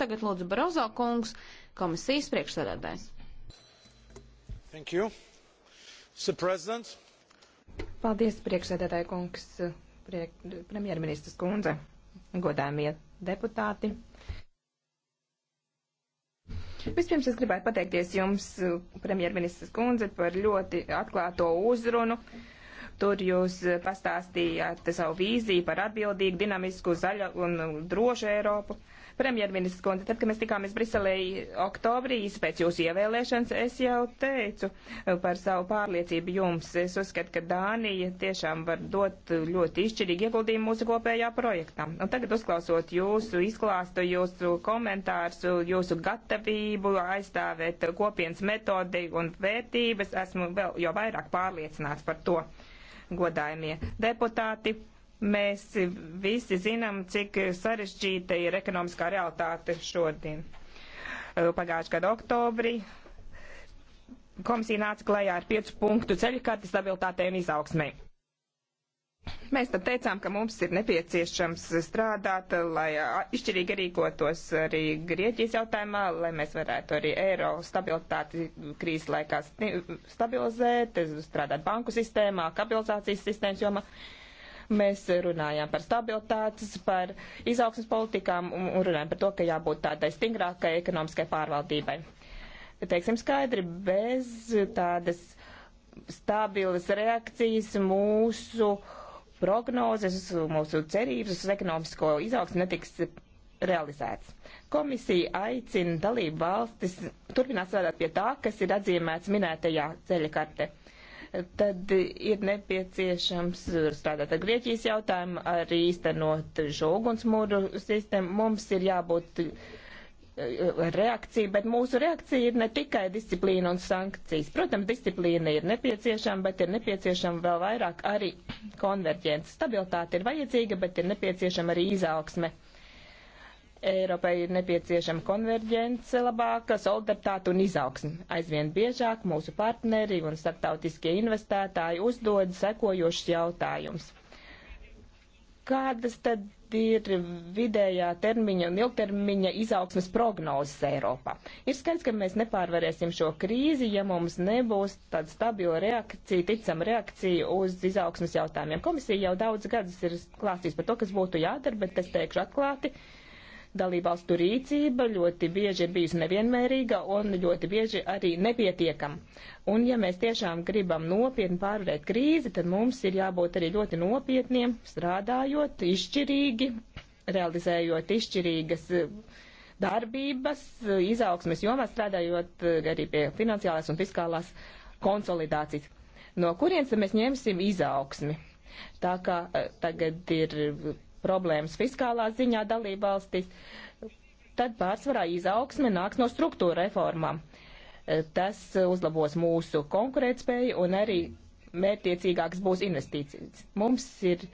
Tagad lūdzu Barozo kungs, komisijas priekšsēdētājs. Thank you. Mr. President. Paldies, priekšsēdētāja kungs, priek, premjerministras kundze, godājumie deputāti. Vispirms es gribētu pateikties jums, premjerministras kundze, par ļoti atklāto uzrunu. Tur jūs pastāstījāt savu vīziju par atbildīgu, dinamisku, zaļu un drošu Eiropu. Uh, Premjerministrs kundze, tad, kad mēs tikāmies Briselē oktobrī, pēc jūsu ievēlēšanas, es jau teicu uh, par savu pārliecību jums. Es uzskatu, ka Dānija tiešām var dot ļoti izšķirīgi ieguldījumu mūsu kopējā projektā. Un tagad uzklausot jūsu izklāstu, jūsu komentārus, jūsu gatavību aizstāvēt kopienas metodi un vērtības, esmu vēl jau vairāk pārliecināts par to, godājumie deputāti. Mēs visi zinām, cik sarežģīta ir ekonomiskā realitāte šodien. Pagājušā gada oktobrī komisija nāca klajā ar piecu punktu ceļkarti stabilitātei un izaugsmai. Mēs tad teicām, ka mums ir nepieciešams strādāt, lai izšķirīgi rīkotos arī Grieķijas jautājumā, lai mēs varētu arī eiro stabilitāti krīzes laikā stabilizēt, strādāt banku sistēmā, kapitalizācijas sistēmas jomā. Jo Mēs runājām par stabilitātes, par izaugsmas politikām un runājām par to, ka jābūt tādai stingrākai ekonomiskai pārvaldībai. Teiksim skaidri, bez tādas stabilas reakcijas mūsu prognozes, mūsu cerības uz ekonomisko izaugsmu netiks realizēts. Komisija aicina dalību valstis turpināt strādāt pie tā, kas ir atzīmēts minētajā ceļa kartē tad ir nepieciešams strādāt ar Grieķijas jautājumu, arī īstenot šo ugunsmūru sistēmu. Mums ir jābūt eh, reakcija, bet mūsu reakcija ir ne tikai disciplīna un sankcijas. Protams, disciplīna ir nepieciešama, bet ir nepieciešama vēl vairāk arī konverģence. Stabilitāte ir vajadzīga, bet ir nepieciešama arī izaugsme. Eiropai ir nepieciešama konverģence labāka, solidaritāte un izaugsme. Aizvien biežāk mūsu partneri un starptautiskie investētāji uzdod sekojošus jautājumus. Kādas tad ir vidējā termiņa un ilgtermiņa izaugsmas prognozes Eiropā. Ir skaidrs, ka mēs nepārvarēsim šo krīzi, ja mums nebūs tāda stabila reakcija, ticama reakcija uz izaugsmas jautājumiem. Komisija jau daudz gadus ir klāstījis par to, kas būtu jādara, bet es teikšu atklāti, uh, Dalībvalstu rīcība ļoti bieži ir bijusi nevienmērīga un ļoti bieži arī nepietiekama. Un ja mēs tiešām gribam nopietni pārvarēt krīzi, tad mums ir jābūt arī ļoti nopietniem, strādājot izšķirīgi, realizējot izšķirīgas eh, darbības, eh, izaugsmes jomā strādājot eh, arī pie finansiālās un fiskālās konsolidācijas. No kurienes mēs ņemsim izaugsmi? Tā kā tagad ir problēmas fiskālā ziņā dalībvalstīs, tad pārsvarā izaugsme nāks no struktūra reformām. E, tas uzlabos mūsu konkurētspēju un arī mērķiecīgākas būs investīcijas. Mums ir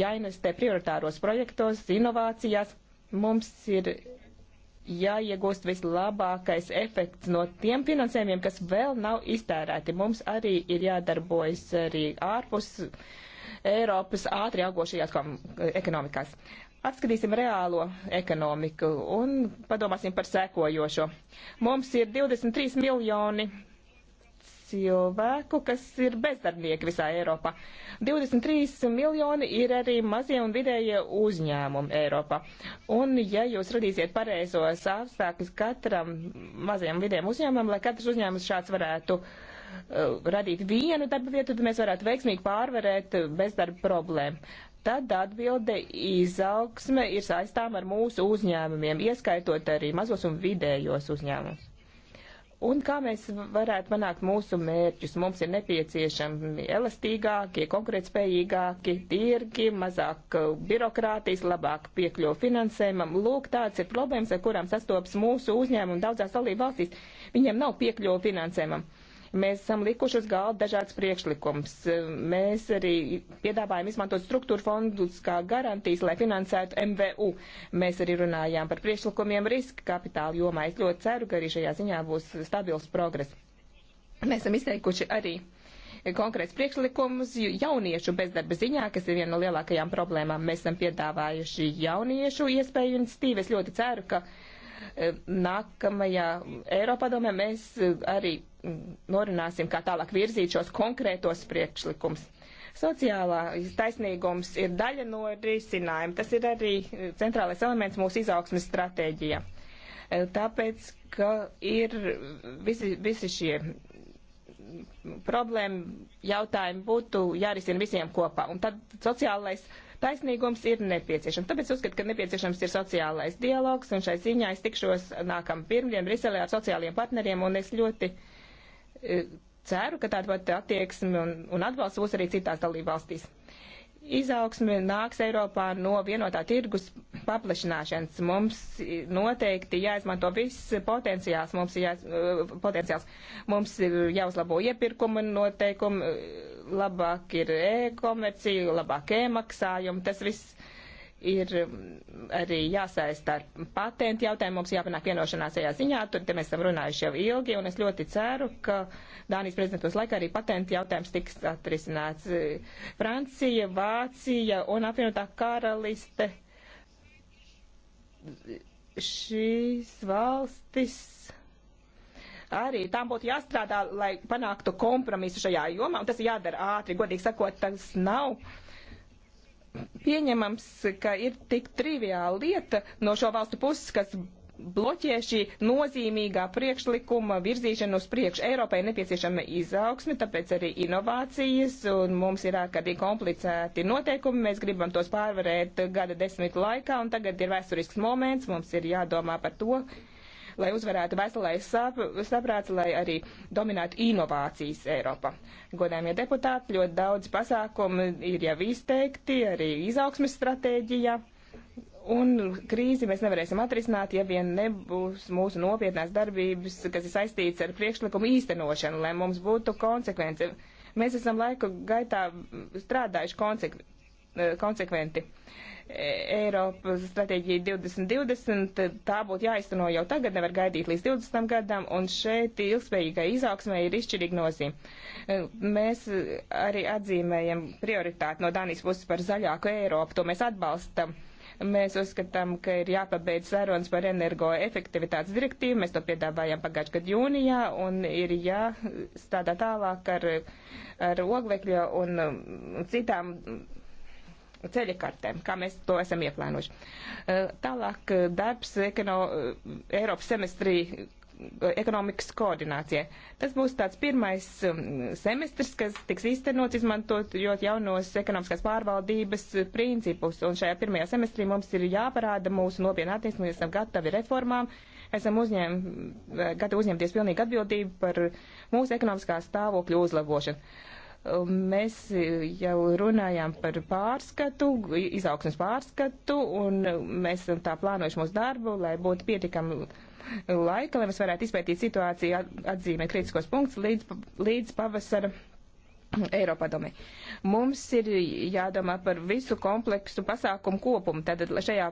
jāinvestē prioritāros projektos, inovācijās, mums ir jāiegūst vislabākais efekts no tiem finansējumiem, kas vēl nav iztērēti. Mums arī ir jādarbojas arī ārpus Eiropas ātri augošajās ekonomikās. Atskatīsim reālo ekonomiku un padomāsim par sekojošo. Mums ir 23 miljoni cilvēku, kas ir bezdarbnieki visā Eiropā. 23 miljoni ir arī mazie un vidējie uzņēmumi Eiropā. Un ja jūs radīsiet pareizos apstākļus katram mazajam vidējiem uzņēmumam, lai katrs uzņēmums šāds varētu uh, Eh, radīt vienu darba vietu, tad mēs varētu veiksmīgi pārvarēt eh, bezdarba problēmu. Tad atbilde izaugsme ir saistām ar mūsu uzņēmumiem, ieskaitot arī mazos un vidējos uzņēmumus. Un kā mēs varētu panākt mūsu mērķus? Mums ir nepieciešami elastīgākie, konkurētspējīgāki tirgi, mazāk eh, birokrātijas, labāk piekļuvu finansējumam. Lūk, tāds ir problēmas, ar kurām sastopas mūsu uzņēmumi daudzās dalību valstīs. Viņiem nav piekļuvu finansējumam. Mēs esam likuši uz galda dažādas priekšlikums. Mēs arī piedāvājam izmantot struktūru fondus kā garantijas, lai finansētu MVU. Mēs arī runājām par priekšlikumiem riska kapitāla jomā. Es ļoti ceru, ka arī šajā ziņā būs stabils progress. Mēs esam izteikuši arī konkrēts priekšlikums jauniešu bezdarba ziņā, kas ir viena no lielākajām problēmām. Mēs esam piedāvājuši jauniešu iespēju un stīves ļoti ceru, ka nākamajā Eiropadomē mēs arī norunāsim, kā tālāk virzīt šos konkrētos priekšlikums. Sociālā taisnīgums ir daļa no risinājuma. Tas ir arī centrālais elements mūsu izaugsmes stratēģijā. Tāpēc, ka ir visi, visi šie problēma jautājumi būtu jārisina visiem kopā. Un tad sociālais uh, Taisnīgums ir nepieciešams. Tāpēc uzskatu, ka nepieciešams ir sociālais dialogs, un šai ziņā es tikšos nākam pirmdien Briselē ar sociālajiem partneriem, un es ļoti eh, ceru, ka tāda pat attieksme un, un atbalsts būs arī citās dalībvalstīs. Izaugsme nāks Eiropā no vienotā tirgus paplašināšanas. Mums noteikti jāizmanto viss potenciāls. Mums ir, jā, eh, potenciāls. Mums ir jāuzlabo iepirkuma noteikumi, labāk ir e-komercija, labāk e-maksājumi. Tas viss ir mm, arī jāsaista ar patentu jautājumu. Mums jāpanāk vienošanās šajā ziņā, tur te mēs esam runājuši jau ilgi, un es ļoti ceru, ka Dānijas prezidentūras laikā arī patentu jautājums tiks atrisināts. Francija, Vācija un apvienotā karaliste. Šīs valstis arī tām būtu jāstrādā, lai panāktu kompromisu šajā jomā, un tas ir jādara ātri, godīgi sakot, tas nav. Uh, pieņemams, ka ir tik triviāla lieta no šo valstu puses, kas bloķē šī nozīmīgā priekšlikuma virzīšanu uz priekšu. Eiropai nepieciešama izaugsme, tāpēc arī inovācijas, un mums ir ārkārtīgi komplicēti noteikumi, mēs gribam tos pārvarēt gada desmit laikā, un tagad ir vēsturisks moments, mums ir jādomā par to, lai uzvarētu veselais sap, saprāts, lai arī dominētu inovācijas Eiropa. Godājumie deputāti, ļoti daudz pasākumu ir jau izteikti, arī izaugsmes stratēģija. Un krīzi mēs nevarēsim atrisināt, ja vien nebūs mūsu nopietnās darbības, kas ir saistīts ar priekšlikumu īstenošanu, lai mums būtu konsekvence. Mēs esam laiku gaitā strādājuši konsekventi. konsekventi. Uh, E, Eiropas stratēģija 2020, tā būtu jāizteno jau tagad, nevar gaidīt līdz 20 gadam, un šeit ilgspējīgai izaugsmē ir izšķirīga nozīme. E, mēs arī atzīmējam prioritāti no Danijas puses par zaļāku Eiropu, to mēs atbalstam. Mēs uzskatām, ka ir jāpabeidz sarunas par energoefektivitātes direktīvu, mēs to piedāvājām pagājušajā gadu jūnijā, un ir jāstrādā tālāk ar, ar oglekļa un um, citām ceļa kartēm, kā mēs to esam ieplānojuši. Tālāk darbs ekono, Eiropas semestrī ekonomikas koordinācijai. Tas būs tāds pirmais semestrs, kas tiks īstenots izmantot jaunos ekonomiskās pārvaldības principus. Un šajā pirmajā semestrī mums ir jāparāda mūsu nopietna attieksme, mēs esam gatavi reformām, esam uzņēm, gatavi uzņemties pilnīgu atbildību par mūsu ekonomiskā stāvokļa uzlabošanu. Mēs jau runājām par pārskatu, izaugsmes pārskatu, un mēs tā plānojuši mūsu darbu, lai būtu pietiekami laika, lai mēs varētu izpētīt situāciju, atzīmēt kritiskos punktus līdz, līdz pavasara Eiropadomē. Mums ir jādomā par visu kompleksu pasākumu kopumu. Tad šajā,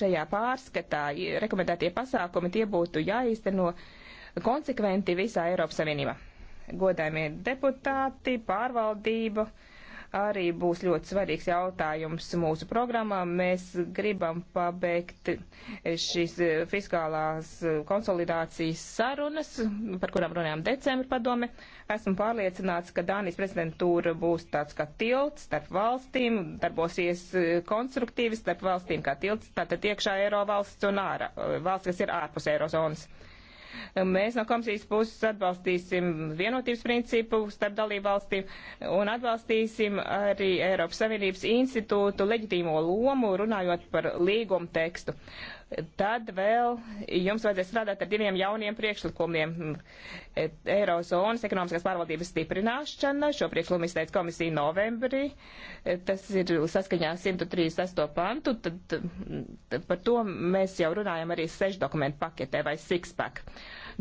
šajā pārskatā rekomendētie pasākumi tie būtu jāīsteno konsekventi visā Eiropas Savienībā godājumie deputāti, pārvaldība arī būs ļoti svarīgs jautājums mūsu programmā. Mēs gribam pabeigt šīs fiskālās konsolidācijas sarunas, par kurām runājām decembra padome. Esmu pārliecināts, ka Dānijas prezidentūra būs tāds kā tilts starp valstīm, darbosies konstruktīvi starp valstīm kā tilts, tātad iekšā eiro valsts un ārā, valsts, kas ir ārpus eirozonas. Mēs no komisijas puses atbalstīsim vienotības principu starp dalībvalstīm un atbalstīsim arī Eiropas Savienības institūtu leģitīmo lomu runājot par līgumu tekstu. Uh, tad vēl jums vajadzēs strādāt ar diviem jauniem priekšlikumiem. Eirozonas ekonomiskās pārvaldības stiprināšana, šo priekšlikumu izteica komisija novembrī, tas ir saskaņā 138 pantu, tad, tad par to mēs jau runājam arī sešu dokumentu paketē vai six-pack.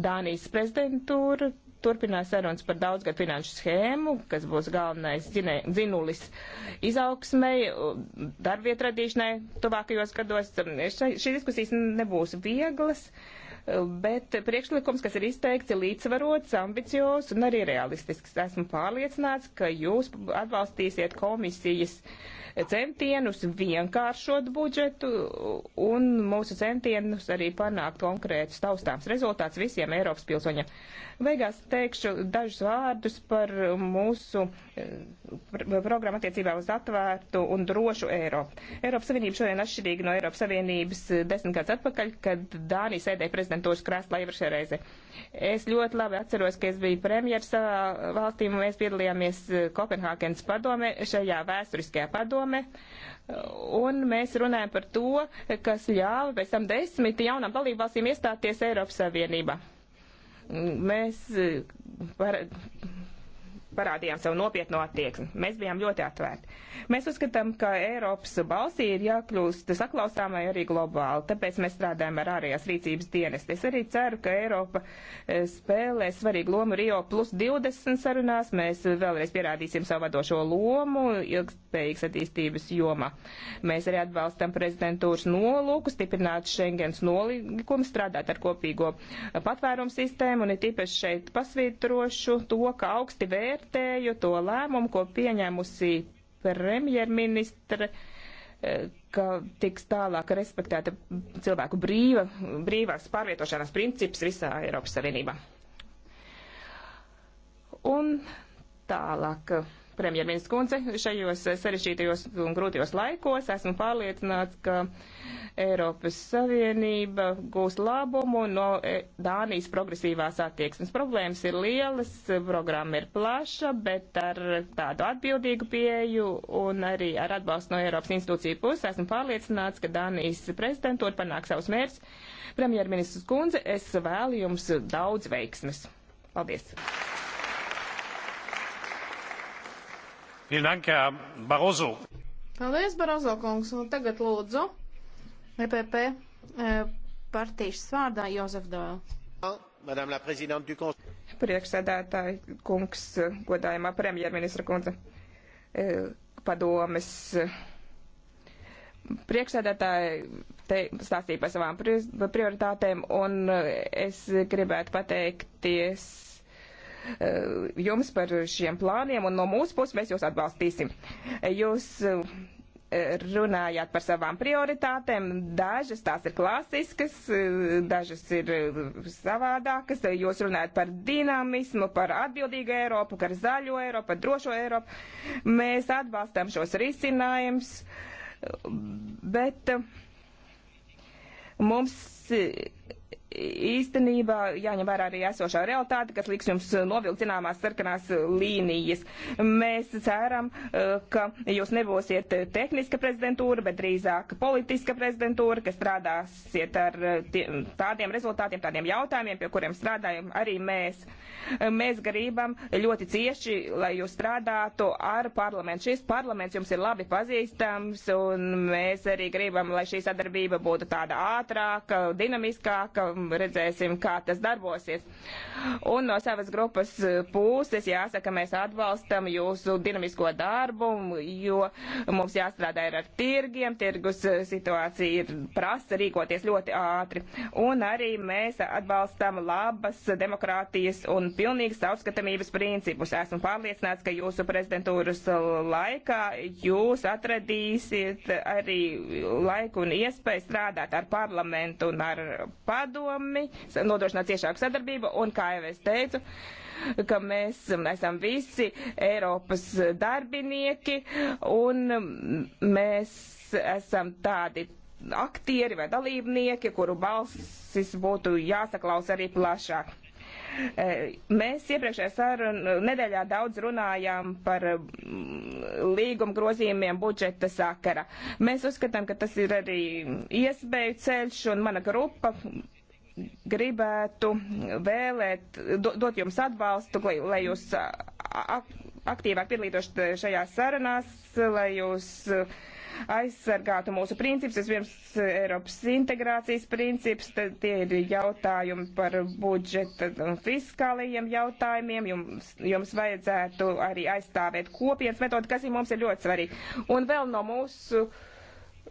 Dānijas prezidentūra turpinās sarunas par daudzgad finanšu schēmu, kas būs galvenais dzinē, dzinulis izaugsmei, darbvietu radīšanai tuvākajos gados. Šīs diskusijas nebūs vieglas bet priekšlikums, kas ir izteikts, ir līdzsvarots, ambiciozs un arī realistisks. Esmu pārliecināts, ka jūs atbalstīsiet komisijas uh, centienus vienkāršot budžetu un mūsu centienus arī panākt konkrētus taustāms rezultāts visiem Eiropas pilsoņiem. Beigās teikšu dažus vārdus par mūsu eh, programmu attiecībā uz atvērtu un drošu Eiropu. Eiropas Savienība šodien atšķirīga no Eiropas Savienības desmit gadus atpakaļ, kad Dānija sēdēja prezidentūras krēslā jau šajā reizē. Es ļoti labi atceros, ka es biju premjeras savā valstī, un mēs piedalījāmies eh, Kopenhāgenes padome, šajā vēsturiskajā padome, un mēs runājam par to, kas ļāva pēc tam desmit jaunām dalībvalstīm iestāties Eiropas Savienībā. Mēs eh, par, parādījām savu nopietno attieksmi. Mēs bijām ļoti atvērti. Mēs uzskatām, ka Eiropas balsī ir jākļūst saklausāmai arī globāli, tāpēc mēs strādājam ar ārējās rīcības dienas. Es arī ceru, ka Eiropa eh, spēlē svarīgu lomu Rio plus 20 sarunās. Mēs vēlreiz pierādīsim savu vadošo lomu ilgspējīgas attīstības jomā. Mēs arī atbalstam prezidentūras nolūku stiprināt Schengens nolīgumu, strādāt ar kopīgo patvērumu sistēmu un ir tīpaši šeit pasvītrošu to, ka augsti vērt akceptēju to lēmumu, ko pieņēmusi premjerministre, eh, ka tiks tālāk respektēta cilvēku brīva, brīvās pārvietošanās princips visā Eiropas Savienībā. Un tālāk premjerministrs kundze, šajos sarežģītajos un grūtajos laikos esmu pārliecināts, ka Eiropas Savienība gūs labumu no e, Dānijas progresīvās attieksmes. Problēmas ir lielas, programma ir plaša, bet ar tādu atbildīgu pieeju un arī ar atbalstu no Eiropas institūciju puses esmu pārliecināts, ka Dānijas prezidentūra panāk savus mērķus. Premjerministrs kundze, es vēlu jums daudz veiksmes. Paldies! Paldies, Barozo kungs. Un tagad lūdzu EPP e, partijas vārdā Jozef Doyle. Priekšsēdētāji kungs, godājumā premjerministra kundze, e, padomes priekšsēdētāji te stāstīja par savām prioritātēm, un es gribētu pateikties Eh, jums par šiem plāniem, un no mūsu puses mēs jūs atbalstīsim. Jūs eh, runājāt par savām prioritātēm. Dažas tās ir klasiskas, eh, dažas ir savādākas. Jūs runājat par dinamismu, par atbildīgu Eiropu, par zaļo Eiropu, par drošo Eiropu. Mēs atbalstam šos risinājumus, bet mums īstenībā jāņem vērā arī esošā realitāte, kas liks jums novilkt zināmās sarkanās līnijas. Mēs ceram, eh, ka jūs nebūsiet tehniska prezidentūra, bet drīzāk politiska prezidentūra, kas strādāsiet ar eh, tādiem rezultātiem, tādiem jautājumiem, pie kuriem strādājam arī mēs. Mēs gribam ļoti cieši, lai jūs strādātu ar parlamentu. Šis parlaments jums ir labi pazīstams, un mēs arī gribam, lai šī sadarbība būtu tāda ātrāka, dinamiskāka, redzēsim, kā tas darbosies. Un no savas grupas eh, puses jāsaka, mēs atbalstam jūsu dinamisko darbu, jo mums jāstrādā ir ar tirgiem, tirgus eh, situācija ir prasa rīkoties ļoti ātri. Un arī mēs atbalstam labas demokrātijas un pilnīgas savskatamības principus. Esmu pārliecināts, ka jūsu prezidentūras laikā jūs atradīsiet arī laiku un iespēju strādāt ar parlamentu un ar padomu padomi, nodrošināt ciešāku sadarbību, un, kā jau es teicu, ka mēs um, esam visi Eiropas darbinieki, un um, mēs esam tādi aktieri vai dalībnieki, kuru balsis būtu jāsaklaus arī plašāk. E, mēs iepriekšējā sarunā nedēļā daudz runājām par mm, līguma grozījumiem budžeta sakara. Mēs uzskatām, ka tas ir arī iespēju ceļš, un mana grupa gribētu vēlēt, dot jums atbalstu, lai, lai jūs aktīvāk piedalītos šajās sarunās, lai jūs aizsargātu mūsu principus, vispirms Eiropas integrācijas princips, tad tie ir jautājumi par budžeta un fiskālajiem jautājumiem, jums, jums vajadzētu arī aizstāvēt kopienas metodu, kas ir mums ir ļoti svarīgi. Un vēl no mūsu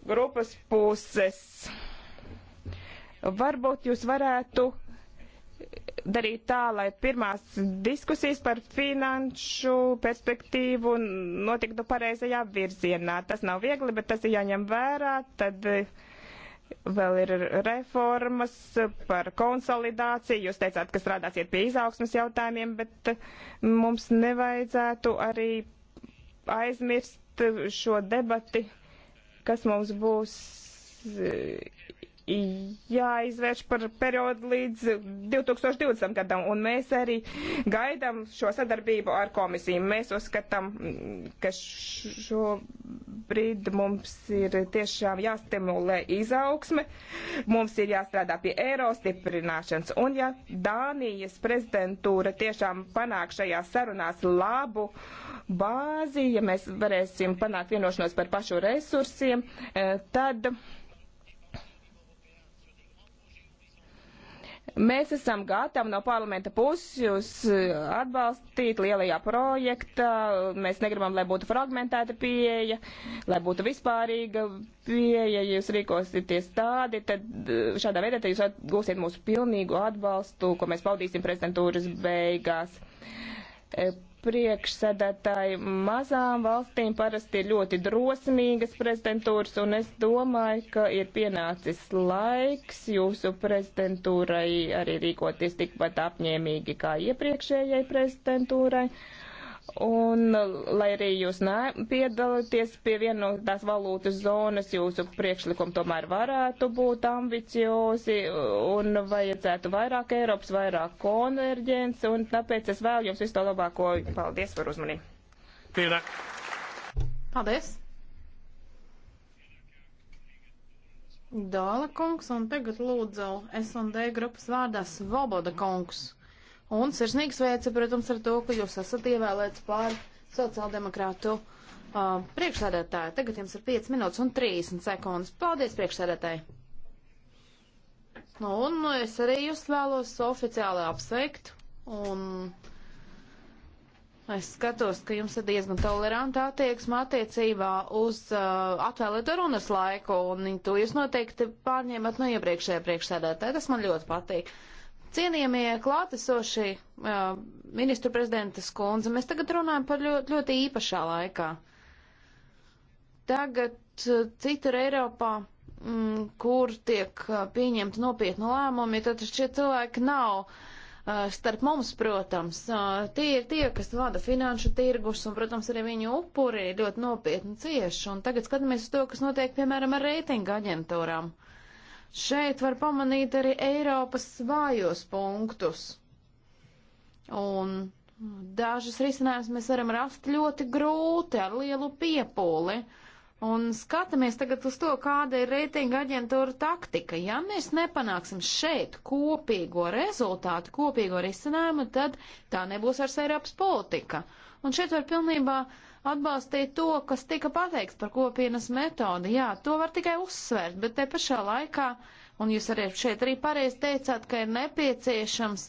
grupas puses Varbūt jūs varētu darīt tā, lai pirmās diskusijas par finanšu perspektīvu notiktu pareizajā virzienā. Tas nav viegli, bet tas ir jāņem vērā. Tad vēl ir reformas par konsolidāciju. Jūs teicāt, ka strādāsiet pie izaugsmas jautājumiem, bet mums nevajadzētu arī aizmirst šo debati, kas mums būs jāizvērš par periodu līdz 2020. gadam, un mēs arī gaidām šo sadarbību ar komisiju. Mēs uzskatām, mm, ka šobrīd mums ir tiešām jāstimulē izaugsme, mums ir jāstrādā pie eiro stiprināšanas, un ja Dānijas prezidentūra tiešām panāk šajās sarunās labu bāzi, ja mēs varēsim panākt vienošanos par pašu resursiem, eh, tad Mēs esam gatavi no parlamenta puses jūs eh, atbalstīt lielajā projektā. Mēs negribam, lai būtu fragmentēta pieeja, lai būtu vispārīga pieeja. Ja jūs rīkosieties tādi, tad eh, šādā veidā jūs atgūsiet mūsu pilnīgu atbalstu, ko mēs paudīsim prezidentūras beigās. Eh, priekšsēdētāji mazām valstīm parasti ir ļoti drosmīgas prezidentūras, un es domāju, ka ir pienācis laiks jūsu prezidentūrai arī rīkoties tikpat apņēmīgi kā iepriekšējai prezidentūrai. Uh, Un, lai arī jūs nepiedalāties pie viena no tās valūtas zonas, jūsu priekšlikumi tomēr varētu būt ambiciozi un vajadzētu vairāk Eiropas, vairāk konverģents, un tāpēc es vēlu jums visu to labāko. Paldies par uzmanību. Paldies. Dāla kungs, un tagad lūdzu S&D grupas vārdā Svoboda kungs. Un sirsnīgi sveicu, protams, ar to, ka jūs esat ievēlēts pār sociāldemokrātu uh, priekšsēdētāju. Tagad jums ir 5 minūtes un 30 sekundes. Paldies priekšsēdētāji! Nu, un es arī jūs vēlos oficiāli apsveikt. Un Es skatos, ka jums ir diezgan toleranta attieksme attiecībā uz uh, atvēlēto runas laiku, un to jūs noteikti pārņēmat no iepriekšējā priekšsēdētāja. Tas man ļoti patīk. Cienījamie klātesošie uh, ministru prezidenta skundze, mēs tagad runājam par ļoti, ļoti īpašā laikā. Tagad uh, citur Eiropā, mm, kur tiek uh, pieņemti nopietni lēmumi, tad šie cilvēki nav uh, starp mums, protams. Uh, tie ir tie, kas vada finanšu tirgus, un, protams, arī viņu upuri ļoti nopietni cieši. Un tagad skatāmies uz to, kas notiek, piemēram, ar reitinga aģentūrām. Šeit var pamanīt arī Eiropas vājos punktus. Un dažas risinājumus mēs varam rast ļoti grūti ar lielu piepūli. Un skatāmies tagad uz to, kāda ir reitinga aģentūra taktika. Ja mēs nepanāksim šeit kopīgo rezultātu, kopīgo risinājumu, tad tā nebūs vairs Eiropas politika. Un šeit var pilnībā uh, atbalstīja to, kas tika pateikts par kopienas metodi. Jā, to var tikai uzsvērt, bet te pašā laikā, un jūs arī šeit arī pareizi teicāt, ka ir nepieciešams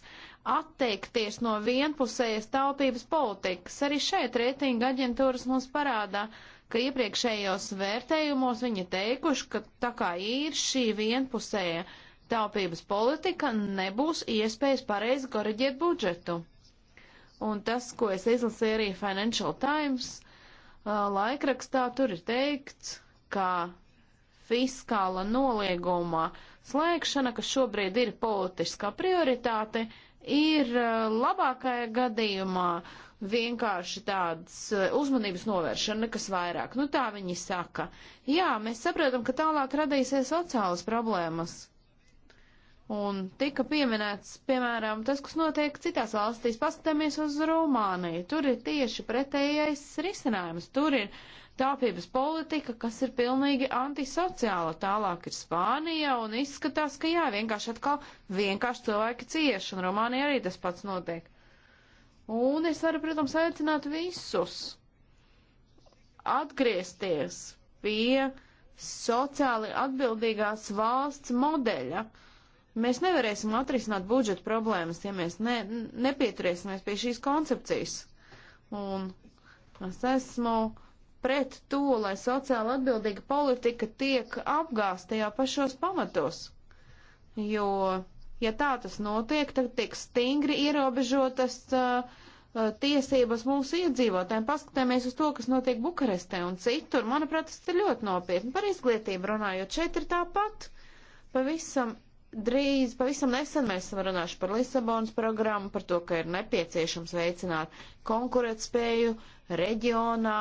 atteikties no vienpusējas taupības politikas. Arī šeit reitinga aģentūras mums parādā, ka iepriekšējos vērtējumos viņi teikuši, ka tā kā ir šī vienpusēja taupības politika, nebūs iespējas pareizi koreģēt budžetu. Un tas, ko es izlasīju arī Financial Times, laikrakstā tur ir teikts, ka fiskāla noliegumā slēgšana, kas šobrīd ir politiskā prioritāte, ir labākajā gadījumā vienkārši tāds uzmanības novēršana, nekas vairāk. Nu tā viņi saka. Jā, mēs saprotam, ka tālāk radīsies sociālas problēmas. Un tika pieminēts, piemēram, tas, kas notiek citās valstīs. Paskatāmies uz Rumāniju. Tur ir tieši pretējais risinājums. Tur ir tāpības politika, kas ir pilnīgi antisociāla. Tālāk ir Spānija un izskatās, ka jā, vienkārši atkal vienkārši cilvēki cieši. Un Rumānija arī tas pats notiek. Un es varu, protams, aicināt visus atgriezties pie sociāli atbildīgās valsts modeļa Mēs nevarēsim atrisināt budžeta problēmas, ja mēs ne, nepieturēsimies pie šīs koncepcijas. Un es esmu pret to, lai sociāli atbildīga politika tiek apgāsta jau pašos pamatos. Jo, ja tā tas notiek, tad tiek stingri ierobežotas uh, uh, tiesības mūsu iedzīvotājiem. Paskatāmies uz to, kas notiek Bukarestē un citur. Manuprāt, tas ir ļoti nopietni. Par izglītību runājot, šeit ir tāpat. Pavisam Drīz, pavisam nesen mēs runāšu par Lisabonas programmu, par to, ka ir nepieciešams veicināt konkurētspēju reģionā,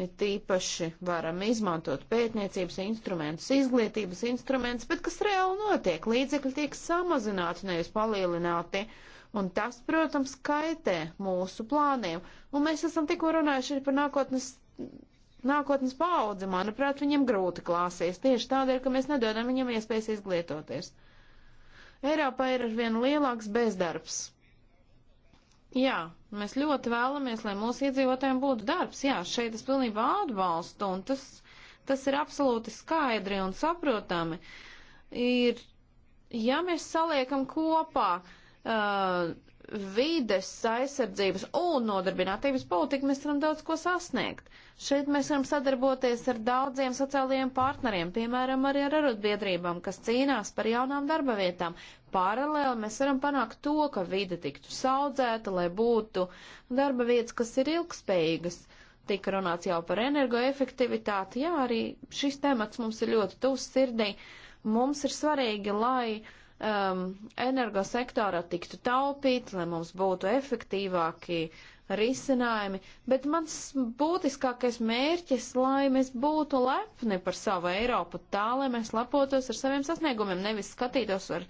ja tīpaši varam izmantot pētniecības instrumentus, izglītības instrumentus, bet kas reāli notiek, līdzekļi tiek samazināti, nevis palielināti, un tas, protams, kaitē mūsu plāniem. Un mēs esam tikko runājuši par nākotnes nākotnes paudze, manuprāt, viņiem grūti klāsies tieši tādēļ, ka mēs nedodam viņam iespējas izglītoties. Eiropā ir arvien lielāks bezdarbs. Jā, mēs ļoti vēlamies, lai mūsu iedzīvotājiem būtu darbs. Jā, šeit es pilnībā atbalstu, un tas, tas ir absolūti skaidri un saprotami. Ir, ja mēs saliekam kopā uh, vides aizsardzības un nodarbinātības politiku mēs varam daudz ko sasniegt. Šeit mēs varam sadarboties ar daudziem sociālajiem partneriem, piemēram, arī ar arotbiedrībām, kas cīnās par jaunām darba vietām. Paralēli mēs varam panākt to, ka vide tiktu saudzēta, lai būtu darba vietas, kas ir ilgspējīgas. Tika runāts jau par energoefektivitāti, jā, arī šis temats mums ir ļoti tuvs sirdī. Mums ir svarīgi, lai uh, um, energosektora tiktu taupīti, lai mums būtu efektīvāki risinājumi, bet mans būtiskākais mērķis, lai mēs būtu lepni par savu Eiropu, tā lai mēs lepotos ar saviem sasniegumiem, nevis skatītos ar,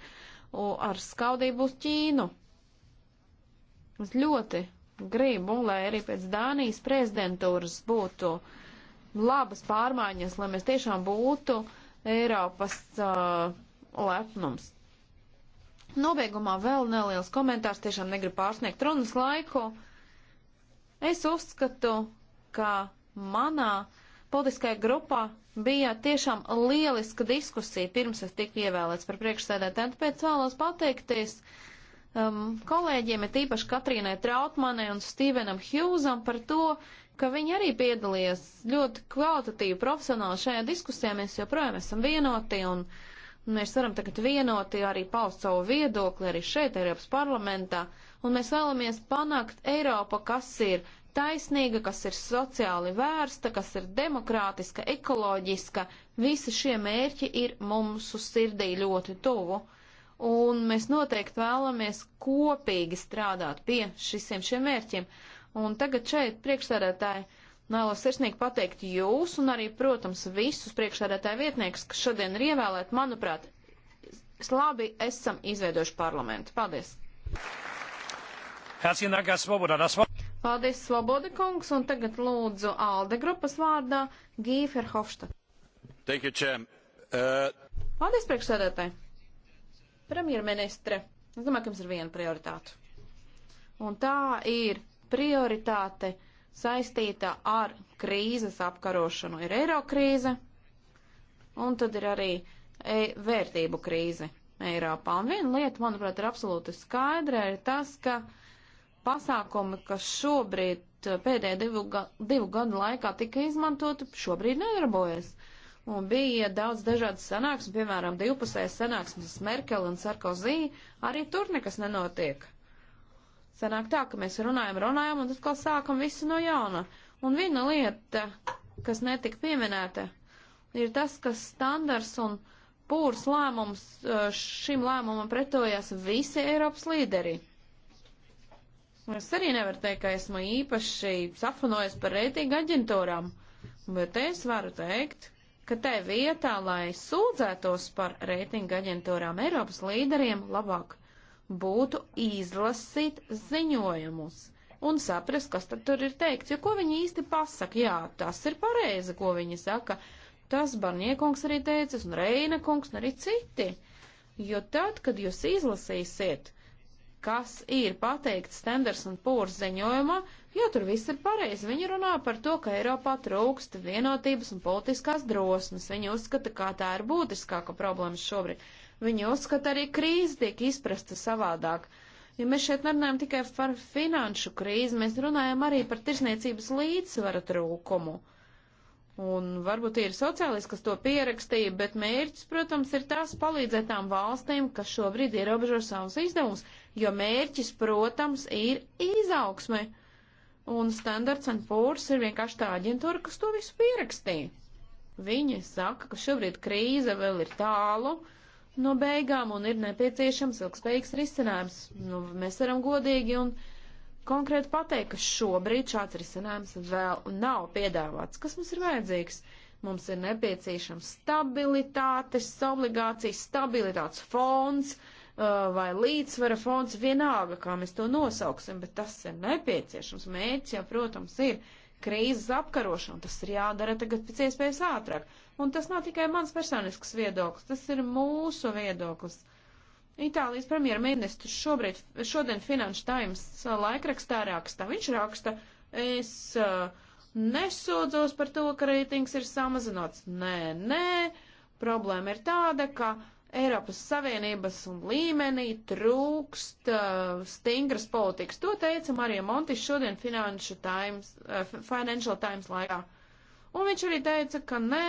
ar skaudību uz Ķīnu. Es ļoti gribu, lai arī pēc Dānijas prezidentūras būtu labas pārmaiņas, lai mēs tiešām būtu Eiropas uh, lepnums. Nobeigumā vēl neliels komentārs, tiešām negribu pārsniegt runas laiku. Es uzskatu, ka manā politiskajā grupā bija tiešām lieliska diskusija pirms es tiku ievēlēts par priekšsēdētāju. Tāpēc vēlos pateikties um, kolēģiem, ir tīpaši Katrīnai Trautmanai un Stevenam Hjūzam par to, ka viņi arī piedalījās ļoti kvalitatīvi profesionāli šajā diskusijā. Mēs joprojām esam vienoti un uh, Mēs varam tagad vienoti arī paust savu viedokli arī šeit, Eiropas parlamentā, un mēs vēlamies panākt Eiropa, kas ir taisnīga, kas ir sociāli vērsta, kas ir demokrātiska, ekoloģiska. Visi šie mērķi ir mūsu sirdī ļoti tuvu. Un mēs noteikti vēlamies kopīgi strādāt pie šisiem šiem mērķiem. Un tagad šeit priekšsēdētāji Nēlos sirsnīgi pateikt jūs un arī, protams, visus priekšsēdētāju vietniekus, kas šodien ir ievēlēti, manuprāt, labi esam izveidojuši parlamentu. Paldies! Paldies, Svoboda kungs, un tagad lūdzu Alde grupas vārdā Gīfer Hofstad. Thank you, Čem. Uh... Paldies, priekšsēdētāji. Premjerministre, es domāju, ka jums ir viena prioritāte. Un tā ir prioritāte saistīta ar krīzes apkarošanu. Ir eiro krīze, un tad ir arī e vērtību krīze Eiropā. Un viena lieta, manuprāt, ir absolūti skaidra, ir tas, ka pasākumi, kas šobrīd e, pēdējo divu, ga divu gadu laikā tika izmantoti, šobrīd nedarbojas. Un bija daudz dažādas sanāksmes, piemēram, divpusējas sanāksmes Merkel un Sarkozī, arī tur nekas nenotiek. Sanāk tā, ka mēs runājam, runājam, un atkal sākam visu no jauna. Un viena lieta, kas netika pieminēta, ir tas, ka standars un pūrs lēmums šim lēmumam pretojās visi Eiropas līderi. Es arī nevaru teikt, ka esmu īpaši safanojis par reitingu aģentūrām, bet es varu teikt, ka tai vietā, lai sūdzētos par reitingu aģentūrām Eiropas līderiem, labāk būtu izlasīt ziņojumus un saprast, kas tad tur ir teikts. Jo ko viņi īsti pasaka? Jā, tas ir pareizi, ko viņi saka. Tas Barniekungs arī teicis, un Reina kungs, un arī citi. Jo tad, kad jūs izlasīsiet, kas ir pateikts Stenders un Pūrs ziņojumā, jo tur viss ir pareizi. Viņi runā par to, ka Eiropā trūkst vienotības un politiskās drosmes. Viņi uzskata, kā tā ir būtiskāka problēma šobrīd. Viņi uzskata arī krīze tiek izprasta savādāk. Ja mēs šeit nerunājam tikai par finanšu krīzi, mēs runājam arī par tirsniecības līdzsvara trūkumu. Un varbūt ir sociālisti, kas to pierakstīja, bet mērķis, protams, ir tās palīdzēt tām valstīm, kas šobrīd ierobežo savus izdevumus, jo mērķis, protams, ir izaugsme. Un Standards and Poor's ir vienkārši tā aģentūra, kas to visu pierakstīja. Viņi saka, ka šobrīd krīze vēl ir tālu, uh, no beigām un ir nepieciešams ilgspējīgs risinājums. Nu, mēs varam godīgi un konkrēti pateikt, ka šobrīd šāds risinājums vēl nav piedāvāts. Kas mums ir vajadzīgs? Mums ir nepieciešams stabilitātes obligācijas, stabilitātes fonds uh, vai līdzsvara fonds, vienalga, kā mēs to nosauksim, bet tas ir nepieciešams. Mērķis jau, protams, ir krīzes apkarošanu. Tas ir jādara tagad pēc iespējas ātrāk. Un tas nav tikai mans personisks viedoklis, tas ir mūsu viedoklis. Itālijas premjerministrs šobrīd, šodien Finanšu Times laikrakstā raksta, viņš raksta, es uh, nesūdzos par to, ka reitings ir samazināts. Nē, nē, problēma ir tāda, ka Eiropas Savienības un līmenī trūkst uh, stingras politikas. To teica Marija Montis šodien Financial Times, uh, Financial Times laikā. Un viņš arī teica, ka nē,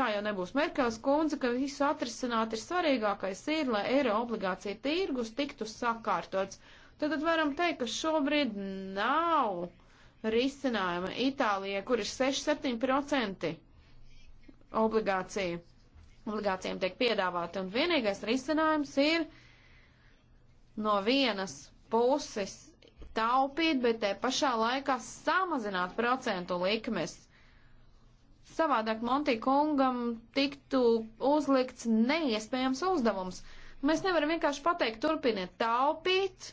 tā jau nebūs Merkels kundze, ka visu atrisināt ir svarīgākais ir, lai eiro obligācija tirgus tiktu sakārtots. Tad, tad varam teikt, ka šobrīd nav risinājuma Itālijai, kur ir 6-7% obligācija obligācijām tiek piedāvāti. Un vienīgais risinājums ir no vienas puses taupīt, bet te pašā laikā samazināt procentu likmes. Savādāk Monti kungam tiktu uzlikts neiespējams uzdevums. Mēs nevaram vienkārši pateikt, turpiniet taupīt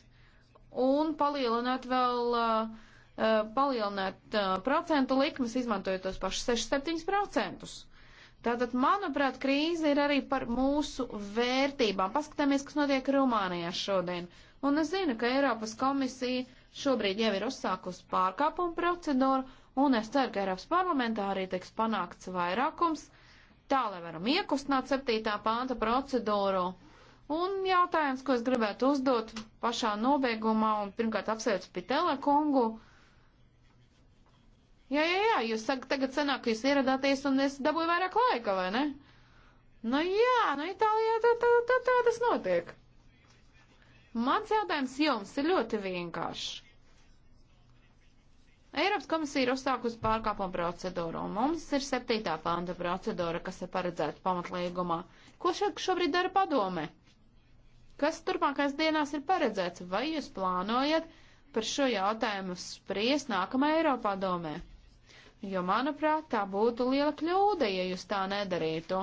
un palielināt vēl, uh, palielināt uh, procentu likmes, izmantojot tos pašus 6-7%. Tātad, manuprāt, krīze ir arī par mūsu vērtībām. Paskatāmies, kas notiek Rumānijā šodien. Un es zinu, ka Eiropas komisija šobrīd jau ir uzsākusi pārkāpumu procedūru, un es ceru, ka Eiropas parlamentā arī tiks panākts vairākums, tā lai varam iekustināt 7. pānta procedūru. Un jautājums, ko es gribētu uzdot pašā nobeigumā, un pirmkārt apsveicu Pitele kungu Jā, jā, jā, jūs sakat, tagad sanāk, ka jūs ieradāties un es dabūju vairāk laika, vai ne? Nu jā, nu Itālijā tā, tā, tā, tā tas notiek. Mans jautājums jums ir ļoti vienkāršs. Eiropas komisija ir uzsākusi pārkāpuma procedūru, un mums ir septītā panta procedūra, kas ir paredzēta pamatlīgumā. Ko šeit šobrīd dara padome? Kas turpmākais dienās ir paredzēts? Vai jūs plānojat par šo jautājumu spriest nākamajā Eiropā domē? jo, manuprāt, tā būtu liela kļūda, ja jūs tā nedarītu.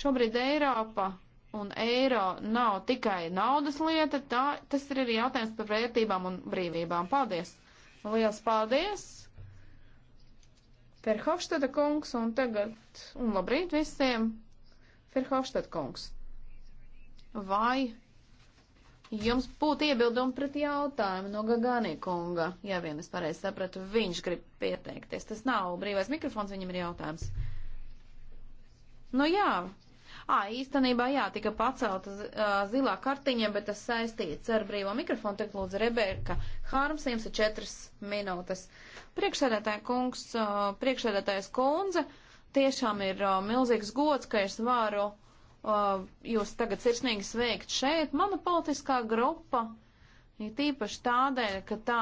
Šobrīd Eiropa un eiro nav tikai naudas lieta, tā, tas ir arī jautājums par vērtībām un brīvībām. Paldies! Liels paldies! Ferhofstada kungs un tagad, un labrīt visiem! Ferhofstada kungs! Vai jums būtu iebildumi pret jautājumu no Gagānī kunga, ja vien es pareizi sapratu, viņš grib pieteikties. Tas nav brīvais mikrofons, viņam ir jautājums. Nu jā, Ā, īstenībā jā, tika pacelta uh, zilā kartiņa, bet tas saistīts ar brīvo mikrofonu. Tagad lūdzu Rebeka Hārms, jums ir četras minūtes. Priekšsēdētāja kungs, uh, priekšsēdētājas kundze, tiešām ir uh, milzīgs gods, ka es varu jūs tagad sirsnīgi sveikt šeit. Mana politiskā grupa ir tīpaši tādēļ, ka tā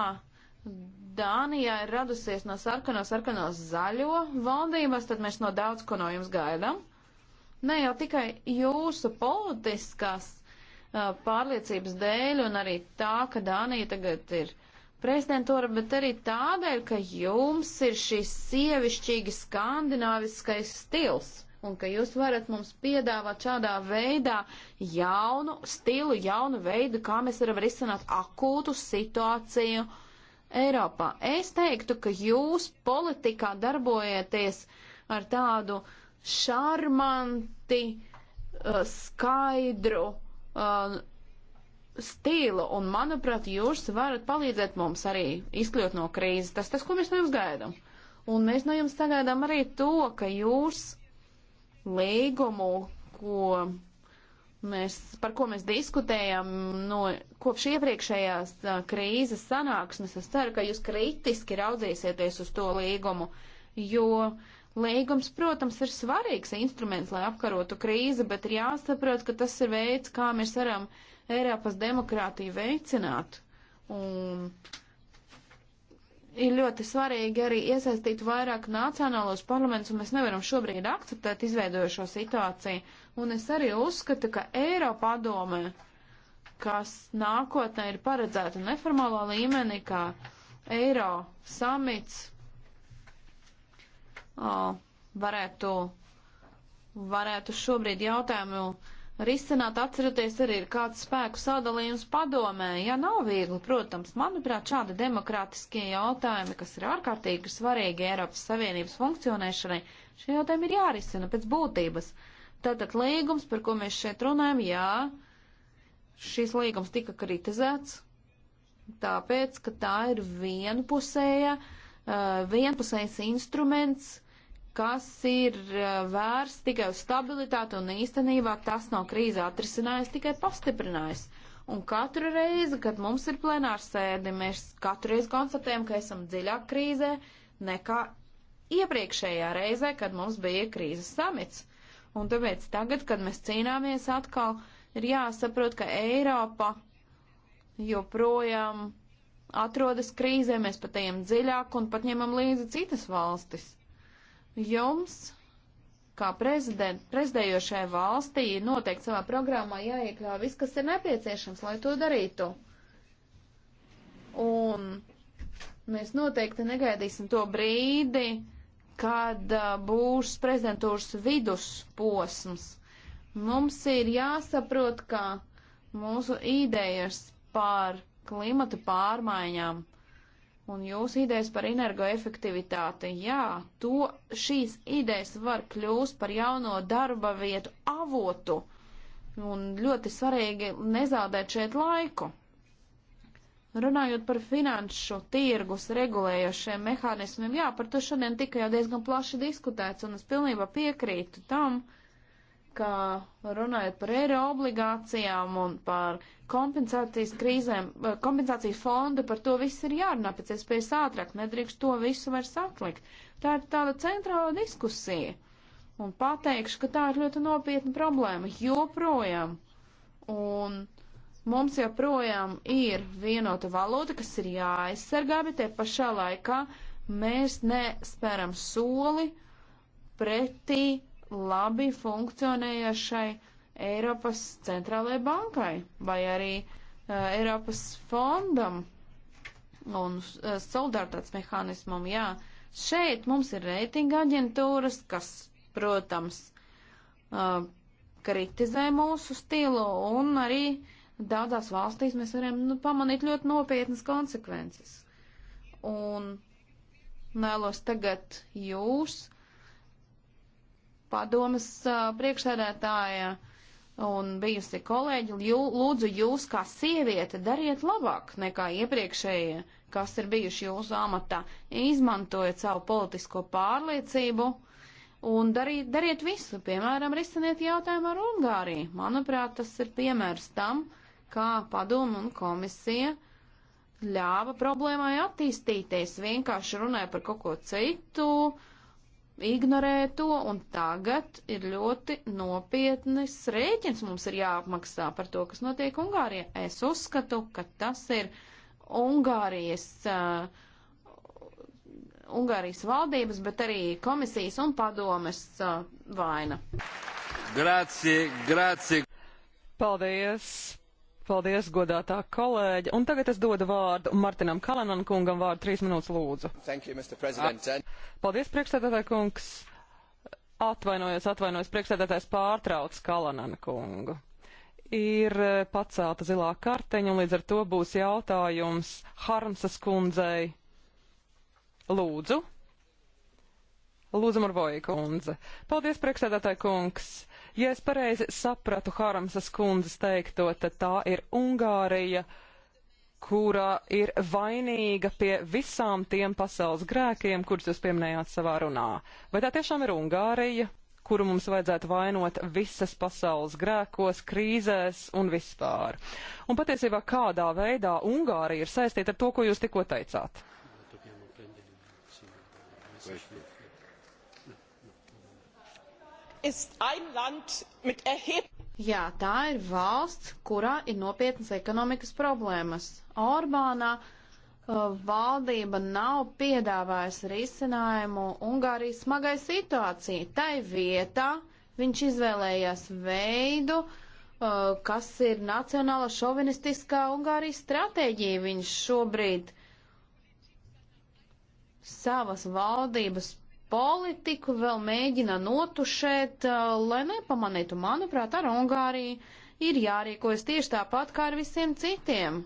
Dānijā ir radusies no sarkanos, sarkanos zaļo valdības, tad mēs no daudz ko no jums gaidām. Ne jau tikai jūsu politiskās uh, pārliecības dēļ un arī tā, ka Dānija tagad ir prezidentūra, bet arī tādēļ, ka jums ir šis sievišķīgi skandināviskais stils un ka jūs varat mums piedāvāt šādā veidā jaunu stilu, jaunu veidu, kā mēs varam risināt akūtu situāciju Eiropā. Es teiktu, ka jūs politikā darbojaties ar tādu šarmanti, uh, skaidru uh, stilu, un, manuprāt, jūs varat palīdzēt mums arī izkļūt no krīzes. Tas tas, ko mēs no jums gaidām. Un mēs no jums sagaidām arī to, ka jūs līgumu, ko mēs, par ko mēs diskutējam no kopš iepriekšējās krīzes sanāksmes. Es ceru, ka jūs kritiski raudzīsieties uz to līgumu, jo līgums, protams, ir svarīgs instruments, lai apkarotu krīzi, bet ir jāsaprot, ka tas ir veids, kā mēs varam Eiropas demokrātiju veicināt. Un ir ļoti svarīgi arī iesaistīt vairāk nacionālos parlamentus, un mēs nevaram šobrīd akceptēt izveidojušo situāciju. Un es arī uzskatu, ka Eiropa padomē, kas nākotnē ir paredzēta neformālā līmenī, kā Eiro samits, o, varētu, varētu šobrīd jautājumu risināt, atceroties arī ir kāds spēku sadalījums padomē. Ja nav viegli, protams, manuprāt, šādi demokrātiskie jautājumi, kas ir ārkārtīgi svarīgi Eiropas Savienības funkcionēšanai, šie jautājumi ir jārisina pēc būtības. Tātad līgums, par ko mēs šeit runājam, jā, šīs līgums tika kritizēts, tāpēc, ka tā ir vienpusēja, uh, vienpusējs instruments, uh, kas ir eh, vērsts tikai uz stabilitāti un īstenībā tas nav krīze atrisinājis, tikai pastiprinājis. Un katru reizi, kad mums ir plenārs sēdi, mēs katru reizi konstatējam, ka esam dziļāk krīzē nekā iepriekšējā reizē, kad mums bija krīzes samits. Un tāpēc tagad, kad mēs cīnāmies atkal, ir jāsaprot, ka Eiropa joprojām atrodas krīzē, mēs pat ejam dziļāk un pat ņemam līdzi citas valstis. Jums, kā prezidējošai valstī, noteikti savā programmā jāiekļauj viss, kas ir nepieciešams, lai to darītu. Un mēs noteikti negaidīsim to brīdi, kad uh, būs prezidentūras vidusposms. Mums ir jāsaprot, ka mūsu idejas par klimatu pārmaiņām Un jūsu idejas par energoefektivitāti, jā, to šīs idejas var kļūst par jauno darba vietu avotu. Un ļoti svarīgi nezaudēt šeit laiku. Runājot par finanšu tirgus regulējošiem mehānismiem, jā, par to šodien tika jau diezgan plaši diskutēts, un es pilnībā piekrītu tam, uh, ka runājot par eiro obligācijām un par kompensācijas krīzēm, eh, kompensācijas fondu, par to viss ir jārunā pēc iespējas ātrāk, nedrīkst to visu vairs atlikt. Tā ir tāda centrāla diskusija. Un pateikšu, ka tā ir ļoti nopietna problēma joprojām. Un mums joprojām ir vienota valūta, kas ir jāaizsargā, bet te pašā laikā mēs nespēram soli pretī labi funkcionējošai Eiropas centrālajai bankai vai arī uh, Eiropas fondam un uh, solidaritātes mehānismam. Jā, šeit mums ir reitinga aģentūras, kas, protams, uh, kritizē mūsu stilu un arī daudzās valstīs mēs varam nu, pamanīt ļoti nopietnas konsekvences. Un vēlos tagad jūs padomas priekšsēdētāja un bijusi kolēģi, jū, lūdzu jūs kā sieviete dariet labāk nekā iepriekšējie, kas ir bijuši jūsu amatā. Izmantojiet savu politisko pārliecību un darīt, dariet visu, piemēram, risiniet jautājumu ar Ungāriju. Manuprāt, tas ir piemērs tam, kā padomu un komisija ļāva problēmai attīstīties, vienkārši runāja par kaut ko citu, uh, ignorē to, un tagad ir ļoti nopietnis rēķins mums ir jāapmaksā par to, kas notiek Ungārijā. Es uzskatu, ka tas ir Ungārijas, uh, Ungārijas valdības, bet arī komisijas un padomes uh, vaina. Grācie, grācie. Paldies Paldies, godātā kolēģa. Un tagad es dodu vārdu Martinam Kalanan kungam vārdu trīs minūtes lūdzu. Thank you, Mr. President. Paldies, priekšsēdētāja kungs. Atvainojos, atvainojos, priekšsēdētājs pārtrauc Kalanan kungu. Ir e, pacelta zilā karteņa un līdz ar to būs jautājums Harmsas kundzei. Lūdzu. Lūdzu, Marvoja kundze. Paldies, priekšsēdētāja kungs. Ja es pareizi sapratu Haramsas kundzes teikto, tad tā ir Ungārija, kura ir vainīga pie visām tiem pasaules grēkiem, kurus jūs pieminējāt savā runā. Vai tā tiešām ir Ungārija, kuru mums vajadzētu vainot visas pasaules grēkos, krīzēs un vispār? Un patiesībā kādā veidā Ungārija ir saistīta ar to, ko jūs tikko teicāt? Jā, tā ir valsts, kurā ir nopietnas ekonomikas problēmas. Orbānā uh, valdība nav piedāvājusi risinājumu Ungārijas smagai situācijai. Tai vietā viņš izvēlējās veidu, uh, kas ir nacionāla šovinistiskā Ungārijas stratēģija. Viņš šobrīd savas valdības politiku vēl mēģina notušēt, lai nepamanītu. Manuprāt, ar Ungāriju ir jārīkojas tieši tāpat kā ar visiem citiem.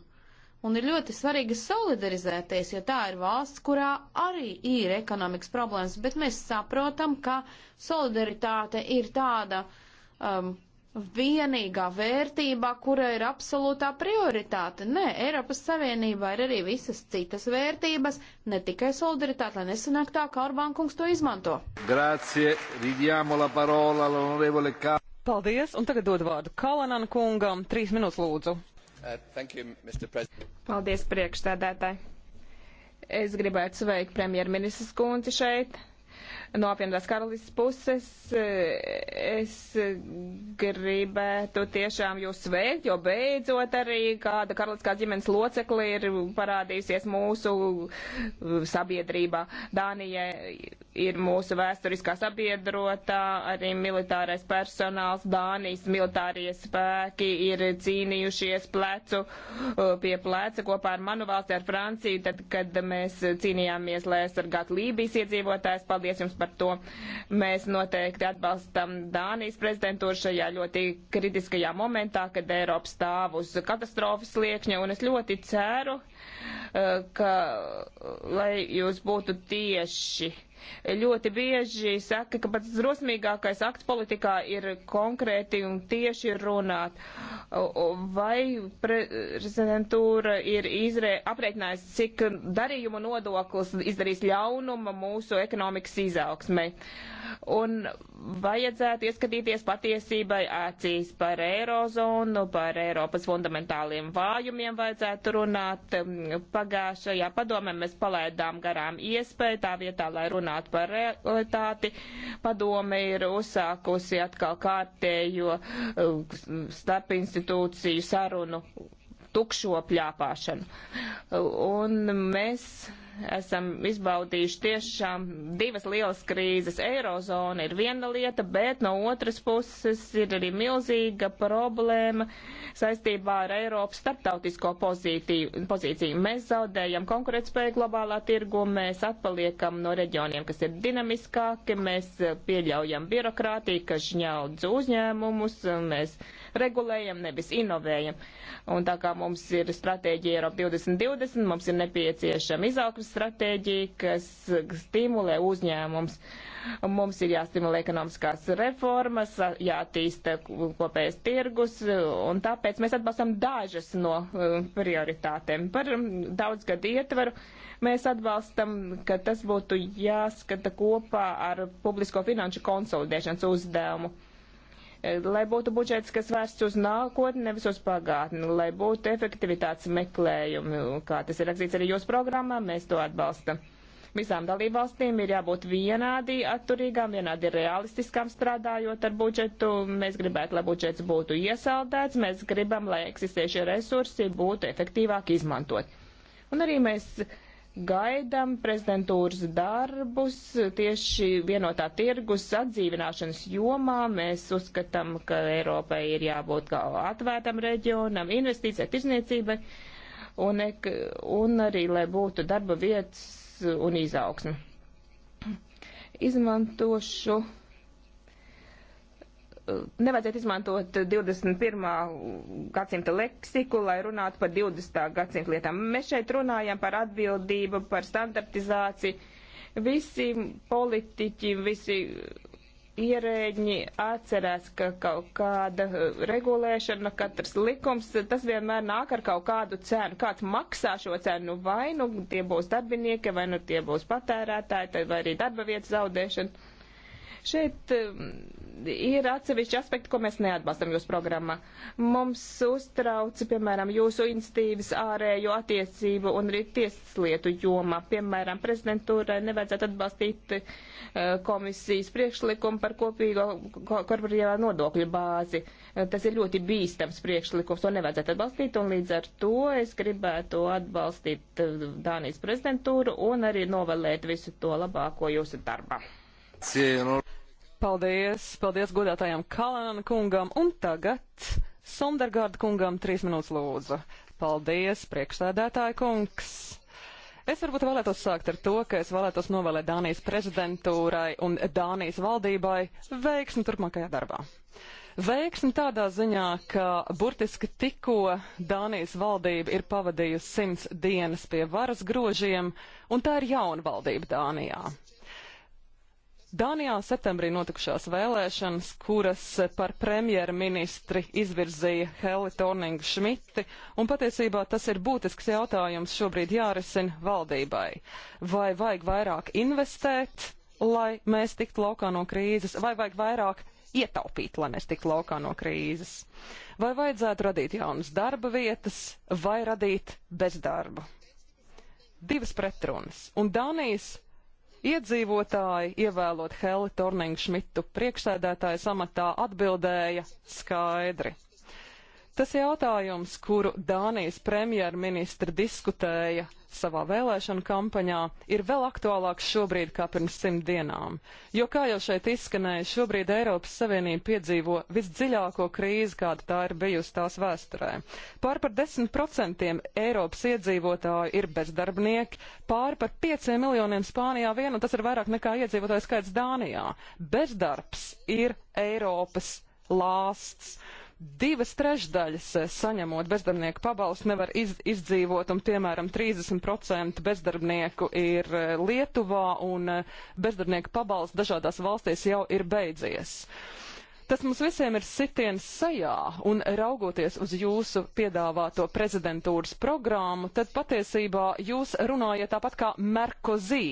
Un ir ļoti svarīgi solidarizēties, jo tā ir valsts, kurā arī ir ekonomikas problēmas, bet mēs saprotam, ka solidaritāte ir tāda um, vienīgā vērtībā, kura ir absolūtā prioritāte. Nē, Eiropas Savienībā ir arī visas citas vērtības, ne tikai solidaritāte, lai nesanāk tā, kā Orbánkungs to izmanto. Grācie, ridiamo la parola, l'onorevole Kā. Paldies, un tagad dod vārdu Kalanan kungam. Trīs minūtes lūdzu. Uh, you, Paldies, priekšstādētāji. Es gribētu sveikt premjerministras kundzi šeit no apvienotās karalistas puses eh, es gribētu tiešām jūs sveikt, jo beidzot arī kāda karaliskā ģimenes locekli ir parādījusies mūsu eh, sabiedrībā. Dānija ir mūsu vēsturiskā sabiedrotā, arī militārais personāls, Dānijas militārie spēki ir cīnījušies plecu eh, pie pleca kopā ar manu valsti, ar Franciju, tad, kad mēs cīnījāmies, lai aizsargātu Lībijas iedzīvotājs. Paldies jums par par to. Mēs noteikti atbalstam Dānijas prezidentūru šajā ļoti kritiskajā momentā, kad Eiropa stāv uz katastrofas liekšņa, un es ļoti ceru, eh, ka lai jūs būtu tieši Ļoti bieži saka, ka pats drosmīgākais akts politikā ir konkrēti un tieši runāt. Vai prezidentūra ir izrē, aprēķinājusi, cik darījuma nodoklis izdarīs ļaunuma mūsu ekonomikas izaugsmai? Un vajadzētu ieskatīties patiesībai acīs par eirozonu, par Eiropas fundamentāliem vājumiem vajadzētu runāt. Pagājušajā padomē mēs palaidām garām iespēju tā vietā, lai runātu runāt par realitāti. Padome ir uzsākusi atkal kārtējo uh, starp institūciju sarunu tukšo pļāpāšanu. Un mēs esam izbaudījuši tiešām divas lielas krīzes. Eirozona ir viena lieta, bet no otras puses ir arī milzīga problēma saistībā ar Eiropas starptautisko pozīciju. Mēs zaudējam konkurētspēju globālā tirgu, mēs atpaliekam no reģioniem, kas ir dinamiskāki, mēs pieļaujam birokrātiju, kas žņaudz uzņēmumus, mēs regulējam, nevis inovējam. Un tā kā mums ir stratēģija Eiropa 2020, mums ir nepieciešama izaugsme tirdzniecības stratēģija, kas stimulē uzņēmums. Mums ir jāstimulē ekonomiskās reformas, jātīsta kopējais tirgus, un tāpēc mēs atbalstam dažas no eh, prioritātēm. Par mm, daudzgadu ietveru mēs atbalstam, ka tas būtu jāskata kopā ar publisko finanšu konsolidēšanas uzdevumu lai būtu budžets, kas vērsts uz nākotni, nevis uz pagātni, lai būtu efektivitātes meklējumi, kā tas ir rakstīts arī jūsu programmā, mēs to atbalstam. Visām dalībvalstīm ir jābūt vienādi atturīgām, vienādi realistiskām strādājot ar budžetu. Mēs gribētu, lai budžets būtu iesaldēts, mēs gribam, lai eksistēšie resursi būtu efektīvāk izmantot. Un arī mēs uh, gaidam prezidentūras darbus tieši vienotā tirgus atdzīvināšanas jomā. Mēs uzskatām, ka Eiropai ir jābūt kā atvērtam reģionam, investīcijai, tirzniecībai un, un arī, lai būtu darba vietas un izaugsme. Izmantošu nevajadzētu izmantot 21. gadsimta leksiku, lai runātu par 20. gadsimta lietām. Mēs šeit runājam par atbildību, par standartizāciju. Visi politiķi, visi ierēģi atcerās, ka kaut kāda regulēšana, katrs likums, tas vienmēr nāk ar kaut kādu cenu. Kāds maksā šo cenu? Vai nu tie būs darbinieki, vai nu tie būs patērētāji, vai arī darba vietas zaudēšana Šeit um, ir atsevišķi aspekti, ko mēs neatbalstam jūsu programmā. Mums uztrauc, piemēram, jūsu institīvas ārējo attiecību un arī tieslietu jomā. Piemēram, prezidentūrai nevajadzētu atbalstīt uh, komisijas priekšlikumu par kopīgo korporatīvā nodokļu bāzi. Uh, tas ir ļoti bīstams priekšlikums, to nevajadzētu atbalstīt, un līdz ar to es gribētu atbalstīt uh, Dānijas prezidentūru un arī novēlēt visu to labāko jūsu darbā. Cienu. Paldies, paldies godātajam Kalana kungam un tagad Sondergārda kungam trīs minūtes lūdzu. Paldies, priekšsēdētāja kungs. Es varbūt vēlētos sākt ar to, ka es vēlētos novēlēt Dānijas prezidentūrai un Dānijas valdībai veiksmi turpmākajā darbā. Veiksmi tādā ziņā, ka burtiski tikko Dānijas valdība ir pavadījusi simts dienas pie varas grožiem, un tā ir jauna valdība Dānijā. Dānijā septembrī notikušās vēlēšanas, kuras par premjerministri izvirzīja Heli Torningu Šmiti, un patiesībā tas ir būtisks jautājums šobrīd jārisina valdībai. Vai vajag vairāk investēt, lai mēs tiktu laukā no krīzes, vai vajag vairāk ietaupīt, lai mēs tiktu laukā no krīzes? Vai vajadzētu radīt jaunas darba vietas vai radīt bezdarbu? Divas pretrunas. Un Dānijas Iedzīvotāji, ievēlot Heli Torningu Šmitu priekšsēdētāja samatā, atbildēja skaidri. Tas jautājums, kuru Dānijas premjerministra diskutēja savā vēlēšana kampaņā, ir vēl aktuālāks šobrīd kā pirms simt dienām. Jo, kā jau šeit izskanēja, šobrīd Eiropas Savienība piedzīvo visdziļāko krīzi, kāda tā ir bijusi tās vēsturē. Pār par 10% Eiropas iedzīvotāju ir bezdarbnieki, pār par 5 miljoniem Spānijā vien, un tas ir vairāk nekā iedzīvotāju skaits Dānijā. Bezdarbs ir Eiropas lāsts divas trešdaļas eh, saņemot bezdarbnieku pabalstu nevar iz, izdzīvot, un piemēram 30% bezdarbnieku ir eh, Lietuvā, un eh, bezdarbnieku pabalsts dažādās valstīs jau ir beidzies. Tas mums visiem ir sitiens sajā, un raugoties uz jūsu piedāvāto prezidentūras programmu, tad patiesībā jūs runājat tāpat kā Merkozī.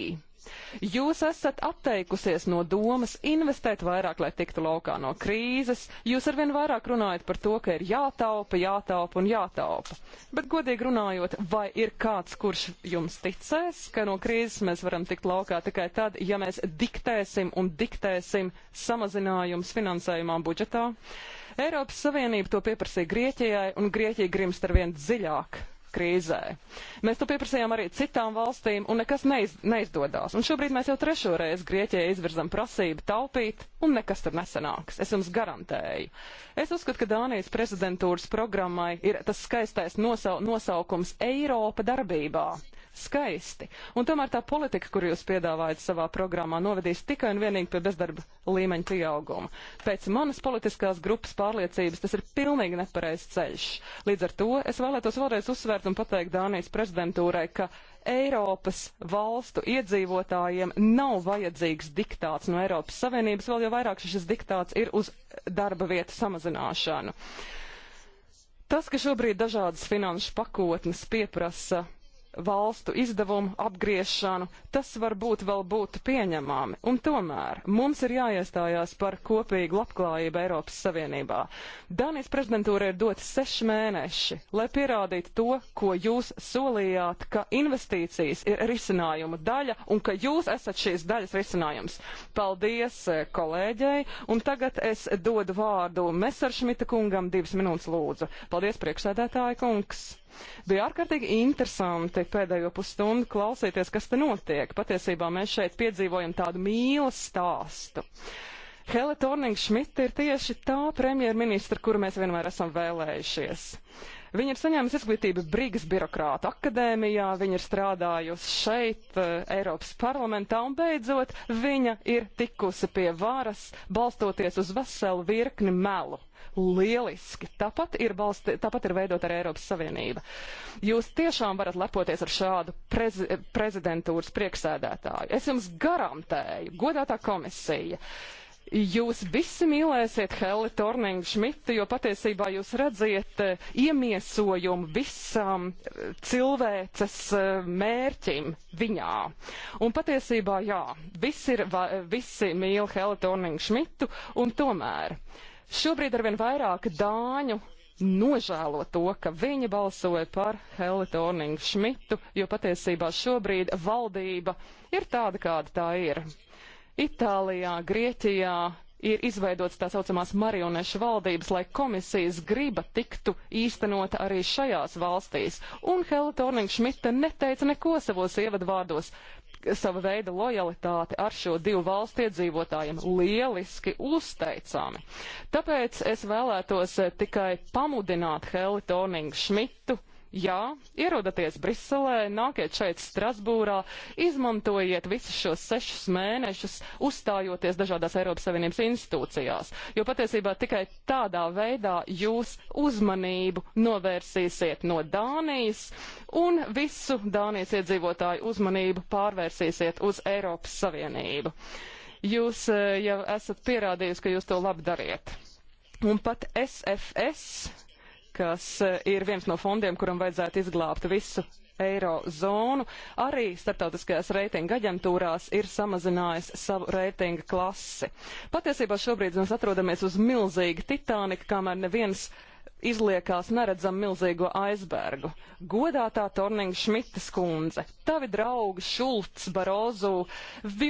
Jūs esat atteikusies no domas investēt vairāk, lai tiktu laukā no krīzes. Jūs arvien vairāk runājat par to, ka ir jātaupa, jātaupa un jātaupa. Bet, godīgi runājot, vai ir kāds, kurš jums ticēs, ka no krīzes mēs varam tikt laukā tikai tad, ja mēs diktēsim un diktēsim samazinājumus finansējumā budžetā? Eiropas Savienība to pieprasīja Grieķijai, un Grieķija grimst arvien dziļāk krīzē. Mēs to pieprasījām arī citām valstīm, un nekas neiz, neizdodās. Un šobrīd mēs jau trešo reizi Grieķijai izvirzam prasību taupīt, un nekas tur nesanāks. Es jums garantēju. Es uzskatu, ka Dānijas prezidentūras programmai ir tas skaistais nosau nosaukums Eiropa darbībā skaisti. Un tomēr tā politika, kuru jūs piedāvājat savā programmā, novedīs tikai un vienīgi pie bezdarba līmeņa pieauguma. Pēc manas politiskās grupas pārliecības tas ir pilnīgi nepareizs ceļš. Līdz ar to es vēlētos vēlreiz uzsvērt un pateikt Dānijas prezidentūrai, ka Eiropas valstu iedzīvotājiem nav vajadzīgs diktāts no Eiropas Savienības, vēl jau vairāk šis diktāts ir uz darba vietu samazināšanu. Tas, ka šobrīd dažādas finanšu pakotnes pieprasa valstu izdevumu apgriešanu, tas varbūt vēl būtu pieņemami. Un tomēr mums ir jāiestājās par kopīgu labklājību Eiropas Savienībā. Danijas prezidentūra ir dot seši mēneši, lai pierādītu to, ko jūs solījāt, ka investīcijas ir risinājuma daļa un ka jūs esat šīs daļas risinājums. Paldies eh, kolēģei, un tagad es dodu vārdu Mesaršmita kungam divas minūtes lūdzu. Paldies, priekšsēdētāja kungs! Bija ārkārtīgi interesanti pēdējo pusstundu klausīties, kas te notiek. Patiesībā mēs šeit piedzīvojam tādu mīlas stāstu. Hele Torning-Šmita ir tieši tā premjerministra, kuru mēs vienmēr esam vēlējušies. Viņa ir saņēmusi izglītību Brīgas birokrāta akadēmijā, viņa ir strādājusi šeit, eh, Eiropas parlamentā, un beidzot viņa ir tikusi pie varas, balstoties uz veselu virkni melu lieliski. Tāpat ir, balsti, tāpat ir veidot arī Eiropas Savienība. Jūs tiešām varat lepoties ar šādu prez, prezidentūras prieksēdētāju. Es jums garantēju, godātā komisija. Jūs visi mīlēsiet Helli Torningu Šmitu, jo patiesībā jūs redziet eh, iemiesojumu visam eh, cilvēces eh, mērķim viņā. Un patiesībā jā, visi, ir, visi mīl Helli Torningu Šmitu, un tomēr Šobrīd arvien vairāk dāņu nožēlo to, ka viņi balsoja par Heli Torningu Šmitu, jo patiesībā šobrīd valdība ir tāda, kāda tā ir. Itālijā, Grieķijā ir izveidots tā saucamās marionešu valdības, lai komisijas griba tiktu īstenota arī šajās valstīs. Un Heli Torninga Šmita neteica neko savos ievadvārdos sava veida lojalitāti ar šo divu valstu iedzīvotājiem lieliski uzteicami. Tāpēc es vēlētos eh, tikai pamudināt Heli Toningu Šmitu Jā, ierodaties Briselē, nākiet šeit Strasbūrā, izmantojiet visus šos sešus mēnešus, uzstājoties dažādās Eiropas Savienības institūcijās, jo patiesībā tikai tādā veidā jūs uzmanību novērsīsiet no Dānijas un visu Dānijas iedzīvotāju uzmanību pārvērsīsiet uz Eiropas Savienību. Jūs eh, jau esat pierādījusi, ka jūs to labi dariet. Un pat SFS kas eh, ir viens no fondiem, kuram vajadzētu izglābt visu eirozonu, arī starptautiskajās reitinga aģentūrās ir samazinājis savu reitinga klasi. Patiesībā šobrīd mēs atrodamies uz milzīga Titanika, kamēr neviens izliekās neredzam milzīgo aizbergu. Godātā Torninga Šmitas kundze, tavi draugi Šulcs, Barozu,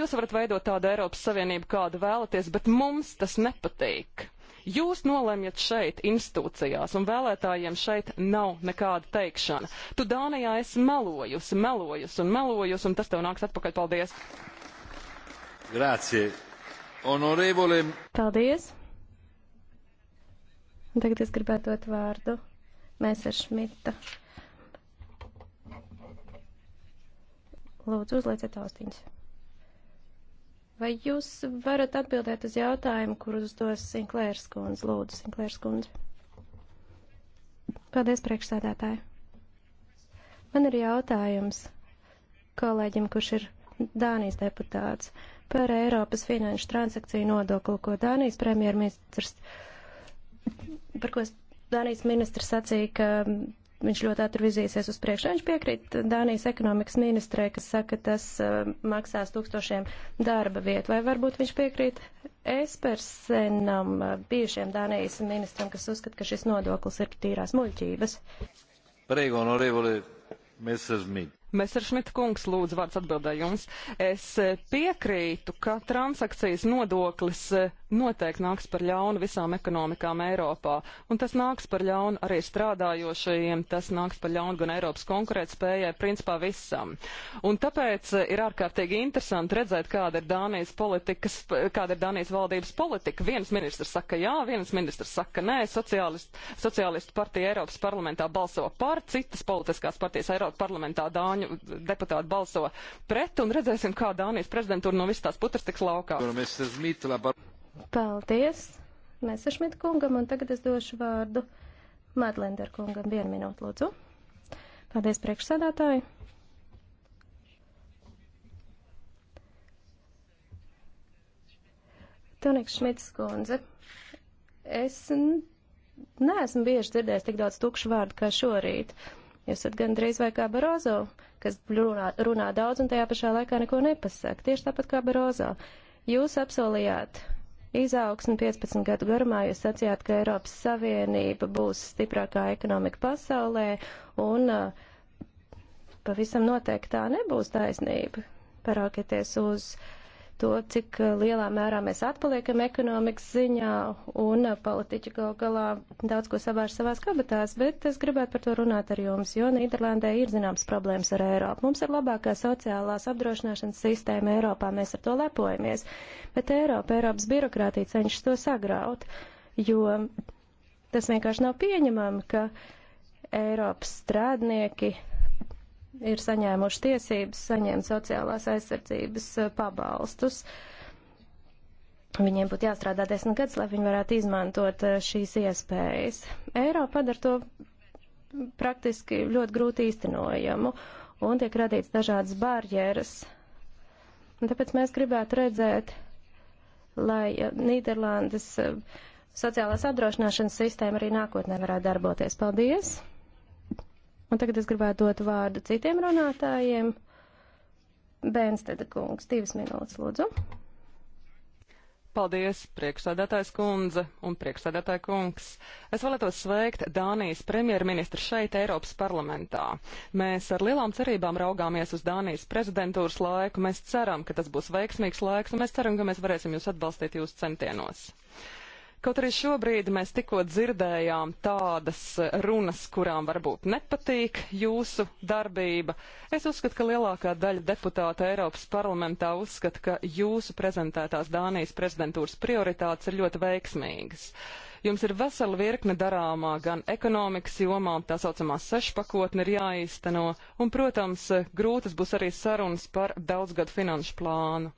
jūs varat veidot tādu Eiropas Savienību, kādu vēlaties, bet mums tas nepatīk. Jūs nolemjat šeit, institūcijās, un vēlētājiem šeit nav nekāda teikšana. Tu Dānijā esi melojusi, melojusi un melojusi, un tas tev nāks atpakaļ. Paldies! Grācie! Honorevole! Paldies! Tagad es gribētu dot vārdu Mēseršmita. Lūdzu, uzlieciet austiņas. Vai jūs varat atbildēt uz jautājumu, kuru uzdos Sinklērs kundze? Lūdzu, Sinklērs kundze. Paldies, priekšsēdētāji. Man ir jautājums kolēģim, kurš ir Dānijas deputāts par Eiropas finanšu transakciju nodokli, ko Dānijas premjerministrs, par ko Dānijas ministrs sacīja, ka viņš ļoti ātri virzīsies uz priekšu. Viņš piekrīt Dānijas ekonomikas ministrē, kas saka, tas uh, maksās tūkstošiem darba vietu. Vai varbūt viņš piekrīt Espersenam, uh, eh, bijušiem Dānijas ministram, kas uzskata, ka šis nodoklis ir tīrās muļķības? Prego, onorevole Messerschmidt. Meseršmita kungs, lūdzu, vārds atbildē jums. Es eh, piekrītu, ka transakcijas nodoklis eh, noteikti nāks par ļaunu visām ekonomikām Eiropā, un tas nāks par ļaunu arī strādājošajiem, tas nāks par ļaunu gan Eiropas konkurētspējai, principā visam. Un tāpēc eh, ir ārkārtīgi interesanti redzēt, kāda ir Dānijas politikas, kāda ir Dānijas valdības politika. Viens ministrs saka jā, viens ministrs saka nē, sociālistu partija Eiropas parlamentā balso par, citas politiskās partijas Eiropas parlamentā Dāņu viņu deputāti balso pret, un redzēsim, kā Dānijas prezidentūra no visas tās putras tiks laukā. Paldies, Mesešmit kungam, un tagad es došu vārdu Madlender kungam. Vienu minūtu, lūdzu. Paldies, priekšsēdētāji. Tonīks Šmits kundze. Es neesmu bieži dzirdējis tik daudz tukšu vārdu kā šorīt. Uh, Jūs esat gandrīz vai kā Barozo, kas runā, runā daudz un tajā pašā laikā neko nepasaka. Tieši tāpat kā Barozo. Jūs apsolījāt izaugsmi 15 gadu garumā, jūs sacījāt, ka Eiropas Savienība būs stiprākā ekonomika pasaulē un uh, pavisam noteikti tā nebūs taisnība. Paraukieties uz uh, to, cik uh, lielā mērā mēs atpaliekam ekonomikas ziņā, un uh, politiķi gal galā daudz ko savāž savās kabatās, bet es gribētu par to runāt ar jums, jo Nīderlandē ir zināms problēmas ar Eiropu. Mums ir labākā sociālās apdrošināšanas sistēma Eiropā, mēs ar to lepojamies, bet Eiropa, Eiropas birokrātija cenšas to sagraut, jo tas vienkārši nav pieņemami, ka Eiropas strādnieki ir saņēmuši tiesības saņemt sociālās aizsardzības eh, pabalstus. Viņiem būtu jāstrādā desmit gadus, lai viņi varētu izmantot eh, šīs iespējas. Eiropa padara to praktiski ļoti grūti īstenojamu un tiek radīts dažādas barjeras. Un tāpēc mēs gribētu redzēt, lai eh, Nīderlandes sociālās apdrošināšanas sistēma arī nākotnē varētu darboties. Paldies! Un tagad es gribētu dot vārdu citiem runātājiem. Bēnsteda kungs, divas minūtes, lūdzu. Paldies, priekšsēdētājs kundze un priekšsēdētāja kungs. Es vēlētos sveikt Dānijas premjerministru šeit Eiropas parlamentā. Mēs ar lielām cerībām raugāmies uz Dānijas prezidentūras laiku. Mēs ceram, ka tas būs veiksmīgs laiks un mēs ceram, ka mēs varēsim jūs atbalstīt jūsu centienos. Uh, Kaut arī šobrīd mēs tikko dzirdējām tādas runas, kurām varbūt nepatīk jūsu darbība. Es uzskatu, ka lielākā daļa deputāta Eiropas parlamentā uzskata, ka jūsu prezentētās Dānijas prezidentūras prioritātes ir ļoti veiksmīgas. Jums ir vesela virkne darāmā gan ekonomikas jomā, tā saucamā sešpakotne ir jāīsteno, un, protams, grūtas būs arī sarunas par daudzgadu finanšu plānu.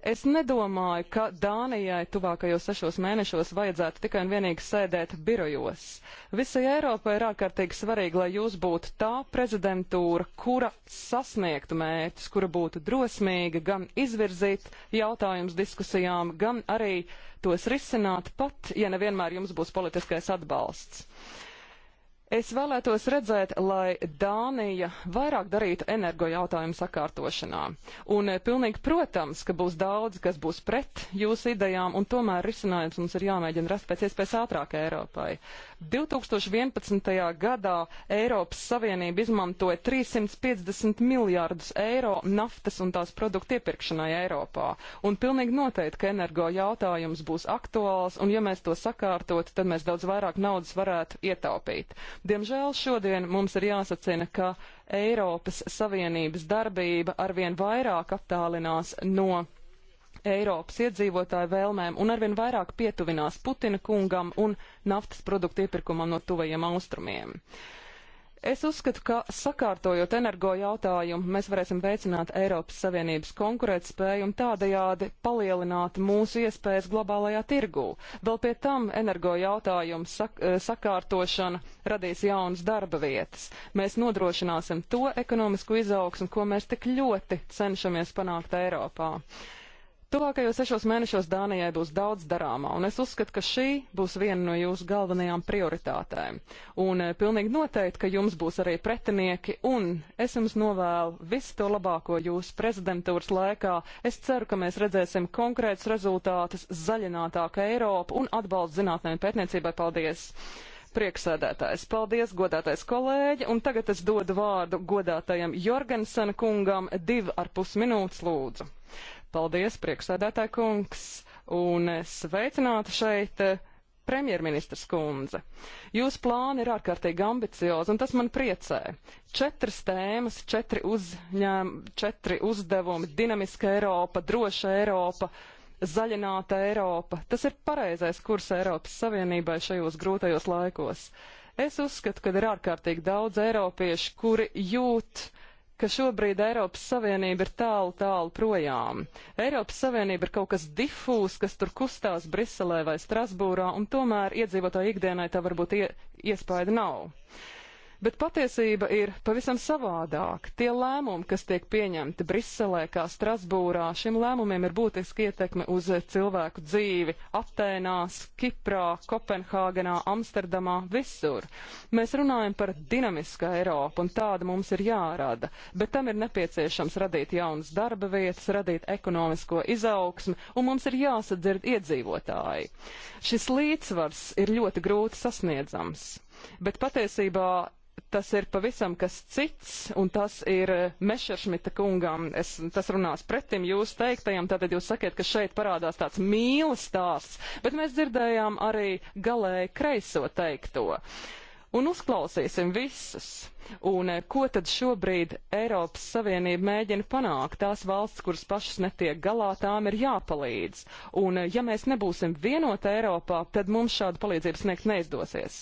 Es nedomāju, ka Dānijai tuvākajos sešos mēnešos vajadzētu tikai un vienīgi sēdēt birojos. Visai Eiropai ir ārkārtīgi svarīgi, lai jūs būtu tā prezidentūra, kura sasniegtu mērķus, kura būtu drosmīga gan izvirzīt jautājumus diskusijām, gan arī tos risināt pat, ja nevienmēr jums būs politiskais atbalsts. Es vēlētos redzēt, lai Dānija vairāk darītu energo jautājumu sakārtošanā. Un eh, pilnīgi protams, ka būs daudz, kas būs pret jūsu idejām, un tomēr risinājums mums ir jāmēģina rast pēc iespējas ātrāk Eiropai. 2011. gadā Eiropas Savienība izmantoja 350 miljārdus eiro naftas un tās produktu iepirkšanai Eiropā. Un pilnīgi noteikti, ka energo jautājums būs aktuāls, un ja mēs to sakārtot, tad mēs daudz vairāk naudas varētu ietaupīt. Diemžēl šodien mums ir jāsacina, ka Eiropas Savienības darbība arvien vairāk attālinās no Eiropas iedzīvotāju vēlmēm un arvien vairāk pietuvinās Putina kungam un naftas produktu iepirkumam no tuvajiem austrumiem. Uh, Es uzskatu, ka sakārtojot energo jautājumu, mēs varēsim veicināt Eiropas Savienības konkurētspēju un tādējādi palielināt mūsu iespējas globālajā tirgū. Vēl pie tam energo jautājumu sak eh, sakārtošana radīs jaunas darba vietas. Mēs nodrošināsim to ekonomisko izaugsmu, ko mēs tik ļoti cenšamies panākt Eiropā. Tuvākajos sešos mēnešos Dānijai būs daudz darāmā, un es uzskatu, ka šī būs viena no jūsu galvenajām prioritātēm. Un e, pilnīgi noteikti, ka jums būs arī pretinieki, un es jums novēlu visu to labāko jūsu prezidentūras laikā. Es ceru, ka mēs redzēsim konkrētus rezultātus, zaļinātāku Eiropu un atbalstu zinātnē un pētniecībai. Paldies! Prieksēdētājs, paldies, godātais kolēģi, un tagad es dodu vārdu godātajam Jorgensena kungam divu ar pus minūtes lūdzu. Paldies, prieksēdētāja kungs, un sveicināta šeit eh, premjerministrs kundze. Jūsu plāni ir ārkārtīgi ambiciozi, un tas man priecē. Četras tēmas, četri, uzņēm, četri uzdevumi - dinamiska Eiropa, droša Eiropa, zaļināta Eiropa. Tas ir pareizais kurs Eiropas Savienībai šajos grūtajos laikos. Es uzskatu, ka ir ārkārtīgi daudz eiropiešu, kuri jūt, ka šobrīd Eiropas Savienība ir tālu, tālu projām. Eiropas Savienība ir kaut kas difūs, kas tur kustās Briselē vai Strasbūrā, un tomēr iedzīvotāju ikdienai tā varbūt ie, iespaida nav. Bet patiesība ir pavisam savādāk. Tie lēmumi, kas tiek pieņemti Briselē, kā Strasbūrā, šiem lēmumiem ir būtiski ietekme uz cilvēku dzīvi Atēnās, Kiprā, Kopenhāgenā, Amsterdamā, visur. Mēs runājam par dinamisku Eiropu, un tāda mums ir jārada, bet tam ir nepieciešams radīt jaunas darba vietas, radīt ekonomisko izaugsmi, un mums ir jāsadzird iedzīvotāji. Šis līdzsvars ir ļoti grūti sasniedzams, bet patiesībā tas ir pavisam kas cits, un tas ir eh, Mešeršmita kungam, es, tas runās pretim jūs teiktajam, tātad jūs sakiet, ka šeit parādās tāds mīlas stāsts, bet mēs dzirdējām arī galēji kreiso teikto. Un uzklausīsim visus. Un eh, ko tad šobrīd Eiropas Savienība mēģina panākt? Tās valsts, kuras pašas netiek galā, tām ir jāpalīdz. Un eh, ja mēs nebūsim vienota Eiropā, tad mums šādu palīdzību sniegt neizdosies.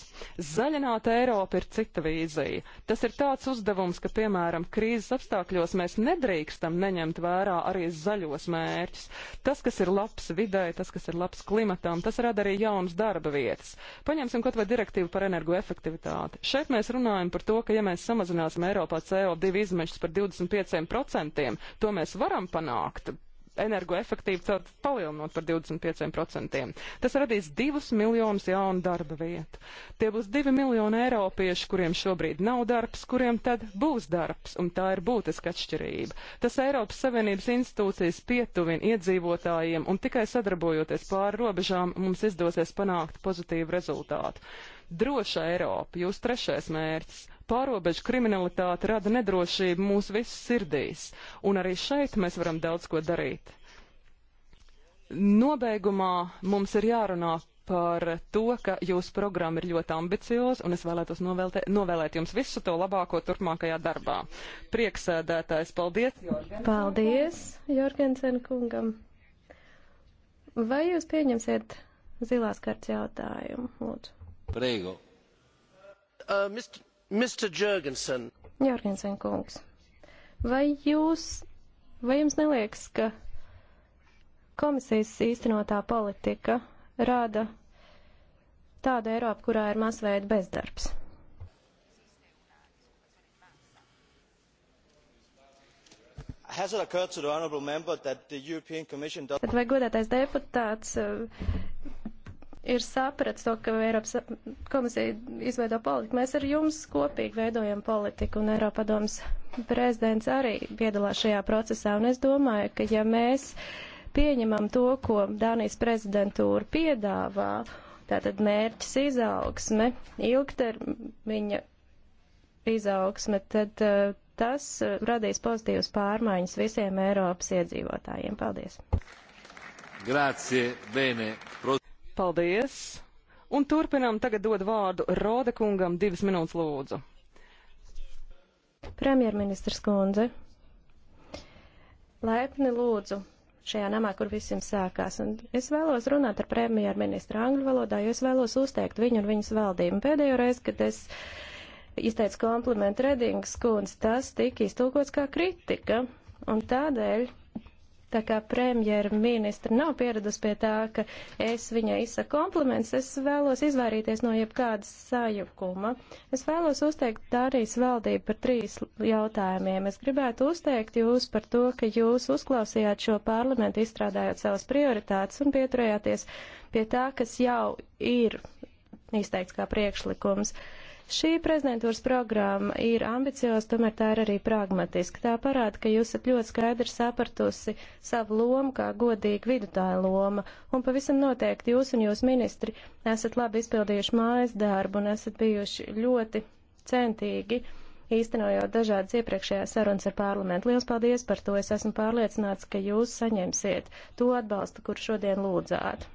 Zaļināta Eiropa ir cita vīzija. Tas ir tāds uzdevums, ka, piemēram, krīzes apstākļos mēs nedrīkstam neņemt vērā arī zaļos mērķus. Tas, kas ir labs vidē, tas, kas ir labs klimatam, tas rada arī jaunas darba vietas. Paņemsim kaut vai direktīvu par energoefektivitāti. Šeit mēs runājam par to, ka ja mēs mēs samazināsim Eiropā CO2 izmešas par 25%. To mēs varam panākt energoefektīvi palielinot par 25%. Tas radīs 2 miljonus jaunu darba vietu. Tie būs 2 miljoni eiropiešu, kuriem šobrīd nav darbs, kuriem tad būs darbs, un tā ir būtiska atšķirība. Tas Eiropas Savienības institūcijas pietuvina iedzīvotājiem, un tikai sadarbojoties pāri robežām mums izdosies panākt pozitīvu rezultātu. Droša Eiropa, jūs trešais mērķis, pārobežu kriminalitāte rada nedrošību mūsu visu sirdīs, un arī šeit mēs varam daudz ko darīt. Nobeigumā mums ir jārunā par to, ka jūsu programma ir ļoti ambicioza, un es vēlētos novēlte, novēlēt jums visu to labāko turpmākajā darbā. Prieksēdētājs, paldies! Jorgensen. Paldies, Jorgensen kungam! Vai jūs pieņemsiet zilās kartas jautājumu, lūdzu? Prego. Uh, Mr. Mr. Jurgensen. Jurgensen kungs. Vai jūs, vai jums neliekas, ka komisijas īstenotā politika rada tādu Eiropu, kurā ir masveida bezdarbs. Tad vai godātais deputāts ir sapratis to, ka Eiropas komisija izveido politiku. Mēs ar jums kopīgi veidojam politiku, un Eiropadoms prezidents arī piedalās šajā procesā, un es domāju, ka ja mēs pieņemam to, ko Dānijas prezidentūra piedāvā, tātad mērķis izaugsme, ilgtermiņa izaugsme, tad uh, tas uh, radīs pozitīvas pārmaiņas visiem Eiropas iedzīvotājiem. Paldies! Grazie, bene. Paldies! Un turpinām tagad dod vārdu Rode kungam divas minūtes lūdzu. Premjerministrs kundze, laipni lūdzu šajā namā, kur visiem sākās. Un es vēlos runāt ar premjerministru angļu valodā, jo es vēlos uzteikt viņu un viņas valdību. Pēdējo reizi, kad es izteicu komplimentu Redingas kundze, tas tika iztūkots kā kritika. Un tādēļ Tā kā premjera ministra nav pieredus pie tā, ka es viņai izsaku kompliments, es vēlos izvairīties no jebkādas sajukuma. Es vēlos uzteikt Dārijas valdību par trīs jautājumiem. Es gribētu uzteikt jūs par to, ka jūs uzklausījāt šo parlamentu, izstrādājot savas prioritātes un pieturējāties pie tā, kas jau ir izteikts kā priekšlikums. Uh, Šī prezidentūras programma ir ambicioza, tomēr tā ir arī pragmatiska. Tā parāda, ka jūs esat ļoti skaidri sapratusi savu lomu kā godīgu vidutāju loma, un pavisam noteikti jūs un jūs ministri esat labi izpildījuši mājas darbu un esat bijuši ļoti centīgi īstenojot dažādas iepriekšējās sarunas ar parlamentu. Liels paldies par to! Es esmu pārliecināts, ka jūs saņemsiet to atbalstu, kur šodien lūdzāt.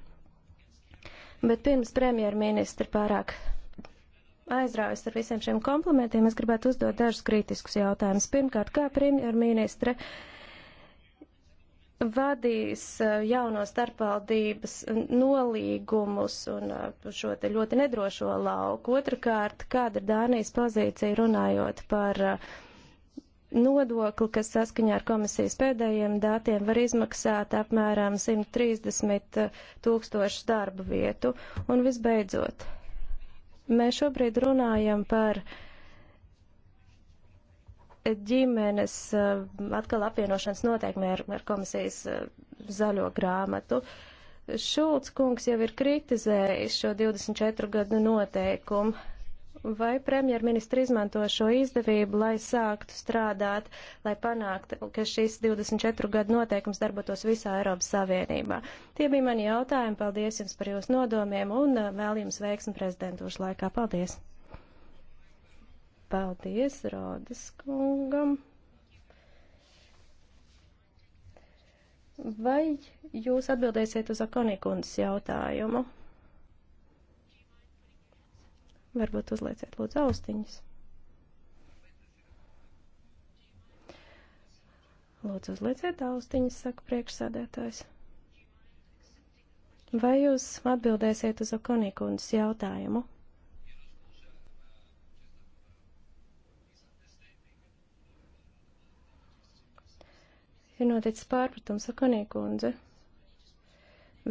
Bet pirms premjerministra pārāk aizrāvis ar visiem šiem komplementiem, es gribētu uzdot dažus kritiskus jautājumus. Pirmkārt, kā premjerministre vadīs jauno starpvaldības nolīgumus un šo te ļoti nedrošo lauku? Otrakārt, kāda ir Dānijas pozīcija runājot par nodokli, kas saskaņā ar komisijas pēdējiem datiem var izmaksāt apmēram 130 tūkstošu darba vietu? Un visbeidzot, Mēs šobrīd runājam par ģimenes eh, atkal apvienošanas noteikumiem ar, ar komisijas eh, zaļo grāmatu. Šulc kungs jau ir kritizējis šo 24 gadu noteikumu Vai premjerministra izmanto šo izdevību, lai sāktu strādāt, lai panāktu, ka šis 24 gadu noteikums darbotos visā Eiropas Savienībā? Tie bija mani jautājumi. Paldies jums par jūsu nodomiem un uh, vēl jums veiksmi prezidentūras laikā. Paldies! Paldies Rodas kungam! Vai jūs atbildēsiet uz Akonikundas jautājumu? Varbūt uzlieciet lūdzu austiņas. Lūdzu uzlieciet austiņas, saka priekšsādētājs. Vai jūs atbildēsiet uz Okonikundas jautājumu? ir noticis pārpratums Akonīkundze.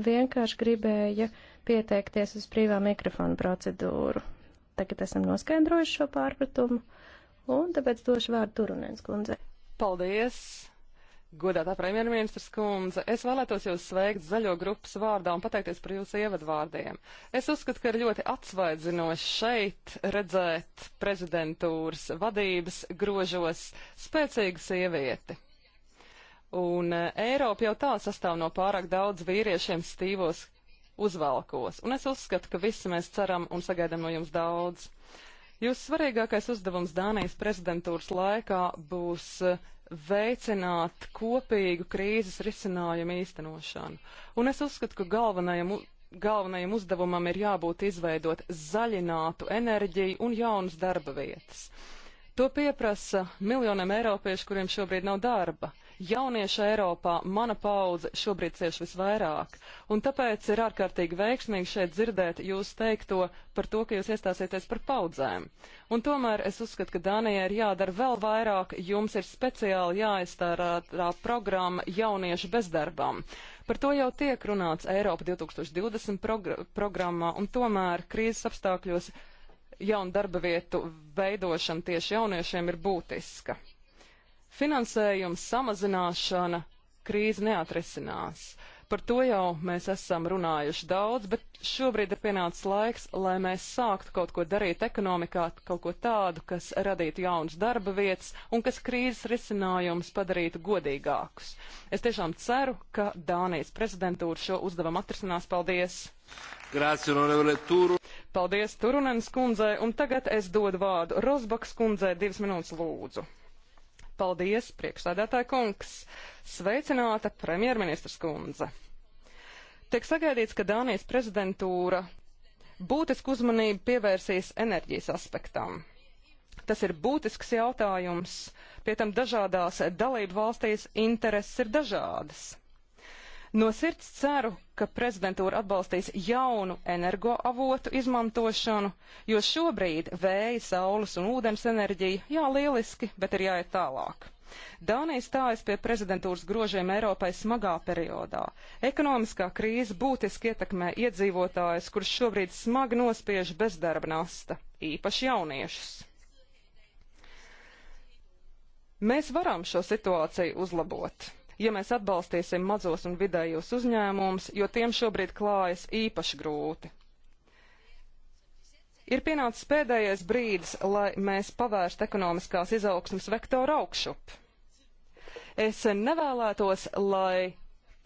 Vienkārši gribēja pieteikties uz privā mikrofonu procedūru tagad esam noskaidrojuši šo pārpratumu, un tāpēc došu vārdu Turunens kundzei. Paldies! Godātā premjerministrs kundze, es vēlētos jūs sveikt zaļo grupas vārdā un pateikties par jūsu ievadvārdiem. Es uzskatu, ka ir ļoti atsvaidzinoši šeit redzēt prezidentūras vadības grožos spēcīgu sievieti. Un eh, Eiropa jau tā sastāv no pārāk daudz vīriešiem stīvos uzvalkos. Un es uzskatu, ka visi mēs ceram un sagaidām no jums daudz. Jūsu svarīgākais uzdevums Dānijas prezidentūras laikā būs eh, veicināt kopīgu krīzes risinājumu īstenošanu. Un es uzskatu, ka galvenajam, galvenajam uzdevumam ir jābūt izveidot zaļinātu enerģiju un jaunas darba vietas. To pieprasa miljoniem eiropiešu, kuriem šobrīd nav darba. Jaunieši Eiropā, mana paudze, šobrīd cieš visvairāk, un tāpēc ir ārkārtīgi veiksmīgi šeit dzirdēt jūs teikto par to, ka jūs iestāsieties par paudzēm. Un tomēr es uzskatu, ka Dānijai ir jādara vēl vairāk, jums ir speciāli jāiztērā programma jauniešu bezdarbam. Par to jau tiek runāts Eiropa 2020 progr programmā, un tomēr krīzes apstākļos jaunu darba vietu veidošana tieši jauniešiem ir būtiska. Finansējums samazināšana krīzi neatrisinās. Par to jau mēs esam runājuši daudz, bet šobrīd ir pienācis laiks, lai mēs sāktu kaut ko darīt ekonomikā, kaut ko tādu, kas radītu jaunas darba vietas un kas krīzes risinājumus padarītu godīgākus. Es tiešām ceru, ka Dānijas prezidentūra šo uzdevumu atrisinās. Paldies! Grācija, no Paldies Turunens kundzei, un tagad es dodu vārdu Rosbaks kundzei divas minūtes lūdzu. Paldies, priekšsēdētāja kungs! Sveicināta premjerministras kundze! Tiek sagaidīts, ka Dānijas prezidentūra būtisku uzmanību pievērsīs enerģijas aspektam. Tas ir būtisks jautājums, pie tam dažādās dalību valstīs intereses ir dažādas. No sirds ceru, ka prezidentūra atbalstīs jaunu energoavotu izmantošanu, jo šobrīd vēja, saules un ūdens enerģija, jā, lieliski, bet ir jāiet tālāk. Dānija stājas pie prezidentūras grožiem Eiropai smagā periodā. Ekonomiskā krīze būtiski ietekmē iedzīvotājus, kurš šobrīd smagi nospiež bezdarba nasta, īpaši jauniešus. Mēs varam šo situāciju uzlabot ja mēs atbalstīsim mazos un vidējos uzņēmumus, jo tiem šobrīd klājas īpaši grūti. Ir pienācis pēdējais brīdis, lai mēs pavērstu ekonomiskās izaugsmas vektoru augšup. Es nevēlētos, lai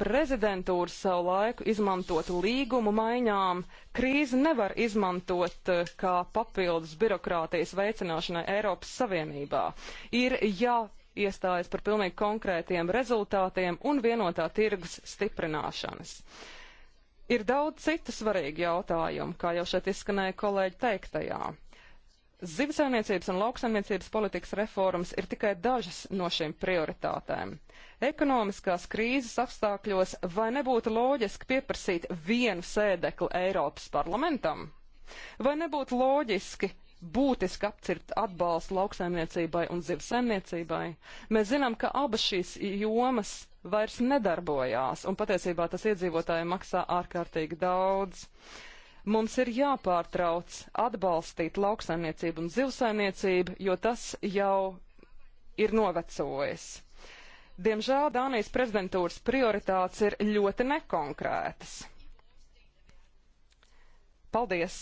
prezidentūra savu laiku izmantot līgumu maiņām, krīzi nevar izmantot uh, kā papildus birokrātijas veicināšanai Eiropas Savienībā. Ir jāpārvērst iestājas par pilnīgi konkrētiem rezultātiem un vienotā tirgus stiprināšanas. Ir daudz citu svarīgu jautājumu, kā jau šeit izskanēja kolēģi teiktajā. Zivsaimniecības un lauksaimniecības politikas reformas ir tikai dažas no šīm prioritātēm. Ekonomiskās krīzes apstākļos vai nebūtu loģiski pieprasīt vienu sēdekli Eiropas parlamentam? Vai nebūtu loģiski būtiski apcirt atbalstu lauksaimniecībai un zivsaimniecībai. Mēs zinām, ka abas šīs jomas vairs nedarbojās, un patiesībā tas iedzīvotājiem maksā ārkārtīgi daudz. Mums ir jāpārtrauc atbalstīt lauksaimniecību un zivsaimniecību, jo tas jau ir novecojis. Diemžēl Dānijas prezidentūras prioritātes ir ļoti nekonkrētas. Paldies!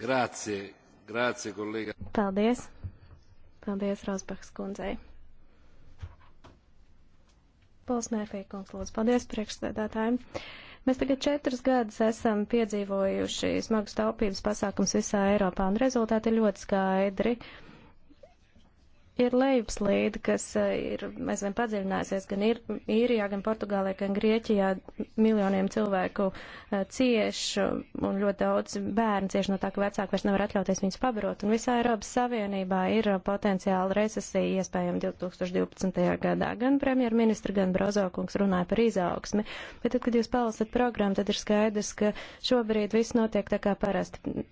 Grācie, grācie, kolēģi. Paldies. Paldies, Rosbachs kundzei. Pols Mērfīkungs, lūdzu. Paldies priekšstādātājiem. Mēs tagad četrus gadus esam piedzīvojuši smagus taupības pasākums visā Eiropā, un rezultāti ir ļoti skaidri. Uh, ir lejupslīde, kas eh, ir aizvien padziļinājusies gan ir, Īrijā, gan Portugālē, gan Grieķijā. Miljoniem cilvēku eh, cieš un ļoti daudz bērnu cieš no tā, ka vecāki vairs nevar atļauties viņus pabarot. Un visā Eiropas Savienībā ir eh, potenciāla recesija iespējama 2012. gadā. Gan premjerministra, gan Brozokungs runāja par izaugsmi. Bet tad, kad jūs palasat programmu, tad ir skaidrs, ka šobrīd viss notiek tā kā parasti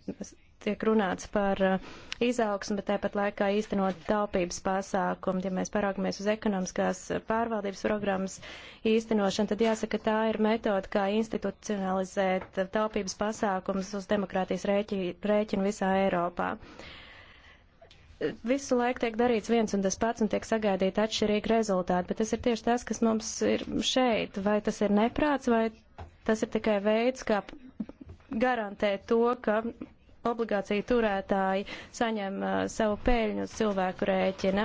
tiek runāts par uh, izaugsmu, bet tāpat laikā īstenot taupības pasākumu. Ja mēs paraugamies uz ekonomiskās pārvaldības programmas īstenošanu, tad jāsaka, tā ir metode, kā institucionalizēt taupības pasākumus uz demokrātijas rēķi, rēķinu visā Eiropā. Visu laiku tiek darīts viens un tas pats un tiek sagaidīti atšķirīgi rezultāti, bet tas ir tieši tas, kas mums ir šeit. Vai tas ir neprāts, vai tas ir tikai veids, kā garantēt to, ka obligāciju turētāji saņem uh, savu pēļņu uz cilvēku rēķina.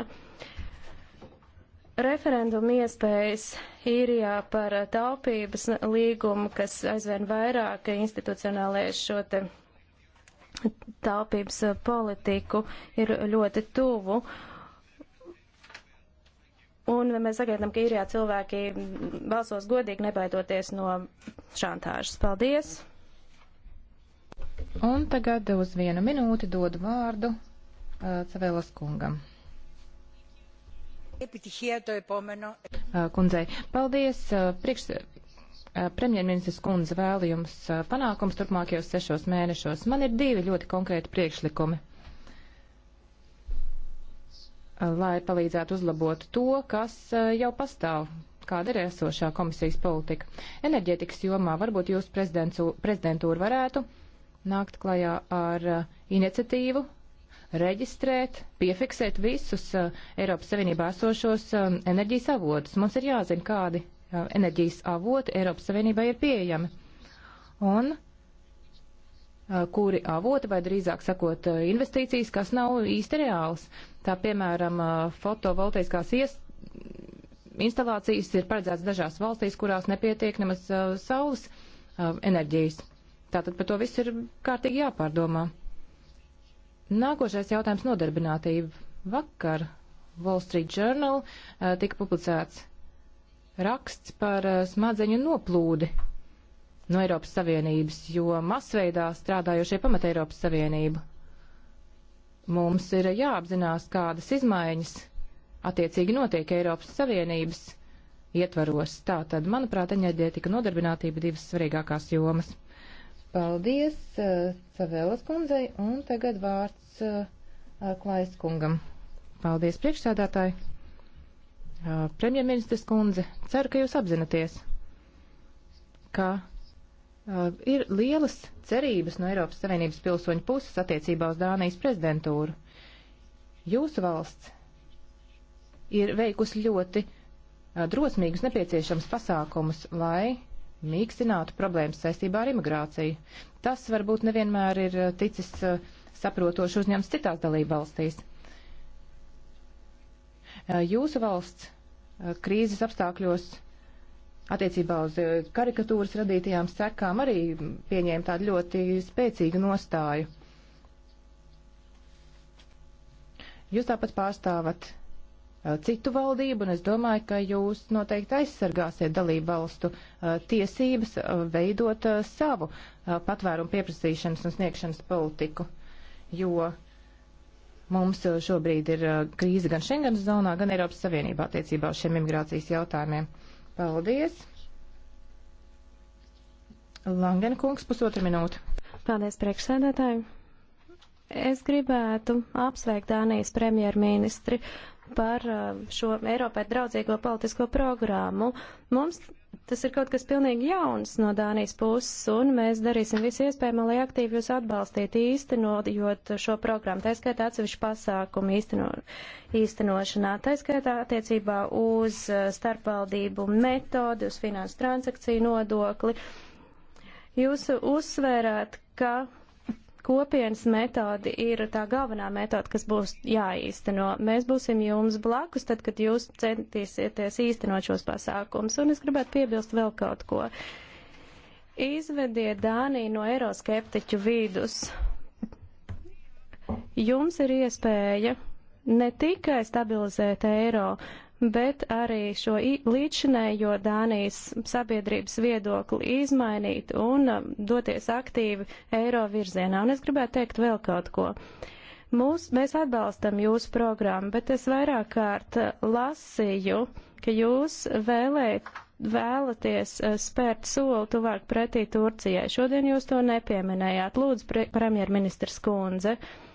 Referendumu iespējas īrijā par uh, taupības līgumu, kas aizvien vairāk institucionālēs šo te taupības uh, politiku ir ļoti tuvu. Un mēs sagaidām, ka īrijā cilvēki mm, balsos godīgi, nebaidoties no šantāžas. Paldies! Un tagad uz vienu minūti dodu vārdu uh, Cavēlas kungam. Uh, kundzei, paldies. Uh, priekš, uh, premjerministrs kundze vēl jums uh, panākums turpmākajos sešos mēnešos. Man ir divi ļoti konkrēti priekšlikumi uh, lai palīdzētu uzlabot to, kas uh, jau pastāv, kāda ir esošā komisijas politika. Enerģētikas jomā varbūt jūs prezidentūra varētu nākt klajā ar uh, iniciatīvu, reģistrēt, piefiksēt visus uh, Eiropas Savienībā esošos um, enerģijas avotus. Mums ir jāzina, kādi uh, enerģijas avoti Eiropas Savienībā ir pieejami. Un kuri avoti, vai drīzāk sakot, investīcijas, kas nav īsti reāls. Tā piemēram, fotovoltaiskās iest... instalācijas ir paredzētas dažās valstīs, kurās nepietiek nemaz saules enerģijas. Tātad par to viss ir kārtīgi jāpārdomā. Nākošais jautājums - nodarbinātība. Vakar Wall Street Journal eh, tika publicēts raksts par eh, smadzeņu noplūdi no Eiropas Savienības, jo masveidā strādājošie pamata Eiropas Savienību. Mums ir jāapzinās, kādas izmaiņas attiecīgi notiek Eiropas Savienības ietvaros. Tā tad, manuprāt, enerģētika nodarbinātība divas svarīgākās jomas. Paldies uh, Savēlas kundzei un tagad vārds uh, Klais kungam. Paldies priekšsēdētāji. Uh, eh, Premjerministrs kundze, ceru, ka jūs apzināties, ka uh, ir lielas cerības no Eiropas Savienības pilsoņu puses attiecībā uz Dānijas prezidentūru. Jūsu valsts ir veikusi ļoti uh, drosmīgus nepieciešams pasākumus, lai mīkstinātu problēmas saistībā ar imigrāciju. Tas varbūt nevienmēr ir eh, ticis eh, saprotoši uzņemts citās dalība valstīs. Eh, jūsu valsts krīzes apstākļos attiecībā uz karikatūras radītajām sekām arī pieņēma tādu ļoti spēcīgu nostāju. Jūs tāpat pārstāvat Eh, citu valdību, un es domāju, ka jūs noteikti aizsargāsiet dalību valstu eh, tiesības eh, veidot savu patvērumu pieprasīšanas un sniegšanas politiku, jo mums šobrīd ir krīze gan Schengen zonā, gan Eiropas Savienībā attiecībā uz šiem imigrācijas jautājumiem. Paldies! Langena kungs, pusotru minūtu. Paldies, priekšsēdētāji! Es gribētu apsveikt Dānijas premjerministri par eh, šo Eiropai draudzīgo politisko programmu. Mums tas ir kaut kas pilnīgi jauns no Dānijas puses, un mēs darīsim visu iespējamo, lai aktīvi jūs atbalstītu īstenojot šo programmu, tā skaitā atsevišķu pasākumu īsteno, īstenošanā, tā skaitā attiecībā uz eh, starpvaldību metodi, uz finansu transakciju nodokli. Jūs uzsvērāt, ka kopienas metodi ir tā galvenā metode, kas būs jāīsteno. Mēs būsim jums blakus tad, kad jūs centīsieties īstenot šos pasākums. Un es gribētu piebilst vēl kaut ko. Izvediet Dāniju no eiroskeptiķu vidus. Jums ir iespēja ne tikai stabilizēt eiro, bet arī šo līdzšinējo Dānijas sabiedrības viedokli izmainīt un um, doties aktīvi eiro virzienā. Un es gribētu teikt vēl kaut ko. Mūs, mēs atbalstam jūsu programmu, bet es vairāk kārt uh, lasīju, ka jūs vēlēt, vēlaties uh, spērt soli tuvāk pretī Turcijai. Šodien jūs to nepieminējāt. Lūdzu, pre, premjerministrs Kunze. Uh,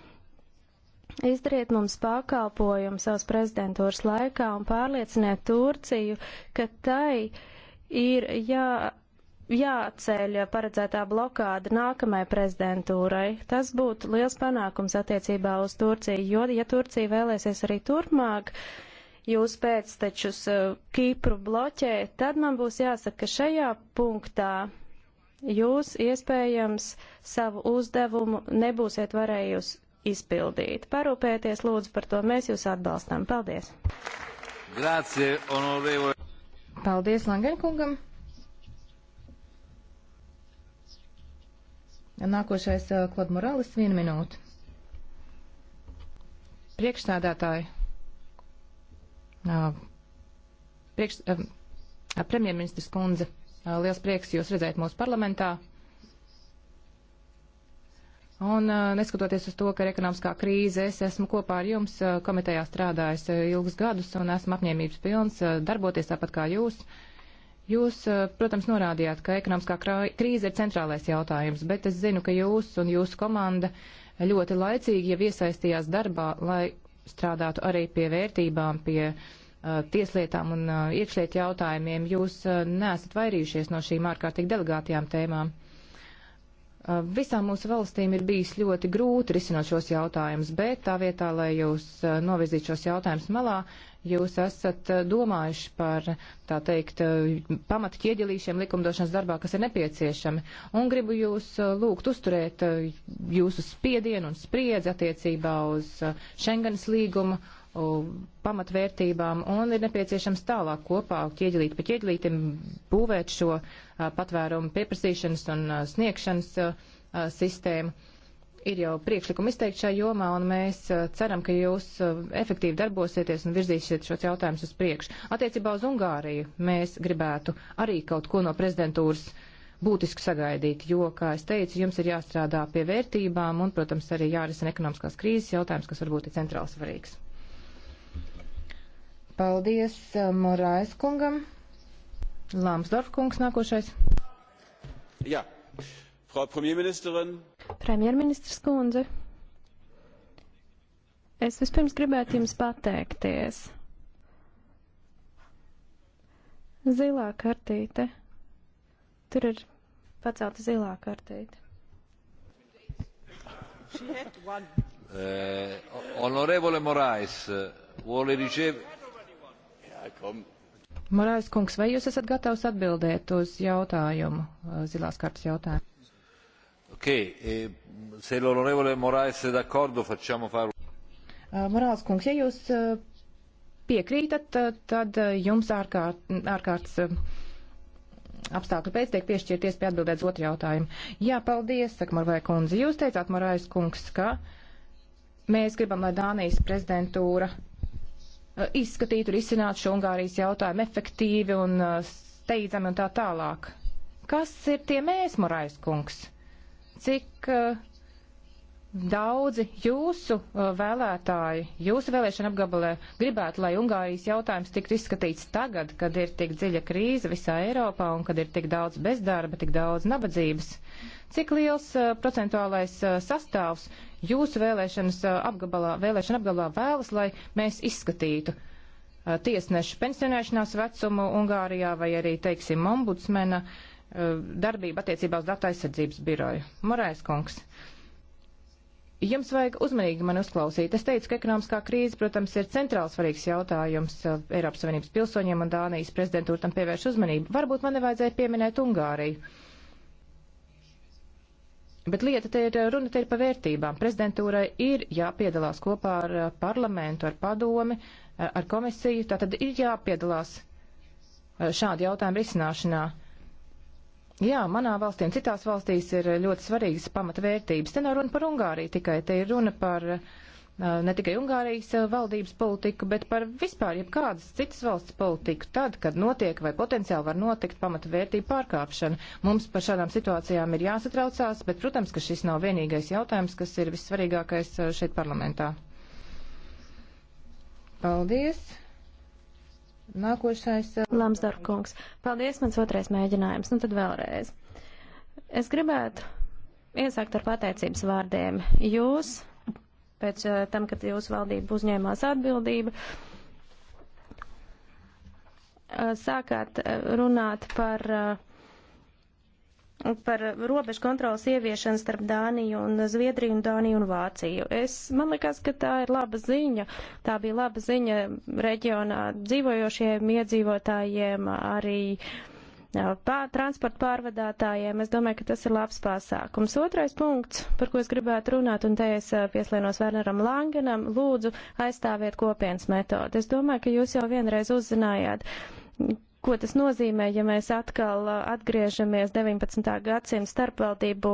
Izdariet mums pakalpojumu savas prezidentūras laikā un pārlieciniet Turciju, ka tai ir jā, jāceļ paredzētā blokāda nākamajai prezidentūrai. Tas būtu liels panākums attiecībā uz Turciju, jo, ja Turcija vēlēsies arī turpmāk jūs pēctečus eh, Kīpru bloķēt, tad man būs jāsaka, ka šajā punktā jūs iespējams savu uzdevumu nebūsiet varējusi izpildīta. Parūpēties lūdzu par to, mēs jūs atbalstām. Paldies! Grācie, honorēvo! Paldies Langenkungam! Nākošais Klod eh, Morālis, viena minūte. Priekšstādātāji, eh, priekš, eh, premjerministrs kundze, liels prieks jūs redzēt mūsu parlamentā. Un uh, neskatoties uz to, ka ir ekonomiskā krīze, es esmu kopā ar jums uh, komitejā strādājis uh, ilgus gadus un esmu apņēmības pilns darboties tāpat kā jūs. Jūs, protams, norādījāt, ka ekonomiskā krīze ir centrālais jautājums, bet es zinu, ka jūs un jūsu komanda ļoti laicīgi jau iesaistījās darbā, lai strādātu arī pie vērtībām, pie uh, tieslietām un uh, iekšliet jautājumiem. Jūs uh, neesat vairījušies no šīm ārkārtīgi delegātajām tēmām. Uh, Visām mūsu valstīm ir bijis ļoti grūti risināt šos jautājumus, bet tā vietā, lai jūs novirzītu šos jautājumus malā, jūs esat domājuši par, tā teikt, pamata ķieģelīšiem likumdošanas darbā, kas ir nepieciešami. Un gribu jūs lūgt uzturēt jūsu spiedienu un spriedzi attiecībā uz Schengenas līgumu pamatvērtībām un ir nepieciešams tālāk kopā ķieģelīt pa ķieģelītim būvēt šo a, patvērumu pieprasīšanas un a, sniegšanas a, sistēmu. Ir jau priekšlikumi izteikti šajā jomā, un mēs ceram, ka jūs efektīvi darbosieties un virzīsiet šos jautājumus uz priekšu. Attiecībā uz Ungāriju mēs gribētu arī kaut ko no prezidentūras būtiski sagaidīt, jo, kā es teicu, jums ir jāstrādā pie vērtībām un, protams, arī jārisina ekonomiskās krīzes jautājums, kas varbūt ir centrāls svarīgs. Paldies eh, Morais kungam. Lāmsdorf kungs nākošais. Jā. Frau Premjerministerin. Premjerministrs kundze. Es vispirms gribētu jums pateikties. Zilā kartīte. Tur ir pacelta zilā kartīte. Uh, eh, onorevole Morais, eh, vuole ricevere. Morais kungs, vai jūs esat gatavs atbildēt uz jautājumu, eh, zilās kartas jautājumu? Okay, e, se l'onorevole Morais è d'accordo, facciamo fare. Eh, Morāls kungs, ja jūs eh, piekrītat, tad jums ārkārt, ārkārtas apstākļu pēc tiek piešķirties pie atbildēts otru jautājumu. Jā, paldies, saka Marvai kundze. Jūs teicāt, Morais kungs, ka mēs gribam, lai Dānijas prezidentūra Uh, izskatīt un izsināt šo Ungārijas jautājumu efektīvi un uh, steidzami un tā tālāk. Kas ir tie mēs, Morais kungs? Cik uh, daudzi jūsu uh, vēlētāji, jūsu vēlēšana apgabalē gribētu, lai Ungārijas jautājums tiktu izskatīts tagad, kad ir tik dziļa krīze visā Eiropā un kad ir tik daudz bezdarba, tik daudz nabadzības? Uh, Cik liels procentuālais sastāvs jūsu vēlēšanas apgabalā, vēlēšana apgabalā vēlas, lai mēs izskatītu tiesnešu pensionēšanās vecumu Ungārijā vai arī, teiksim, ombudsmena darbību attiecībā uz datu aizsardzības biroju? Morais kungs. Jums vajag uzmanīgi mani uzklausīt. Es teicu, ka ekonomiskā krīze, protams, ir centrāls svarīgs jautājums Eiropas Savienības pilsoņiem un Dānijas prezidentūra tam pievērš uzmanību. Varbūt man nevajadzēja pieminēt Ungāriju. Bet lieta te ir, runa te ir par vērtībām. Prezidentūrai ir jāpiedalās kopā ar eh, parlamentu, ar padomi, eh, ar komisiju. Tātad ir jāpiedalās eh, šādu jautājumu risināšanā. Jā, manā valstī un citās valstīs ir ļoti svarīgas pamatvērtības. Te nav runa par Ungāriju tikai, te ir runa par uh, Eh, ne tikai Ungārijas eh, valdības politiku, bet par vispār jebkādas citas valsts politiku, tad, kad notiek vai potenciāli var notikt pamata vērtību pārkāpšana. Mums par šādām situācijām ir jāsatraucās, bet, protams, ka šis nav vienīgais jautājums, kas ir vissvarīgākais eh, šeit parlamentā. Paldies! Nākošais. Lamsdorf kungs. Paldies, mans otrais mēģinājums. Nu tad vēlreiz. Es gribētu iesākt ar pateicības vārdiem. Jūs pēc eh, tam, kad jūsu valdība uzņēmās atbildību, eh, sākāt eh, runāt par, par robežu kontrolas ieviešanu starp Dāniju un Zviedriju un Dāniju un Vāciju. Es, man liekas, ka tā ir laba ziņa. Tā bija laba ziņa reģionā dzīvojošiem iedzīvotājiem arī. Uh, pār, transporta pārvadātājiem. Es domāju, ka tas ir labs pasākums. Otrais punkts, par ko es gribētu runāt, un te es pieslienos Werneram Langenam, lūdzu aizstāviet kopienas metodi. Es domāju, ka jūs jau vienreiz uzzinājāt ko tas nozīmē, ja mēs atkal atgriežamies 19. gadsimta starpvaldību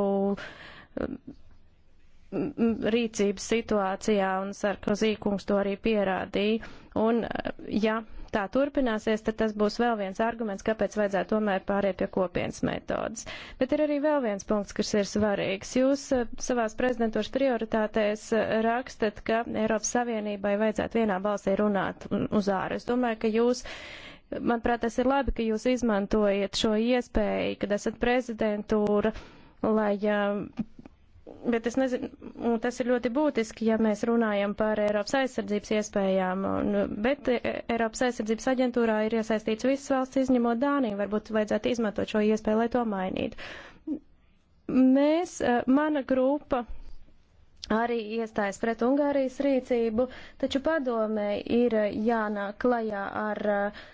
rīcības situācijā, un Sarkozī kungs to arī pierādīja. Un, ja tā turpināsies, tad tas būs vēl viens arguments, kāpēc vajadzētu tomēr pāriet pie kopienas metodas. Bet ir arī vēl viens punkts, kas ir svarīgs. Jūs eh, savās prezidentūras prioritātēs eh, rakstat, ka Eiropas Savienībai vajadzētu vienā balsī runāt uz āru. Es domāju, ka jūs manuprāt, tas ir labi, ka jūs izmantojat šo iespēju, kad esat prezidentūra, lai uh, bet es nezinu, tas ir ļoti būtiski, ja mēs runājam par Eiropas aizsardzības iespējām, un, bet e, Eiropas aizsardzības aģentūrā ir iesaistīts visas valsts izņemot Dāniju, varbūt vajadzētu izmantot šo iespēju, lai to mainītu. Mēs, e, mana grupa, arī iestājas pret Ungārijas rīcību, taču padomē ir e, jānāk klajā ar uh,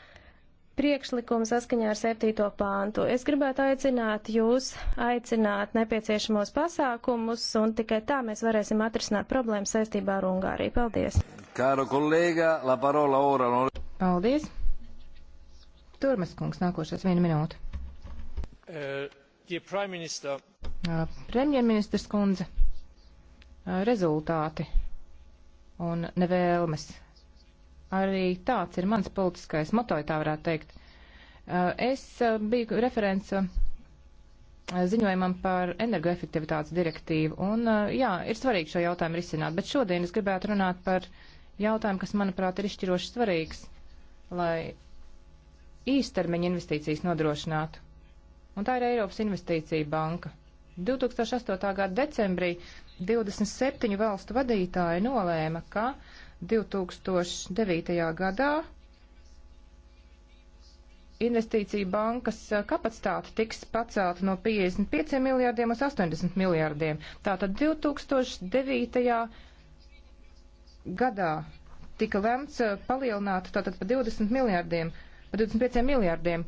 priekšlikumu saskaņā ar 7. pāntu. Es gribētu aicināt jūs, aicināt nepieciešamos pasākumus, un tikai tā mēs varēsim atrisināt problēmas saistībā ar Ungāriju. Paldies! Kāro kolēga, la parola ora. No... Paldies! Turmes kungs, nākošais viena minūte. Uh, uh Premjerministrs kundze, uh, rezultāti un nevēlmes Arī tāds ir mans politiskais moto, tā varētu teikt. Uh, es uh, biju referents uh, ziņojumam par energoefektivitātes direktīvu, un jā, ir svarīgi šo jautājumu risināt, bet šodien es gribētu runāt par jautājumu, kas, manuprāt, ir izšķiroši svarīgs, lai īstermiņa investīcijas nodrošinātu. Un tā ir Eiropas investīcija banka. 2008. gada decembrī 27 valstu vadītāji nolēma, ka uh, 2009. gadā investīcija bankas kapacitāte tiks pacelta no 55 miljārdiem uz 80 miljārdiem. Tātad 2009. gadā tika lemts eh, palielināt tātad pa 20 miljārdiem, pa 25 miljārdiem.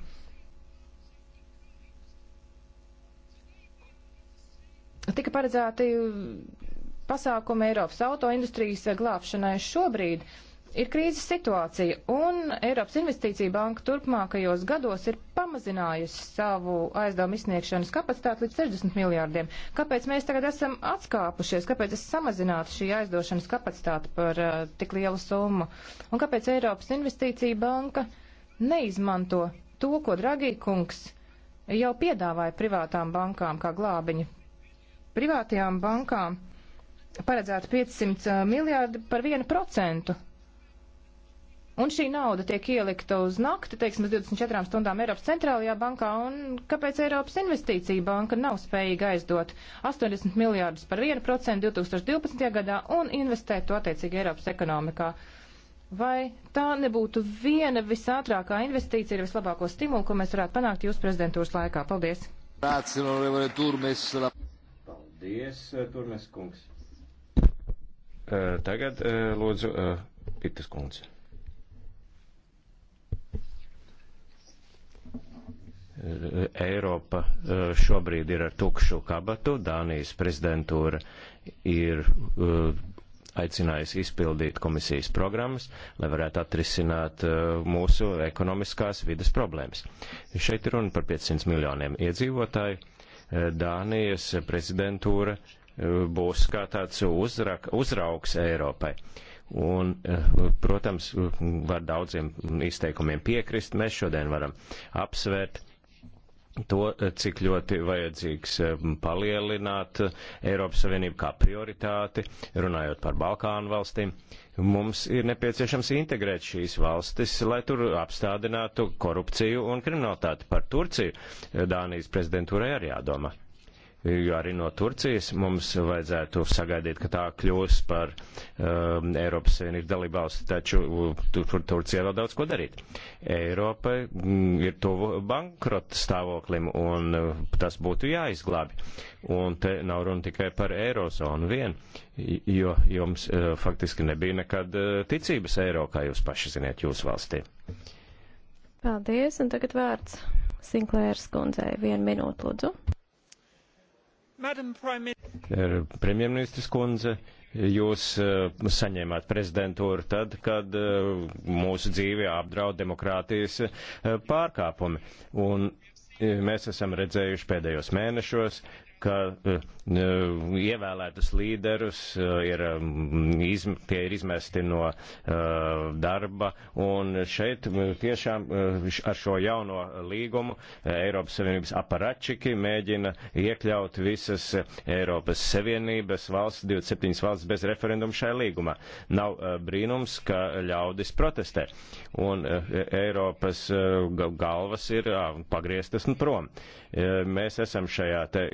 Tika paredzēti pasākumi Eiropas autoindustrijas glābšanai šobrīd ir krīzes situācija, un Eiropas Investīcija banka turpmākajos gados ir pamazinājusi savu aizdevumu izsniegšanas kapacitāti līdz 60 miljārdiem. Kāpēc mēs tagad esam atskāpušies, kāpēc es samazinātu šī aizdošanas kapacitāti par uh, tik lielu summu, un kāpēc Eiropas Investīcija banka neizmanto to, ko Dragī kungs jau piedāvāja privātām bankām kā glābiņu. Privātajām bankām paredzēta 500 miljārdi par 1%. Un šī nauda tiek ielikta uz nakti, teiksim, uz 24 stundām Eiropas centrālajā bankā, un kāpēc Eiropas investīcija banka nav spējīga aizdot 80 miljārdus par 1% 2012. gadā un investēt to attiecīgi Eiropas ekonomikā? Vai tā nebūtu viena visātrākā investīcija ar vislabāko stimulu, ko mēs varētu panākt jūsu prezidentūras laikā? Paldies! Paldies, Turmes kungs! Eh, tagad eh, lūdzu eh, Pitas kundze. Eiropa šobrīd ir ar tukšu kabatu. Dānijas prezidentūra ir aicinājusi izpildīt komisijas programmas, lai varētu atrisināt mūsu ekonomiskās vidas problēmas. Šeit ir runa par 500 miljoniem iedzīvotāju. Dānijas prezidentūra uh, būs kā tāds uzrak, uzraugs Eiropai. Un, eh, protams, var daudziem izteikumiem piekrist, mēs šodien varam apsvērt to, cik ļoti vajadzīgs eh, palielināt eh, Eiropas Savienību kā prioritāti, runājot par Balkānu valstīm. Mums ir nepieciešams integrēt šīs valstis, lai tur apstādinātu korupciju un kriminalitāti. Par Turciju Dānijas prezidentūrai arī jādomā jo arī no Turcijas mums vajadzētu sagaidīt, ka tā kļūs par um, Eiropas Savienības dalībvalsti, taču uh, tur, tur Turcija vēl daudz ko darīt. Eiropa mm, ir tuvu bankrota stāvoklim, un uh, tas būtu jāizglābi. Un te nav runa tikai par Eirozonu vien, jo jums uh, faktiski nebija nekad uh, ticības Eiro, kā jūs paši ziniet, jūsu valstī. Paldies, un tagad vārds Sinklērs kundzei. Vienu minūtu, lūdzu. Er, premjerministrs kundze, jūs e, saņēmāt prezidentūru tad, kad e, mūsu dzīvē apdraud demokrātijas e, pārkāpumi. Un mēs esam redzējuši pēdējos mēnešos, ka eh, eh, ievēlētus līderus eh, ir, mm, izm, tie ir izmesti no darba, un šeit mm, tiešām ar šo jauno līgumu Eiropas Savienības aparačiki mēģina iekļaut visas Eiropas Savienības valsts, 27 valsts bez referendumu šai līgumā. Nav brīnums, ka ļaudis protestē, un Eiropas galvas ir ah, pagrieztas un prom. Mēs esam šajā te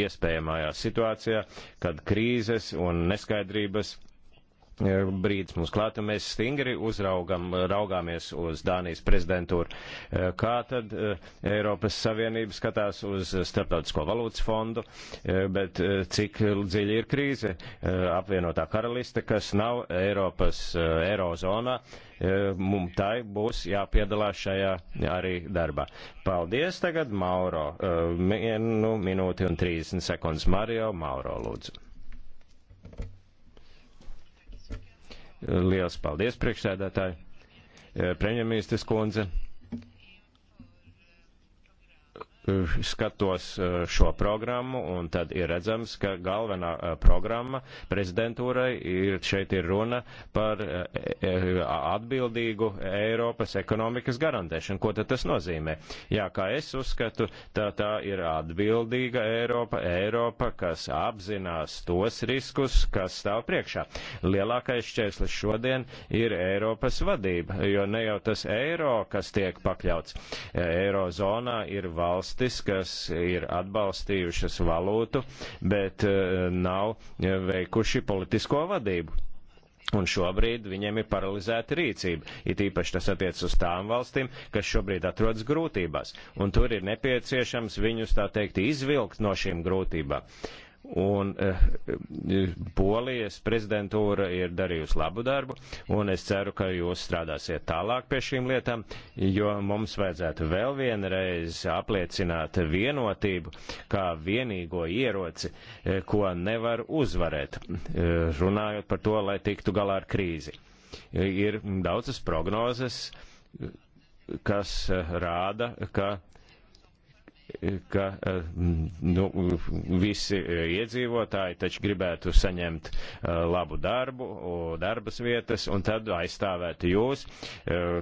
iespējamajā situācijā, kad krīzes un neskaidrības brīdis mums klāt, un mēs stingri uzraugam, raugāmies uz Dānijas prezidentūru. Eh, kā tad eh, Eiropas Savienība skatās uz Starptautisko valūtas fondu, eh, bet cik dziļi ir krīze? Apvienotā karaliste, kas nav Eiropas eirozonā, mums tai būs jāpiedalās šajā arī darbā. Paldies tagad, Mauro. Vienu minūti un 30 sekundes Mario, Mauro lūdzu. Liels paldies, priekšsēdētāji, premjerministres kundze. Eh, skatos eh, šo programmu, un tad ir redzams, ka galvenā eh, programma prezidentūrai ir šeit ir runa par atbildīgu Eiropas ekonomikas garantēšanu. Ko tad tas nozīmē? Jā, kā es uzskatu, tā tā ir atbildīga Eiropa, Eiropa, kas apzinās tos riskus, kas stāv priekšā. Lielākais šķērslis šodien ir Eiropas vadība, jo ne jau tas eiro, kas tiek pakļauts. Eirozonā ir valsts valstis, kas ir atbalstījušas valūtu, bet eh, nav veikuši politisko vadību. Un šobrīd viņiem ir paralizēta rīcība. It īpaši tas attiec uz tām valstīm, kas šobrīd atrodas grūtībās. Un tur ir nepieciešams viņus, tā teikt, izvilkt no šīm grūtībām un eh, Polijas prezidentūra ir darījusi labu darbu, un es ceru, ka jūs strādāsiet tālāk pie šīm lietām, jo mums vajadzētu vēl vienreiz apliecināt vienotību kā vienīgo ieroci, eh, ko nevar uzvarēt, eh, runājot par to, lai tiktu galā ar krīzi. Ir daudzas prognozes, kas rāda, ka ka eh, nu, visi eh, iedzīvotāji taču gribētu saņemt eh, labu darbu, darbas vietas un tad aizstāvētu jūs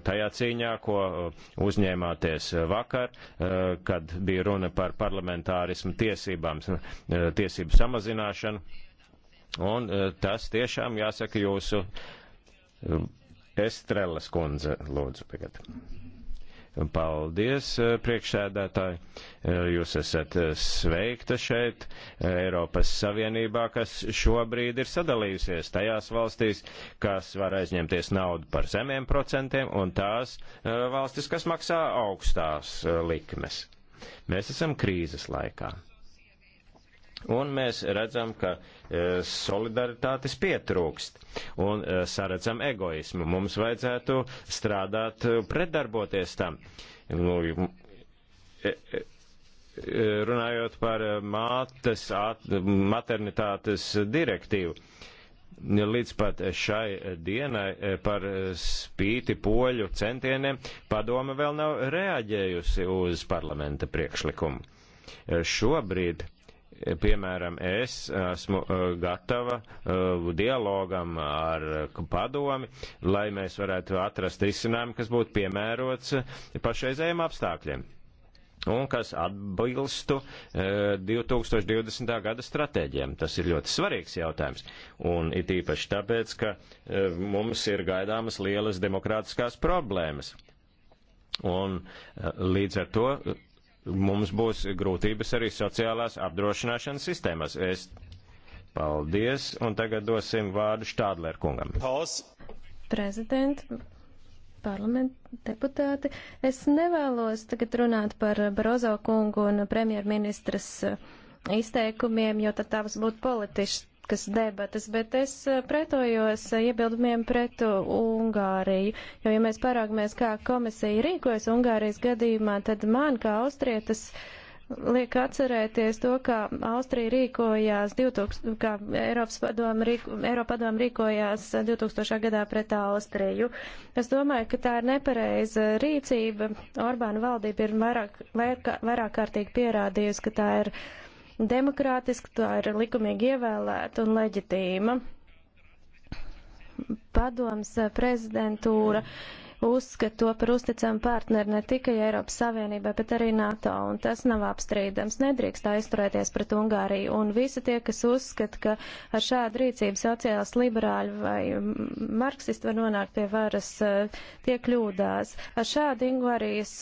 tajā cīņā, ko uzņēmāties vakar, kad bija runa par parlamentārismu tiesībām, tiesību samazināšanu. Un tas tiešām jāsaka jūsu Estrelas kundze, lūdzu, tagad. Paldies, eh, priekšsēdētāji. Eh, jūs esat eh, sveikta šeit, Eiropas Savienībā, kas šobrīd ir sadalījusies tajās valstīs, kas var aizņemties naudu par zemiem procentiem, un tās valstis, kas maksā augstās likmes. Mēs esam krīzes laikā. Un mēs redzam, ka e, solidaritātes pietrūkst un e, saredzam egoismu. Mums vajadzētu strādāt, e, pretdarboties tam. Nu, runājot par mātes, maternitātes direktīvu, līdz pat šai dienai par spīti poļu centieniem padome vēl nav reaģējusi uz parlamenta priekšlikumu. Šobrīd piemēram, es esmu gatava dialogam ar padomi, lai mēs varētu atrast risinājumu, kas būtu piemērots pašreizējiem apstākļiem un kas atbilstu 2020. gada stratēģiem. Tas ir ļoti svarīgs jautājums. Un it īpaši tāpēc, ka mums ir gaidāmas lielas demokrātiskās problēmas. Un līdz ar to mums būs grūtības arī sociālās apdrošināšanas sistēmas. Es paldies, un tagad dosim vārdu Štādler kungam. Paus. Prezident, parlamenta deputāti, es nevēlos tagad runāt par Barozo kungu un premjerministras izteikumiem, jo tad tās būtu politiš, politiskas debatas, bet es eh, pretojos eh, iebildumiem pret uh, Ungāriju, jo, ja mēs parāgamies, kā komisija rīkojas Ungārijas gadījumā, tad man kā austrietas liek atcerēties to, kā Austrija rīkojās 2000, kā Eiropas padoma, rīko, Eiropa padoma rīkojās 2000. gadā pret Austriju. Es domāju, ka tā ir nepareiza rīcība. Orbāna valdība ir vairāk, vairāk, vairāk kārtīgi pierādījusi, ka tā ir demokrātiska, tā ir likumīgi ievēlēta un leģitīma. Padoms prezidentūra uzskata to par uzticamu partneri ne tikai Eiropas Savienībai, bet arī NATO, un tas nav apstrīdams. Nedrīkst tā izturēties pret Ungāriju, un visi tie, kas uzskata, ka ar šādu rīcību sociāls liberāļi vai marksisti var nonākt pie varas, tie kļūdās. Ar šādu Ungārijas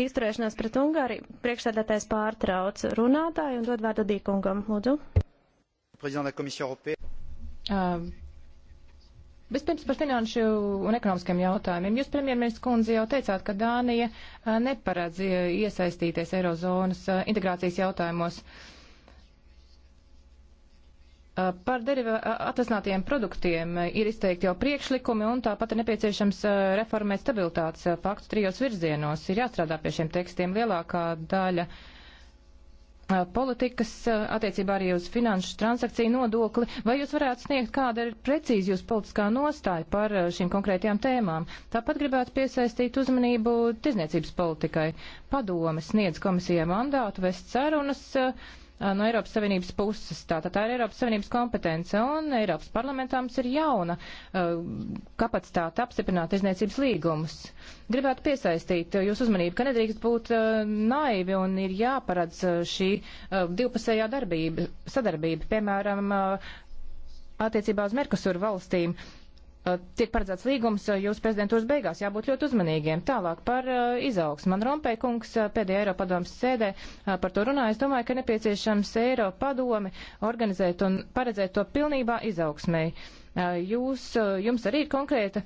izturēšanās pret Ungāriju. Priekšsēdētājs pārtrauc runātāju un dod vārdu Dīkungam. Lūdzu. Uh, Vispirms par finanšu un ekonomiskiem jautājumiem. Jūs, premjerministrs kundze, jau teicāt, ka Dānija uh, neparedz iesaistīties Eirozonas uh, integrācijas jautājumos. Uh, Par atrasinātajiem produktiem ir izteikti jau priekšlikumi un tāpat ir nepieciešams reformēt stabilitātes paktu trijos virzienos. Ir jāstrādā pie šiem tekstiem lielākā daļa politikas attiecībā arī uz finanšu transakciju nodokli. Vai jūs varētu sniegt, kāda ir precīzi jūsu politiskā nostāja par šīm konkrētajām tēmām? Tāpat gribētu piesaistīt uzmanību tirzniecības politikai. Padome sniedz komisijai mandātu vest sarunas. Uh, no Eiropas Savienības puses. Tātad tā ir Eiropas Savienības kompetence un Eiropas parlamentā mums ir jauna kapacitāte apstiprināt izniecības līgumus. Gribētu piesaistīt jūs uzmanību, ka nedrīkst būt naivi un ir jāparedz šī divpusējā darbība, sadarbība, piemēram, attiecībā uz Merkusuru valstīm. Uh, Eh, tiek paredzēts līgums, eh, jūs prezidentūras beigās jābūt ļoti uzmanīgiem. Tālāk par uh, izaugsmu. Man Rompēj kungs pēdējā Eiropadomas sēdē uh, par to runāja. Es domāju, ka nepieciešams Eiropadomi organizēt un paredzēt to pilnībā izaugsmēji. Uh, jūs, jums arī ir konkrēta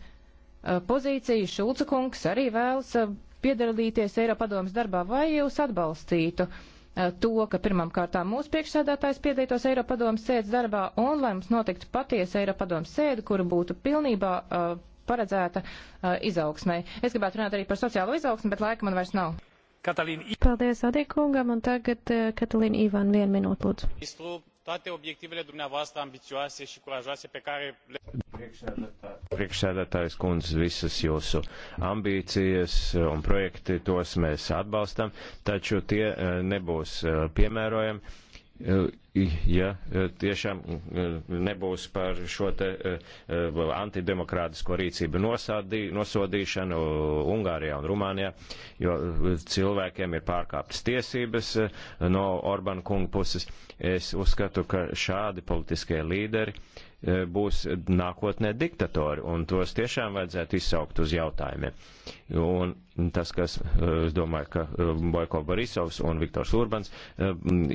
pozīcija, Šulca kungs arī vēlas piedalīties Eiropadomas darbā, vai jūs atbalstītu uh, Eh, to, ka pirmām kārtām mūsu priekšsēdētājs piedalītos Eiropadomas sēdes darbā un lai mums notiktu patiesa Eiropadomas sēde, kura būtu pilnībā uh, paredzēta uh, izaugsmai. Es gribētu runāt arī par sociālo izaugsmu, bet laika man vairs nav. Katalīna. Paldies Adīkungam un tagad uh, Katalīna Ivāna vienu minūtu lūdzu toate obiectivele dumneavoastră ambițioase și curajoase pe care le... Priekšsēdētājs kundze visas jūsu ambīcijas un projekti, tos mēs atbalstam, taču tie eh, nebūs eh, piemērojami ja tiešām nebūs par šo te antidemokrātisko rīcību nosādī, nosodīšanu Ungārijā un Rumānijā, jo cilvēkiem ir pārkāptas tiesības no Orbán kunga puses. Es uzskatu, ka šādi politiskie līderi E, būs nākotnē diktatori, un tos tiešām vajadzētu izsaukt uz jautājumiem. Un tas, kas, e, es domāju, ka e, Boiko Borisovs un Viktors Urbans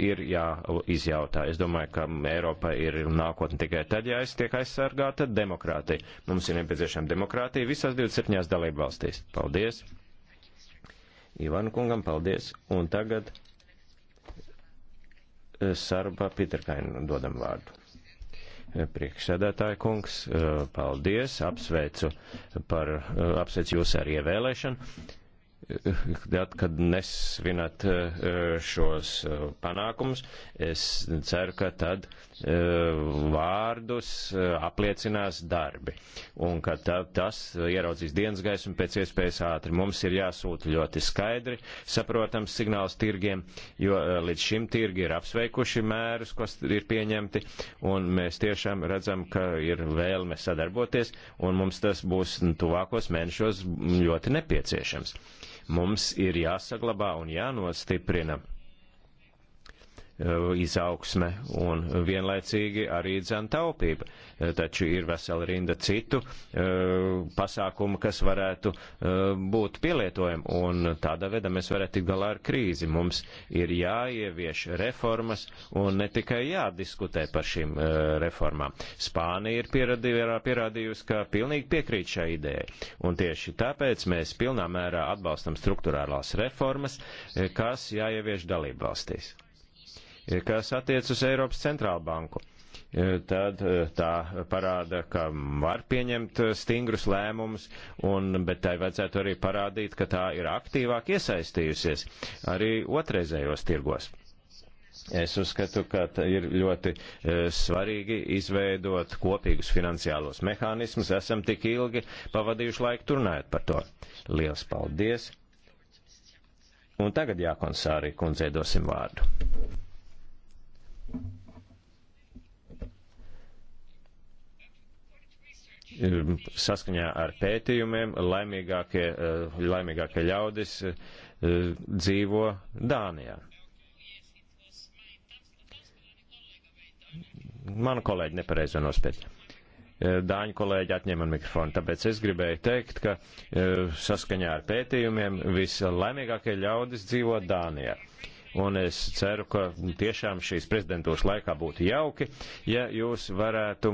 ir jāizjautā. Es domāju, ka Eiropa ir nākotne tikai tad, ja es tiek aizsargāta demokrātija. Mums ir nepieciešama demokrātija visās 27 dalību valstīs. Paldies! Ivanu kungam, paldies! Un tagad Sarba Piterkainu dodam vārdu. Priekšsēdētāja kungs, eh, paldies, apsveicu par, eh, apsveicu jūs ar ievēlēšanu kad nesvinat e, šos e, panākumus, es ceru, ka tad e, vārdus apliecinās darbi. Un ka tas ieraudzīs dienas gaismu pēc iespējas ātri. Mums ir jāsūta ļoti skaidri, saprotams signāls tirgiem, jo līdz šim tirgi ir apsveikuši mērus, kas ir pieņemti, un mēs tiešām redzam, ka ir vēlme sadarboties, un mums tas būs tuvākos mēnešos ļoti nepieciešams. Mums ir jāsaglabā un jānostiprina Eh, izaugsme un vienlaicīgi arī dzen taupība. Eh, taču ir vesela rinda citu eh, pasākumu, kas varētu būt pielietojami, un tādā veidā mēs varētu tikt galā ar krīzi. Mums ir jāievieš reformas un ne tikai jādiskutē par šīm reformām. Spānija ir pierādījusi, ka pilnīgi piekrīt šai idejai, un tieši tāpēc mēs pilnā mērā atbalstam struktūrālās reformas, kas jāievieš dalību valstīs kas attiec uz Eiropas centrālbanku. E, tad e, tā parāda, ka var pieņemt stingrus lēmumus, un, bet tai vajadzētu arī parādīt, ka tā ir aktīvāk iesaistījusies arī otrreizējos tirgos. Es uzskatu, ka ir ļoti e, svarīgi izveidot kopīgus finansiālos mehānismus. Esam tik ilgi pavadījuši laiku turnēt par to. Liels paldies! Un tagad Jākonsārī kundzei dosim vārdu. Saskaņā ar pētījumiem laimīgākie, eh, laimīgākie ļaudis eh, dzīvo Dānijā. Manu kolēģi nepareizo nospēja eh, dāņu kolēģi atņēma mikrofonu. Tāpēc es gribēju teikt, ka saskaņā ar pētījumiem vislaimīgākie ļaudis dzīvo Dānijā un es ceru, ka tiešām šīs prezidentūras laikā būtu jauki, ja jūs varētu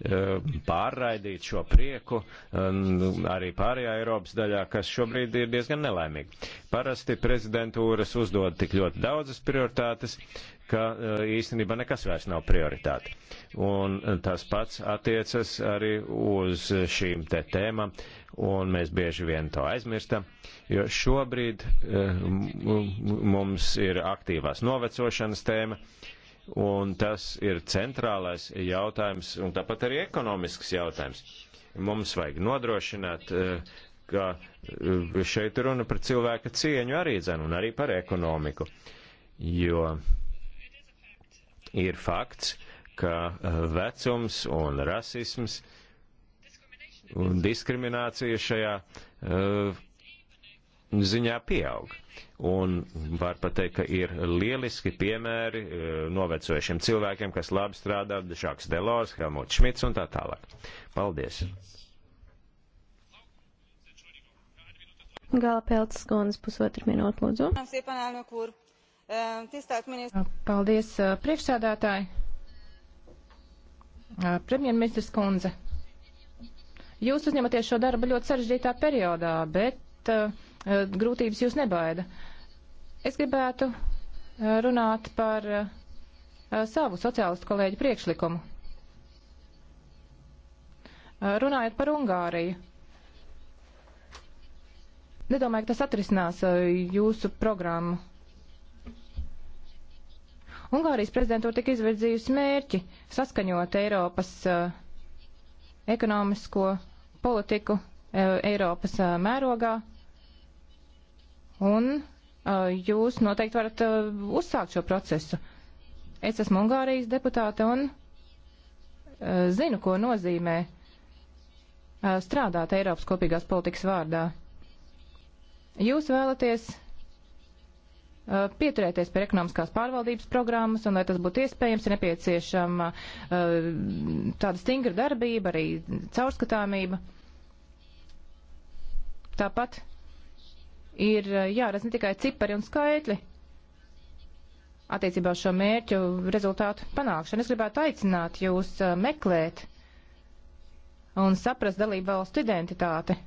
e, pārraidīt šo prieku arī pārējā Eiropas daļā, kas šobrīd ir diezgan nelaimīgi. Parasti prezidentūras uzdod tik ļoti daudzas prioritātes, ka eh, īstenībā nekas vairs nav prioritāte. Un eh, tas pats attiecas arī uz šīm te tēmām, un mēs bieži vien to aizmirstam, jo šobrīd eh, mums ir aktīvās novecošanas tēma, un tas ir centrālais jautājums, un tāpat arī ekonomisks jautājums. Mums vajag nodrošināt, ka šeit runa par cilvēka cieņu arī dzenu, un arī par ekonomiku. Jo ir fakts, ka eh, vecums un rasisms un diskriminācija šajā uh, ziņā pieaug. Un var pat teikt, ka ir lieliski piemēri uh, novecojušiem cilvēkiem, kas labi strādā, Žaks Delors, Helmuts Šmits un tā tālāk. Paldies! Gala peltas skundas pusotru minūtu, lūdzu. Paldies, priekšsādātāji. Premjerministrs Kunze, jūs uzņematies šo darbu ļoti sarežģītā periodā, bet uh, grūtības jūs nebaida. Es gribētu runāt par uh, savu sociālistu kolēģu priekšlikumu. Uh, runājot par Ungāriju. Nedomāju, ka tas atrisinās jūsu programmu. Ungārijas prezidentūra tika izvirzījusi mērķi saskaņot Eiropas uh, ekonomisko politiku uh, Eiropas uh, mērogā. Un jūs noteikti varat uzsākt šo procesu. Es esmu Ungārijas deputāte un zinu, ko nozīmē strādāt Eiropas kopīgās politikas vārdā. Jūs vēlaties Uh, pieturēties pie ekonomiskās pārvaldības programmas, un lai tas būtu iespējams, ir nepieciešama uh, tāda stingra darbība, arī caurskatāmība. Tāpat ir uh, jāredz ne tikai cipari un skaitļi attiecībā uz šo mērķu rezultātu panākšanu. Es gribētu aicināt jūs meklēt un saprast dalību valstu identitāti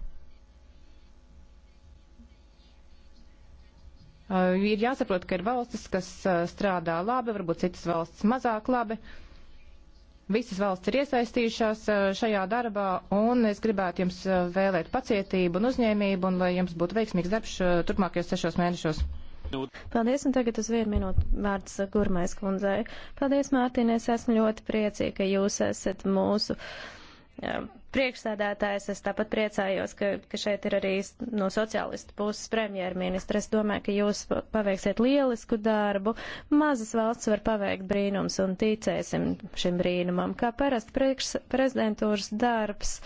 Eh, ir jāsaprot, ka ir valstis, kas eh, strādā labi, varbūt citas valstis mazāk labi. Visas valsts ir iesaistījušās eh, šajā darbā, un es gribētu jums vēlēt pacietību un uzņēmību, un lai jums būtu veiksmīgs darbs turpmākajos sešos mēnešos. Paldies, un tagad uz vienu minūtu vārds Gurmais kundzei. Paldies, Mārtiņ, es esmu ļoti priecīga, ka jūs esat mūsu. Jā priekšsēdētājs. Es tāpat priecājos, ka, ka šeit ir arī no sociālistu puses premjerministra. Es domāju, ka jūs paveiksiet lielisku darbu. Mazas valsts var paveikt brīnums un ticēsim šim brīnumam. Kā parasti priekš, prezidentūras darbs